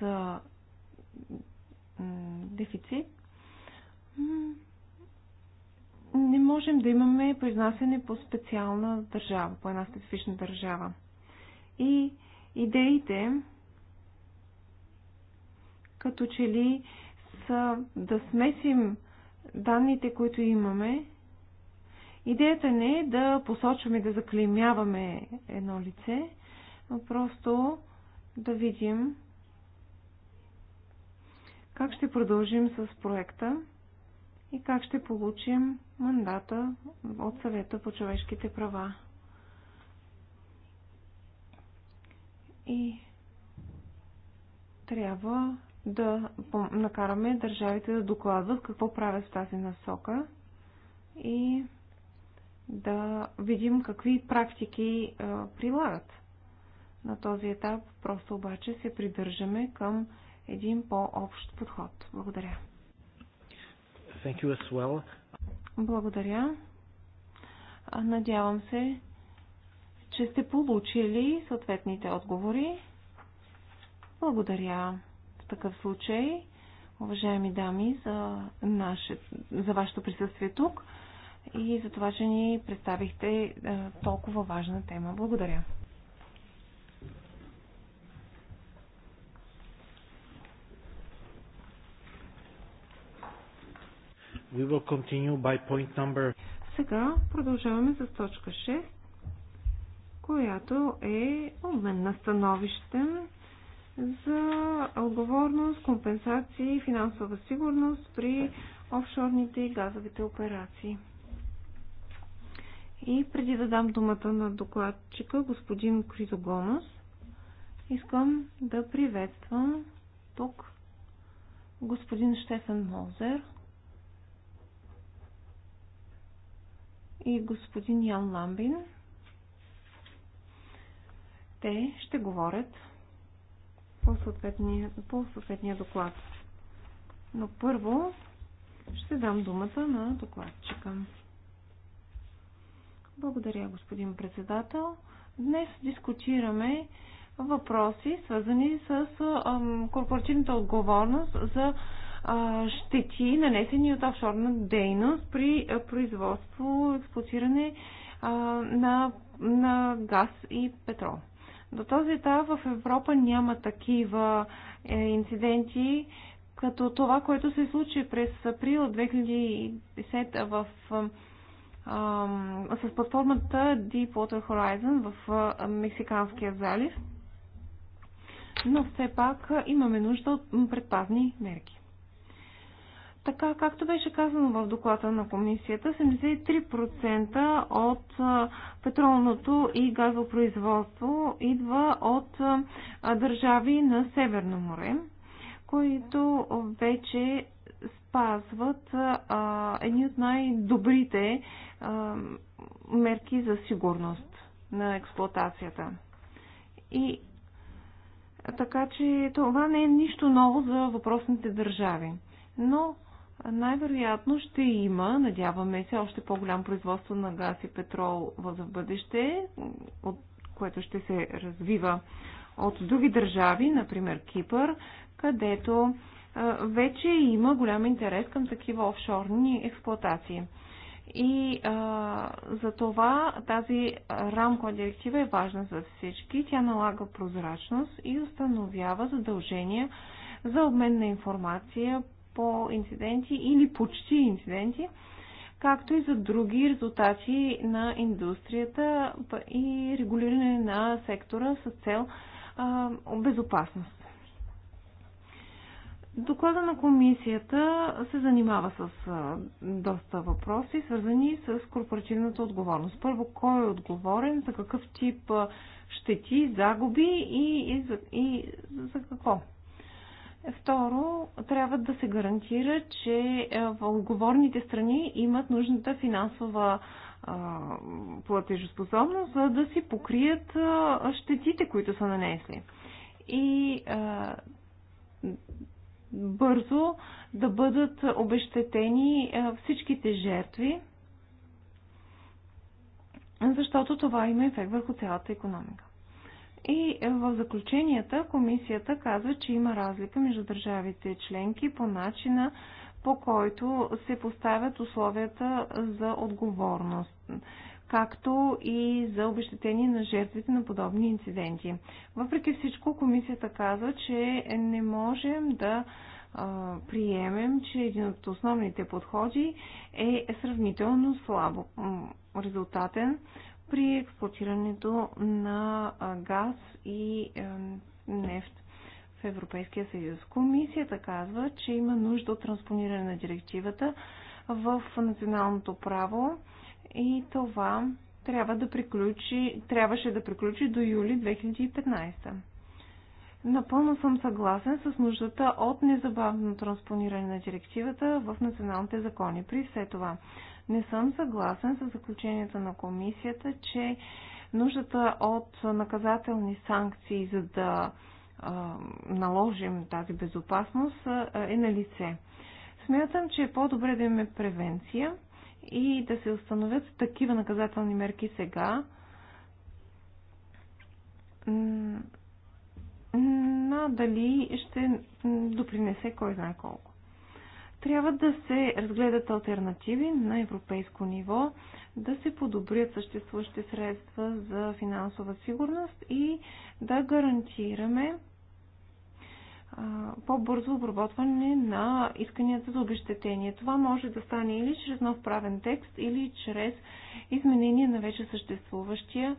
Speaker 4: за дефицит, не можем да имаме произнасяне по специална държава, по една специфична държава. И идеите, като че ли са да смесим данните, които имаме. Идеята не е да посочваме, да заклеймяваме едно лице, но просто да видим как ще продължим с проекта и как ще получим мандата от съвета по човешките права. И трябва да накараме държавите да докладват какво правят в тази насока и да видим какви практики прилагат. На този етап просто обаче се придържаме към един по-общ подход. Благодаря.
Speaker 1: Thank you as well.
Speaker 4: Благодаря. Надявам се, че сте получили съответните отговори. Благодаря в такъв случай, уважаеми дами, за, наше, за вашето присъствие тук и за това, че ни представихте толкова важна тема. Благодаря.
Speaker 1: We will continue by point number...
Speaker 4: Сега продължаваме с точка 6, която е обмен на становище за отговорност, компенсации и финансова сигурност при офшорните и газовите операции. И преди да дам думата на докладчика, господин Кризогонос, искам да приветствам тук господин Штефан Молзер – и господин Ян Ламбин. Те ще говорят по съответния, по съответния доклад. Но първо ще дам думата на докладчика. Благодаря, господин председател. Днес дискутираме въпроси, свързани с корпоративната отговорност за щети, нанесени от офшорна дейност при производство, експлуатиране на, на газ и петрол. До този етап в Европа няма такива е, инциденти, като това, което се случи през април 2010 в, с платформата Deepwater Horizon в Мексиканския залив. Но все пак имаме нужда от предпазни мерки. Така, както беше казано в доклада на комисията, 73% от петролното и газопроизводство идва от държави на Северно море, които вече спазват едни от най-добрите мерки за сигурност на експлоатацията. И така че това не е нищо ново за въпросните държави. Но най-вероятно ще има, надяваме се, още по-голям производство на газ и петрол в бъдеще, от което ще се развива от други държави, например Кипър, където вече има голям интерес към такива офшорни експлуатации. И а, за това тази рамкова директива е важна за всички. Тя налага прозрачност и установява задължения за обмен на информация по инциденти или почти инциденти, както и за други резултати на индустрията и регулиране на сектора с цел а, безопасност. Доклада на комисията се занимава с доста въпроси, свързани с корпоративната отговорност. Първо, кой е отговорен, за какъв тип щети, загуби и, и, за, и за какво? Второ, трябва да се гарантира, че е, отговорните страни имат нужната финансова платежоспособност, за да си покрият щетите, които са нанесли. И а, бързо да бъдат обещетени всичките жертви, защото това има ефект върху цялата економика. И е, в заключенията комисията казва, че има разлика между държавите членки по начина, по който се поставят условията за отговорност, както и за обещетение на жертвите на подобни инциденти. Въпреки всичко, комисията казва, че не можем да а, приемем, че един от основните подходи е сравнително слабо резултатен при експлуатирането на газ и е, нефт в Европейския съюз. Комисията казва, че има нужда от транспониране на директивата в националното право и това трябва да приключи, трябваше да приключи до юли 2015. Напълно съм съгласен с нуждата от незабавно транспониране на директивата в националните закони. При все това не съм съгласен с заключенията на комисията, че нуждата от наказателни санкции, за да наложим тази безопасност, е на лице. Смятам, че е по-добре да имаме превенция и да се установят такива наказателни мерки сега, дали ще допринесе кой знае колко. Трябва да се разгледат альтернативи на европейско ниво, да се подобрят съществуващите средства за финансова сигурност и да гарантираме по-бързо обработване на исканията за обещетение. Това може да стане или чрез нов правен текст, или чрез изменение на вече съществуващия,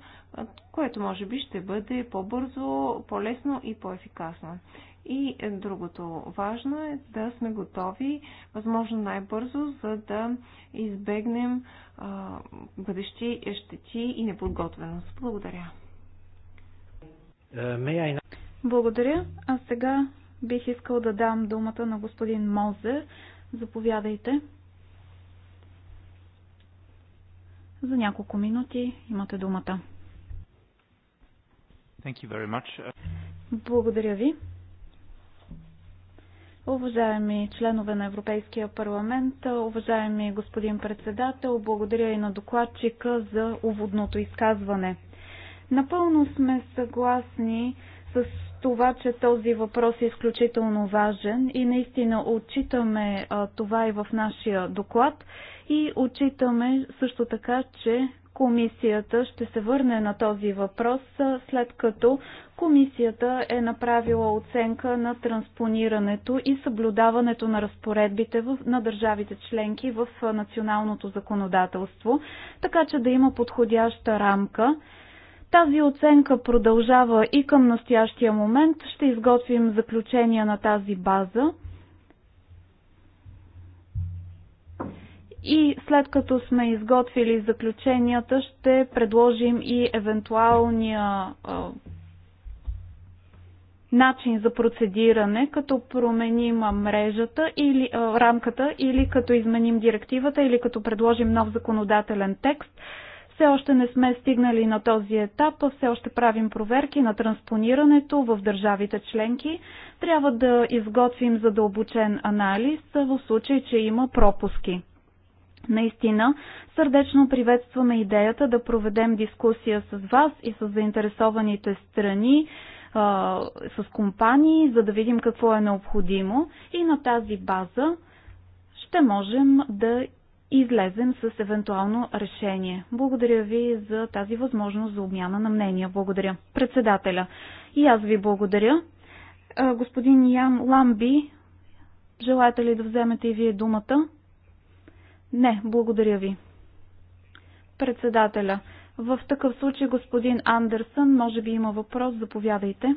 Speaker 4: което може би ще бъде по-бързо, по-лесно и по-ефикасно. И е, другото важно е да сме готови, възможно най-бързо, за да избегнем а, бъдещи щети и неподготвеност. Благодаря.
Speaker 1: Е,
Speaker 3: Благодаря. А сега бих искал да дам думата на господин Мозер. Заповядайте. За няколко минути имате думата.
Speaker 1: Thank you very much.
Speaker 3: Благодаря ви. Уважаеми членове на Европейския парламент, уважаеми господин председател, благодаря и на докладчика за уводното изказване. Напълно сме съгласни с това, че този въпрос е изключително важен и наистина отчитаме това и в нашия доклад и отчитаме също така, че комисията ще се върне на този въпрос, след като комисията е направила оценка на транспонирането и съблюдаването на разпоредбите в, на държавите членки в националното законодателство, така че да има подходяща рамка тази оценка продължава и към настоящия момент. Ще изготвим заключения на тази база. И след като сме изготвили заключенията, ще предложим и евентуалния начин за процедиране, като променим мрежата или рамката, или като изменим директивата, или като предложим нов законодателен текст все още не сме стигнали на този етап, все още правим проверки на транспонирането в държавите членки. Трябва да изготвим задълбочен анализ в случай, че има пропуски. Наистина, сърдечно приветстваме идеята да проведем дискусия с вас и с заинтересованите страни, с компании, за да видим какво е необходимо и на тази база ще можем да излезем с евентуално решение. Благодаря ви за тази възможност за обмяна на мнения. Благодаря. Председателя. И аз ви благодаря. Господин Ян Ламби, желаете ли да вземете и вие думата? Не, благодаря ви. Председателя. В такъв случай, господин Андерсън, може би има въпрос, заповядайте.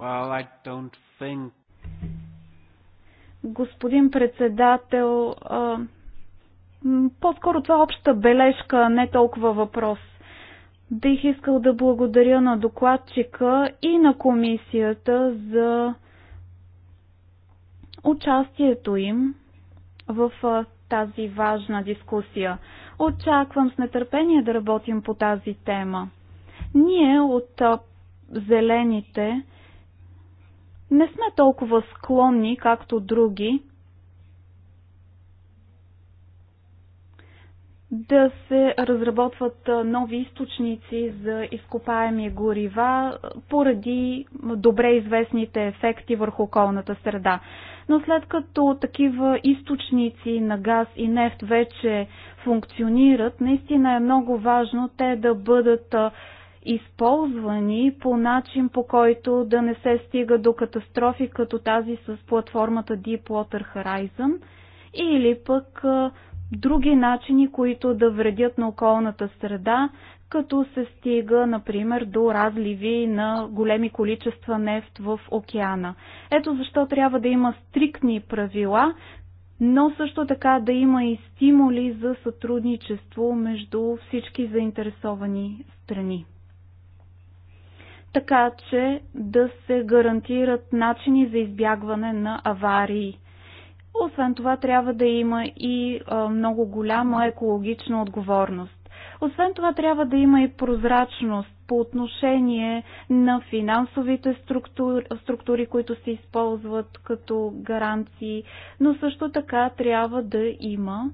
Speaker 1: Well, I don't think...
Speaker 3: Господин председател, по-скоро това е обща бележка, не толкова въпрос. Бих искал да благодаря на докладчика и на комисията за участието им в тази важна дискусия. Очаквам с нетърпение да работим по тази тема. Ние от зелените не сме толкова склонни, както други, да се разработват нови източници за изкопаеми горива поради добре известните ефекти върху околната среда. Но след като такива източници на газ и нефт вече функционират, наистина е много важно те да бъдат използвани по начин, по който да не се стига до катастрофи като тази с платформата Deepwater Horizon или пък други начини, които да вредят на околната среда, като се стига, например, до разливи на големи количества нефт в океана. Ето защо трябва да има стриктни правила, но също така да има и стимули за сътрудничество между всички заинтересовани страни. Така че да се гарантират начини за избягване на аварии освен това, трябва да има и много голяма екологична отговорност. Освен това, трябва да има и прозрачност по отношение на финансовите структури, структури които се използват като гаранции, но също така трябва да има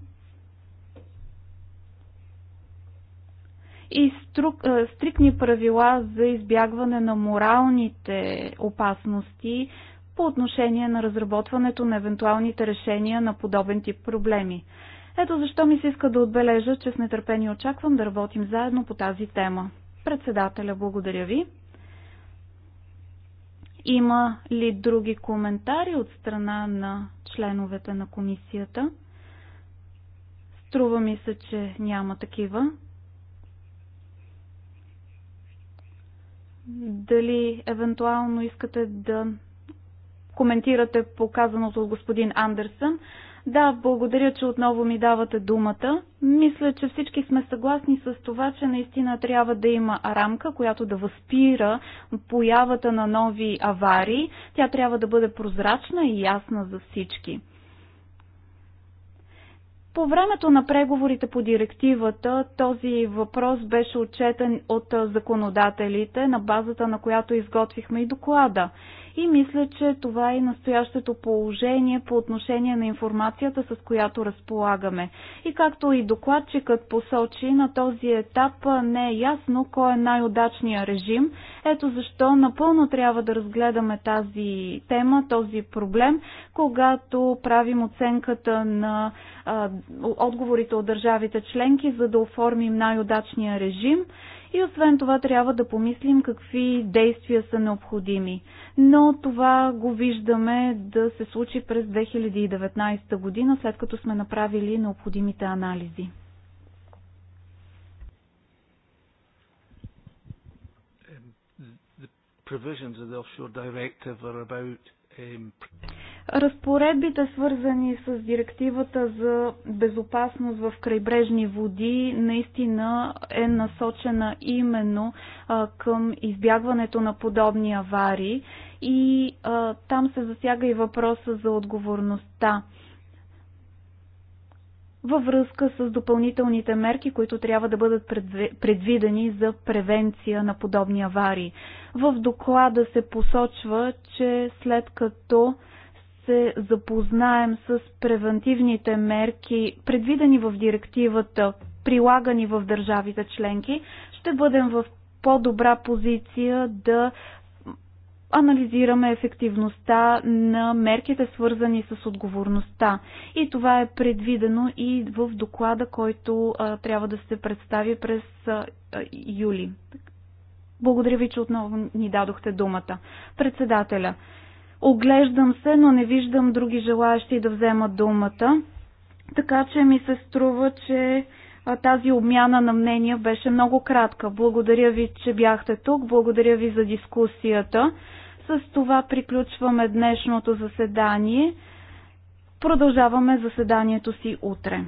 Speaker 3: и струк, стрикни правила за избягване на моралните опасности, по отношение на разработването на евентуалните решения на подобен тип проблеми. Ето защо ми се иска да отбележа, че с нетърпение очаквам да работим заедно по тази тема. Председателя, благодаря ви. Има ли други коментари от страна на членовете на комисията? Струва ми се, че няма такива. Дали евентуално искате да коментирате показаното от господин Андерсън. Да, благодаря, че отново ми давате думата. Мисля, че всички сме съгласни с това, че наистина трябва да има рамка, която да възпира появата на нови аварии. Тя трябва да бъде прозрачна и ясна за всички. По времето на преговорите по директивата този въпрос беше отчетен от законодателите, на базата на която изготвихме и доклада. И мисля, че това е настоящето положение по отношение на информацията, с която разполагаме. И както и докладчикът посочи, на този етап не е ясно кой е най-удачният режим. Ето защо напълно трябва да разгледаме тази тема, този проблем, когато правим оценката на а, отговорите от държавите членки, за да оформим най-удачния режим. И освен това трябва да помислим какви действия са необходими. Но това го виждаме да се случи през 2019 година, след като сме направили необходимите анализи.
Speaker 1: Um, provisions of the offshore directive are about um
Speaker 3: Разпоредбите, свързани с директивата за безопасност в крайбрежни води, наистина е насочена именно а, към избягването на подобни аварии и а, там се засяга и въпроса за отговорността във връзка с допълнителните мерки, които трябва да бъдат предвидени за превенция на подобни аварии. В доклада се посочва, че след като се запознаем с превентивните мерки, предвидени в директивата, прилагани в държавите членки, ще бъдем в по-добра позиция да анализираме ефективността на мерките, свързани с отговорността. И това е предвидено и в доклада, който а, трябва да се представи през а, юли. Благодаря ви, че отново ни дадохте думата. Председателя, Оглеждам се, но не виждам други желаящи да вземат думата. Така че ми се струва, че тази обмяна на мнения беше много кратка. Благодаря ви, че бяхте тук. Благодаря ви за дискусията. С това приключваме днешното заседание. Продължаваме заседанието си утре.